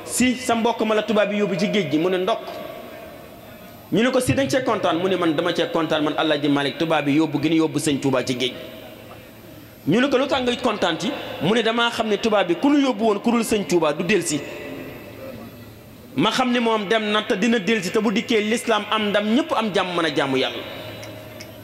si sa mbokk ma tubaab yi yóbbu ci géej gi mu ne ndokk ñu ne ko si dañ cee kontaan mu ne man dama cee kontaan man El Hadj Malick tubaab bi yóbbu gën a yóbbu sëñ Touba ci géej ñu ne ko lu tax ngay kontaan ci mu ne damaa xam ne tubaab bi ku nu yóbbu woon ku dul sëñ Touba du del si ma xam ne moom dem na te dina del si te bu dikkee lislaam am ndam ñëpp am jàmm mën a jàmm yàlla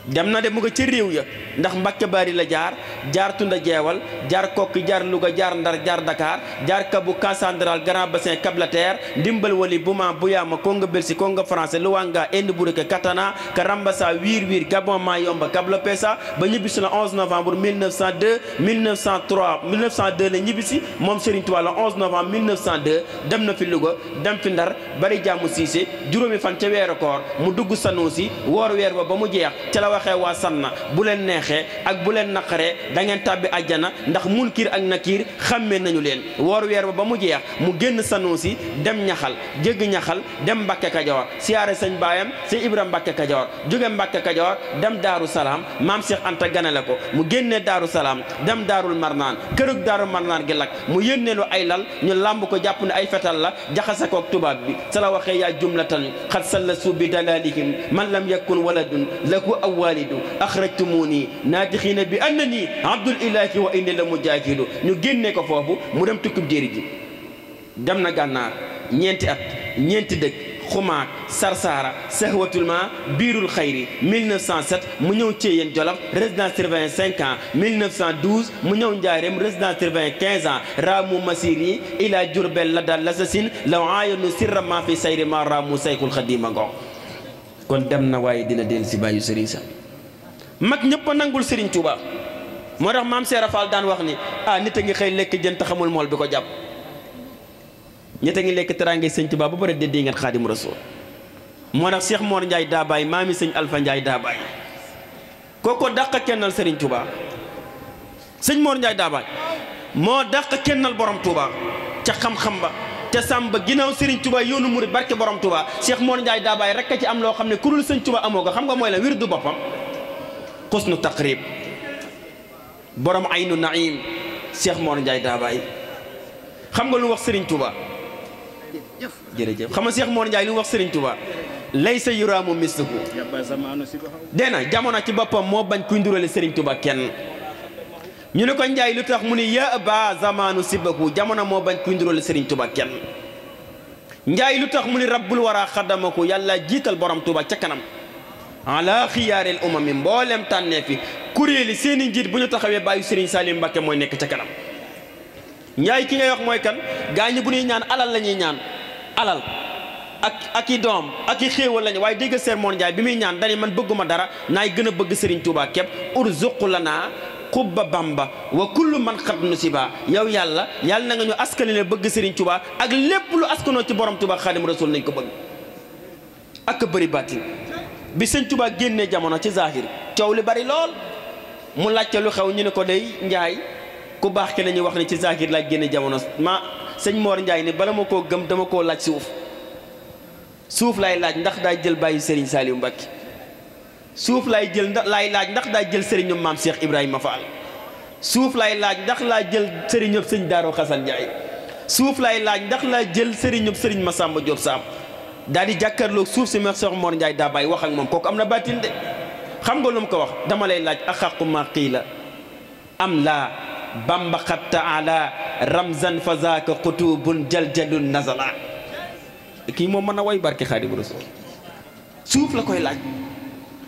dem na de mu nga ca réew ya ndax Mbàkke Bari la jaar jaar Tunda Jeewal jaar Kokki jaar Louga jaar Ndar jaar Dakar jaar Kabu Camp Central Grand Bassin Cap Libertaire Ndimbal Wali Bouma Bouyama Kongo Belsi Kongo Français Luwanga Endubureke Katana Karambasa Wiir Wiir Gabon Mayomba Cap Lopessa ba ñibbisi la 11 novembre 1902 1903 1902 la ñibbisi moom Serigne Touba la 11 novembre 1902 dem na fi Louga dem fi Ndar bari jàmm Siise juróomi fan ca weeru koor mu dugg Sanusi woor weer ba mu jeex waxee waa sanna bu leen neexee ak bu leen dangeen da ngeen tàbbi àjjana ndax munkir ak nakiir xàmmee nañu leen woor weer ba ba mu jeex mu génn sanuusi dem ñaxal jégg ñaxal dem mbàkke kajoor siyaare sëñ baayam sëñ ibra mbàkke kajoor jóge mbàkke kajoor dem daaru salaam maam seex anta ganale ko mu génnee daaru salaam dem daarul marnaan kërug daaru marnaan gi lak mu yéenee lu ay lal ñu làmb ko jàpp ne ay fetal la jaxasa kook tubaab bi sala waxee yaa jumlatan xat salla suubi dalalihim man lam yakun waladun lahu awwal walidu axrajtumuni naatixiina bi annani abdul ilahi wa inni la mujaahidu ñu génne ko foofu mu dem tukkib jéeri ji dem na gànnaar ñeenti at ñeenti dëkk xumaak sarsaara sahwatul ma biirul xayri 1907 mu ñëw Thiéyène Jolof résidence surveillée 5 ans 1912 mu ñëw Njaareem résidence surveillée 15 ans raamu masiri ila jurbel la daal l'assasine law aayanu sirra ma fi sayri ma raamu saykul xadima ngox kon dem na waaye dina dellu si bàyyu sëriñ sa mag ñëpp nangul sëriñ Touba moo tax maam Seera daan wax ni ah nit a ngi xëy lekk jën te xamul mool bi ko jàpp nit a ngi lekk teraangay sëñ Touba ba pare déddee ngeen xaadim rasul moo tax Cheikh Mor Ndiaye daa bàyyi maami sëñ alfa Ndiaye daa bàyyi kooko dàq kennal sëriñ Touba sëñ Mor Ndiaye daa bàyyi moo dàq kennal borom Touba ca xam-xam ba te sàmba ginnaaw Serigne Touba yoonu murit barke borom Touba Cheikh Mor Ndiaye Dabaye rek a ci am loo xam ne kurul Sëñ Touba amoo ko xam nga mooy la wirdu boppam xusnu taqrib borom aynu naim Cheikh Mor Ndiaye Dabaye xam nga lu wax Serigne Touba jërëjëf xam nga Cheikh Mor Ndiaye lu wax Serigne Touba laysa yuraamu misluhu dee na jamono ci boppam moo bañ kuy ndurale Serigne Touba kenn ñu ne ko njaay lu tax mu ne ya ba zamanu sibaku jamono moo bañ kuy nduróole Serigne Touba kenn njaay lu tax mu ne rabbul wara xadamaku yàlla jiital borom Touba ca kanam ala xiyaaril umami mboolem tànnee kuréeli seeni njiit bu ñu taxawee bàyyi Serigne Salim Mbacké mooy nekk ca kanam njaay ki ngay wax mooy kan gaa bu ñuy ñaan alal lañuy ñaan alal ak ak i doom ak i xéewal lañu waaye dégg seen Moon Njaay bi muy ñaan dañu man bëgguma dara naay gën a bëgg Serigne Touba képp la naa ba xubba ba wa kullu man xat sibaa yow yàlla yàlla na nga ñu askanale bëgg sëriñ Tuubaa ak lépp lu askanoo ci borom Tuubaa xaadim rasul nañ ko bëgg ak bëri baatin bi sëñ Tuubaa génnee jamono ci zahir coow li bari lool mu laajte lu xew ñu ne ko dey njaay ku baax ki nañuy wax ni ci zahir laaj génne jamono ma sëñ Moor Njaay ni bala ma koo gëm dama koo laaj suuf suuf laay laaj ndax daay jël bàyyi sëriñ Saaliw mbakki suuf laay jël ndax laay laaj ndax daa jël sëriñam maam Cheikh Ibrahima Fall suuf laay laaj ndax laa jël sëriñam sëñ Darou Xasan Ndiaye suuf laay laaj ndax laa jël sëriñam sëriñ Massamba Diop Samb daal di jàkkaarloog suuf si ma Cheikh Mor Ndiaye daa bàyyi wax ak moom kooku am na baatin de xam nga lu mu ko wax dama lay laaj axaqu ma qiila am laa bamba xat taala ramzan fa zaaka jal jaljalun nazala kii moom mën a woy barke Xaadimu Rasuul suuf la koy laaj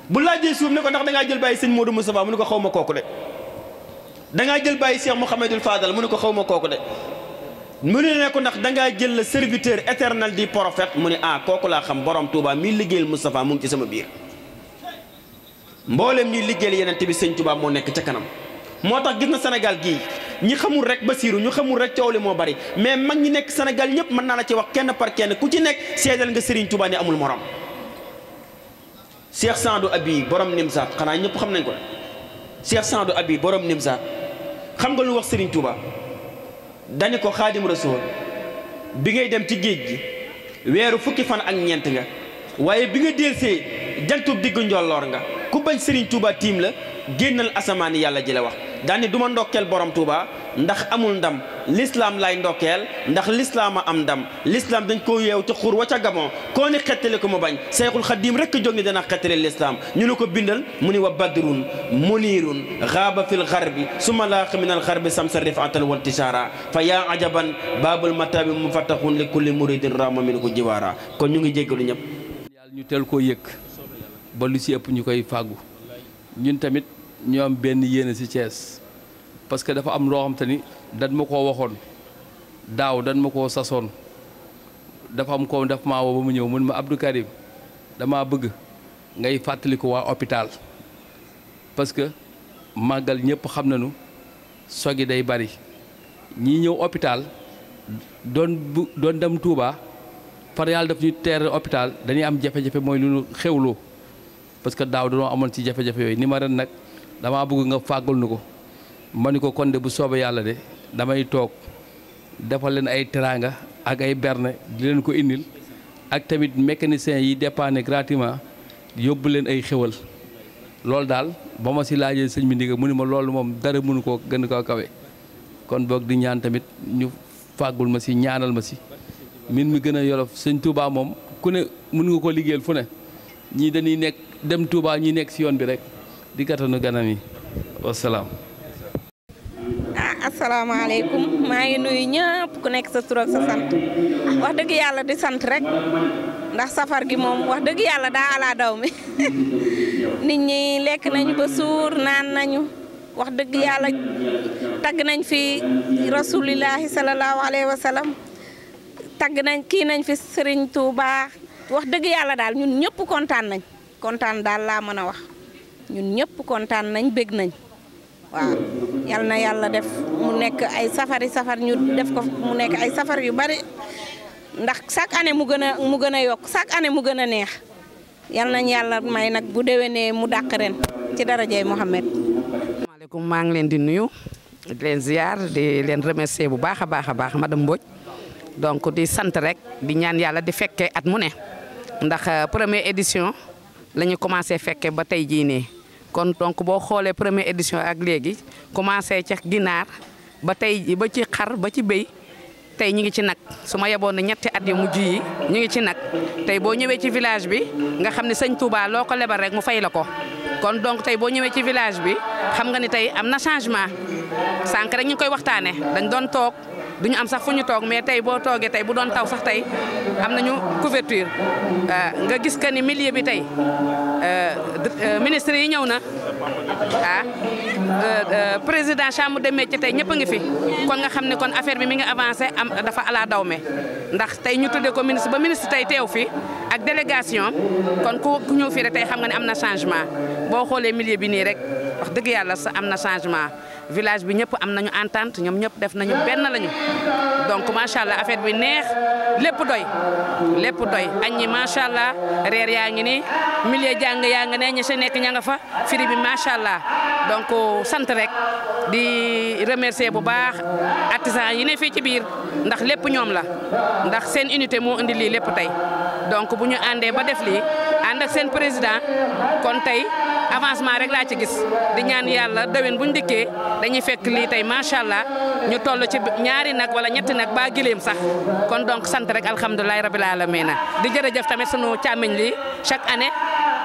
bu laajee suuf ne ko ndax dangaa jël bàyyi sëñ Modou Moustapha mu ne ko xaw ma kooku de dangaa jël bàyyi Cheikh Mouhamadul Fadal mu ne ko xaw ma kooku de mu ne ne ko ndax dangaa jël le serviteur éternel du prophète mu ne ah kooku laa xam borom Touba mii liggéeyal Moustapha mu ngi ci sama biir mboolem ñuy liggéeyal yeneen bi sëñ Touba moo nekk ca kanam moo tax gis na Sénégal gii ñi xamul rek Basiiru ñu xamul rek coow li moo bari mais mag ñi nekk Sénégal ñëpp mën naa la ci wax kenn par kenn ku ci nekk seedal nga Serigne Touba amul morom. Cheikh Saadu Abi borom Nimsaat xanaa ñëpp xam nañ ko Cheikh Saadu Abi borom Nimsaat xam nga lu wax Serigne Touba dañu ko xaadim rasul bi ngay dem ci géej gi weeru fukki fan ak ñeent nga waaye bi nga delsee jantub diggu njolloor nga ku bañ Serigne Touba tiim la génnal asamaan yàlla ji la wax. daani du ma ndokkeel borom Touba ndax amul ndam l'islam lay ndokkeel ndax lislaam a am ndam l'islam dañ koo yeew ci xur wa ca gabon koo ni xettali ko mu bañ Seexul Xadiim rekk jóg ni dana xettali l'islam ñu ne ko bindal mu ni wa badrun muniirun xaaba fi lxarbi suma laaqa min alxarbi samsa rifatal waltisaara fa yaa ajaban baabul mataabi mufattaxun li kulli muridin raama min ko jiwaara kon ñu ngi jéggalu ñëpp yàlla ñu teel koo yëg ba lu si ëpp ñoom benn yéene ci Thiès parce que dafa am loo xam ni dañ ma ko waxoon daaw dañ ma ko sasoon dafa am ko daf maa woo ba mu ñëw mun ma Abdou Karim damaa bëgg ngay fàttaliku waa hôpital parce que màggal ñëpp xam nañu sogi day bari ñi ñëw hôpital doon bu doon dem Touba par yàlla daf ñu teer hôpital dañuy am jafe-jafe mooy lu nu xewloo parce que daaw dañoo amoon ci jafe-jafe yooyu ni ma ren nag. damaa bëgg nga fàggul nu ko ma ni ko kon de bu soobee yàlla de damay toog defal leen ay teraanga ak ay berne di leen ko indil ak tamit mécanicien yi dépanne gratuitement yóbbu leen ay xéwal loolu daal ba ma si laajee sëñ bi ndigal mu ni ma loolu moom dara mënu koo gën koo kawe kon boog di ñaan tamit ñu fàggul ma si ñaanal ma si min mi gën a yolof sëñ Touba moom ku ne mënu nga ko liggéeyal fu ne ñii dañuy nekk dem Touba ñi nekk si yoon bi rek di gàttanu ganam yi wasalaam. Ah, asalaamaaleykum maa ngi nuyu ñëpp ku nekk sa tur ak sa sant wax dëgg yàlla di sant rek ndax safar gi moom wax dëgg yàlla daa mi nit ñi lekk nañu ba suur naan nañu wax dëgg yàlla tagg nañ fi rasulillahi sallallahu alayhi wa sallam tagg nañ kii nañ fi Serigne Touba wax dëgg yàlla daal ñun ñëpp kontaan nañ kontaan daal laa mën a wax. ñun ñëpp kontaan nañ bég nañ waaw yal na yàlla def mu nekk ay safari safar ñu def ko mu nekk ay safar yu bari ndax chaque année mu gën a mu gën a yokk chaque année mu gën a neex yal nañ yàlla may nag bu deewee ne mu dàq ren ci darajay Mohamed. maaleykum maa ngi leen di nuyu di leen ziar di leen remercier bu baax a baax a baax madame Mbodj donc di sant rek di ñaan yàlla di fekkee at mu ne ndax euh, première édition la ñu commencé fekkee ba tey jii nii. kon donc boo xoolee premier édition ak léegi commencé ca ginaar ba tey ba ci xar ba ci béy tey ñu ngi ci nag su ma yeboon ne ñetti at yi mujj yi ñu ngi ci nag tey boo ñëwee ci village bi nga xam ne sañ Touba loo ko lebal rek mu fay la ko kon donc tey boo ñëwee ci village bi xam nga ni tey am na changement sànq rek ñu koy waxtaanee dañ doon toog. duñu am sax fu ñu toog mais tey boo toogee tey bu doon taw sax tey am nañu couverture euh, nga gis que ni milieu bi tey euh, euh, ministre yi ñëw na ah président mu demee ci tey ñëpp ngi fi kon nga xam ne kon affaire bi mi ngi avancé am dafa ala daw me ndax tey ñu tuddee ko ministre ba ministre tey teew fi ak délégation kon ku ñëw fi rek tey xam nga ne am na changement boo xoolee milieu bi nii rek wax dëgg yàlla sax am na changement village bi ñëpp am nañu entente ñoom ñëpp def nañu benn lañu donc macha allah affaire bi neex lépp doy lépp doy añ yi macha allah reer yaa ngi ni millier jàng yaa ngi ne ña sa nekk ña nga fa firi bi macha allah donc sant rek di remercier bu baax artisan yi ne fii ci biir ndax lépp ñoom la ndax seen unité moo indi lii lépp tey donc bu ñu àndee ba def lii. ànd ak seen président kon tey avancement rek laa ci gis di ñaan yàlla déwén buñ dikkee dañuy fekk lii tey macha allah ñu toll ci ñaari nag wala ñetti nag baa gileem sax kon donc sant rek alhamdulilah rabil aalamiina di jërëjëf tamit sunu càmmiñ li chaque année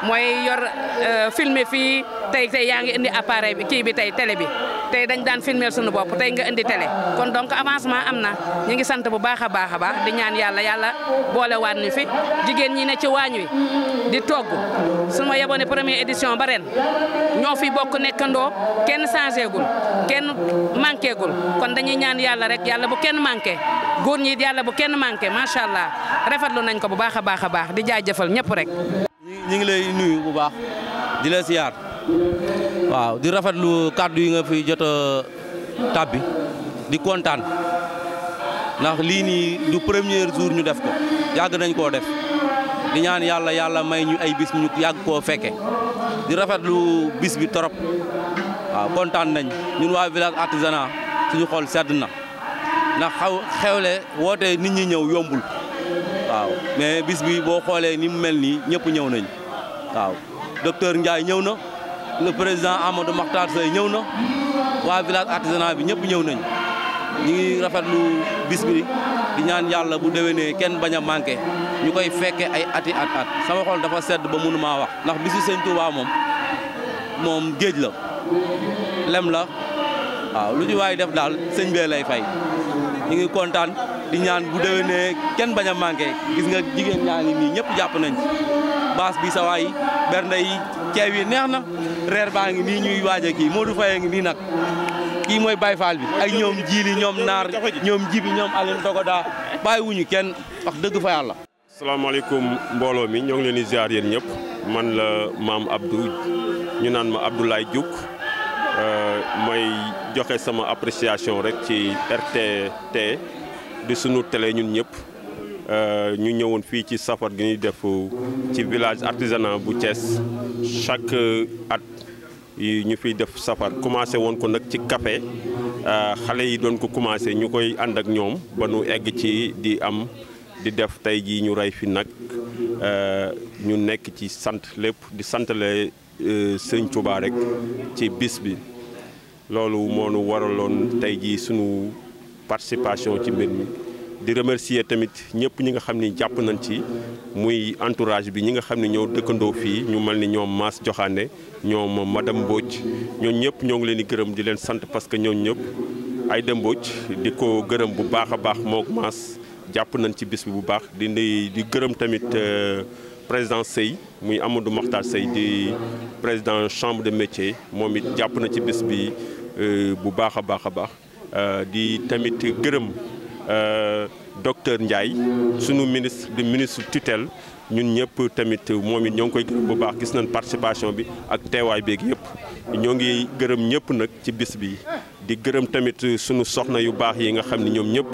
mooy yor euh, filmer fii tey tey yaa ngi indi appareil bi kii bi tey télé bi. tey dañ daan filmer suñu bopp tey nga indi télé kon donc avancement am na ñu ngi sant bu baax a baax baax di ñaan yàlla yàlla boole boolewaat ñu fi jigéen ñi ne ci waañ wi di togg suma ma premier première édition ñoo fi bokk nekkandoo kenn changé gul kenn manqué kon dañuy ñaan yàlla rek yàlla bu kenn manqué góor ñi yàlla bu kenn manqué macha allah rafetlu nañ ko bu baax a baax a baax di jaajëfal ñëpp rek. ñu ngi lay nuyu bu baax di la siyaar waaw di rafetlu kàddu yi nga fi jot a tàbbi di kontaan ndax lii nii du premier jour ñu def ko yàgg nañ koo def di ñaan yàlla yàlla may ñu ay bis ñu yàgg koo fekke di rafetlu bis bi torop waaw kontaan nañ ñun waa village artisanat suñu xol sedd na ndax xaw xewle woote nit ñi ñëw yombul waaw mais bis bi boo xoolee ni mu mel nii ñëpp ñëw nañ waaw docteur Ndiaye ñëw na. le président Amadou Makhtar Seye ñëw na waa village artisanal bi ñëpp ñëw nañ ñu ngi rafetlu bis bi di ñaan yàlla bu déwénee kenn bañ a manqué ñu koy fekke ay ati at at sama xol dafa sedd ba mënu maa wax ndax bisu sëñ waa moom moom géej la lem la waaw lu ñu waay def daal sëñ bee lay fay ñu ngi kontaan di ñaan bu déwénee kenn bañ manqué gis nga jigéen ñaa ngi nii ñëpp jàpp nañ baas bi sa waay bernde yi ceeb yi neex na reer baa ngi nii ñuy waaj a kii Modou Faye ngi nii nag kii mooy Baye Fall bi ak ñoom jiili ñoom naar ñoom jibi ñoom Alioune Togoda bàyyiwuñu kenn wax dëgg fa yàlla. asalaamaaleykum mbooloo mi ñoo ngi leen di ziar yéen ñëpp man la maam Abdou ñu naan ma Abdoulaye Diouk euh, may joxe sama appréciation rek ci RTT di sunu tele ñun ñëpp. Euh, ñu ñëwoon fii ci safar gi ñuy def ci village artisanat bu cees chaque euh, at ñu fiy def safar commencé woon ko nag ci café euh, xale yi doon ko commencé ñu koy ànd ak ñoom ba nu egg ci di am di def tey jii ñu rey fii nag ñu nekk ci sant lépp di santale sëñ Tuubaa rek ci bis bi loolu moo nu waraloon tey jii sunu participation ci mbir mi. di remercier tamit ñëpp ñi nga xam ni jàpp nañ ci muy entourage bi ñi nga xam ne ñoo dëkkandoo fii ñu mel ni ñoom Mass Joxaane ñoom madame Mbodj ñoo ñëpp ñoo ngi leen di gërëm di leen sant parce que ñoo ñëpp Aïda Mbodj di ko gërëm bu baax a baax moo mook Mass jàpp nañ ci bis bi bu baax di di gërëm tamit euh, président Sey muy Amadou Mokhtar Sey di président chambre de métier moom it jàpp na ci bis bi euh, bu baax a baax a baax euh, di tamit gërëm Euh, docteur Ndiaye sunu ministre di ministre tutelle ñun ñëpp tamit moom it ñoo ngi koy gërëm bu baax gis nañ participation bi ak teewaay beeg yëpp ñoo ngi gërëm ñëpp nag ci bis bi di gërëm tamit sunu soxna yu baax yi nga xam ne ñoom ñëpp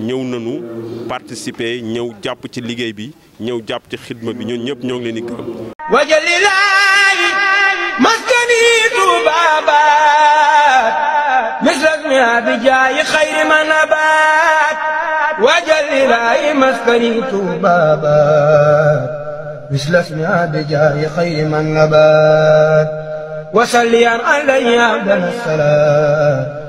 ñëw nañu participer ñëw jàpp ci liggéey bi ñëw jàpp ci xidma bi ñun ñëpp ñoo ngi leen di gërëm wajalilaayi maskanitu baabaat misrak mi abijaayi xayri ma nabaat wajal ilaahi maskani tubabat misla ismi abijaahi xayri man nabat wasalliyan alayhi abdal salaat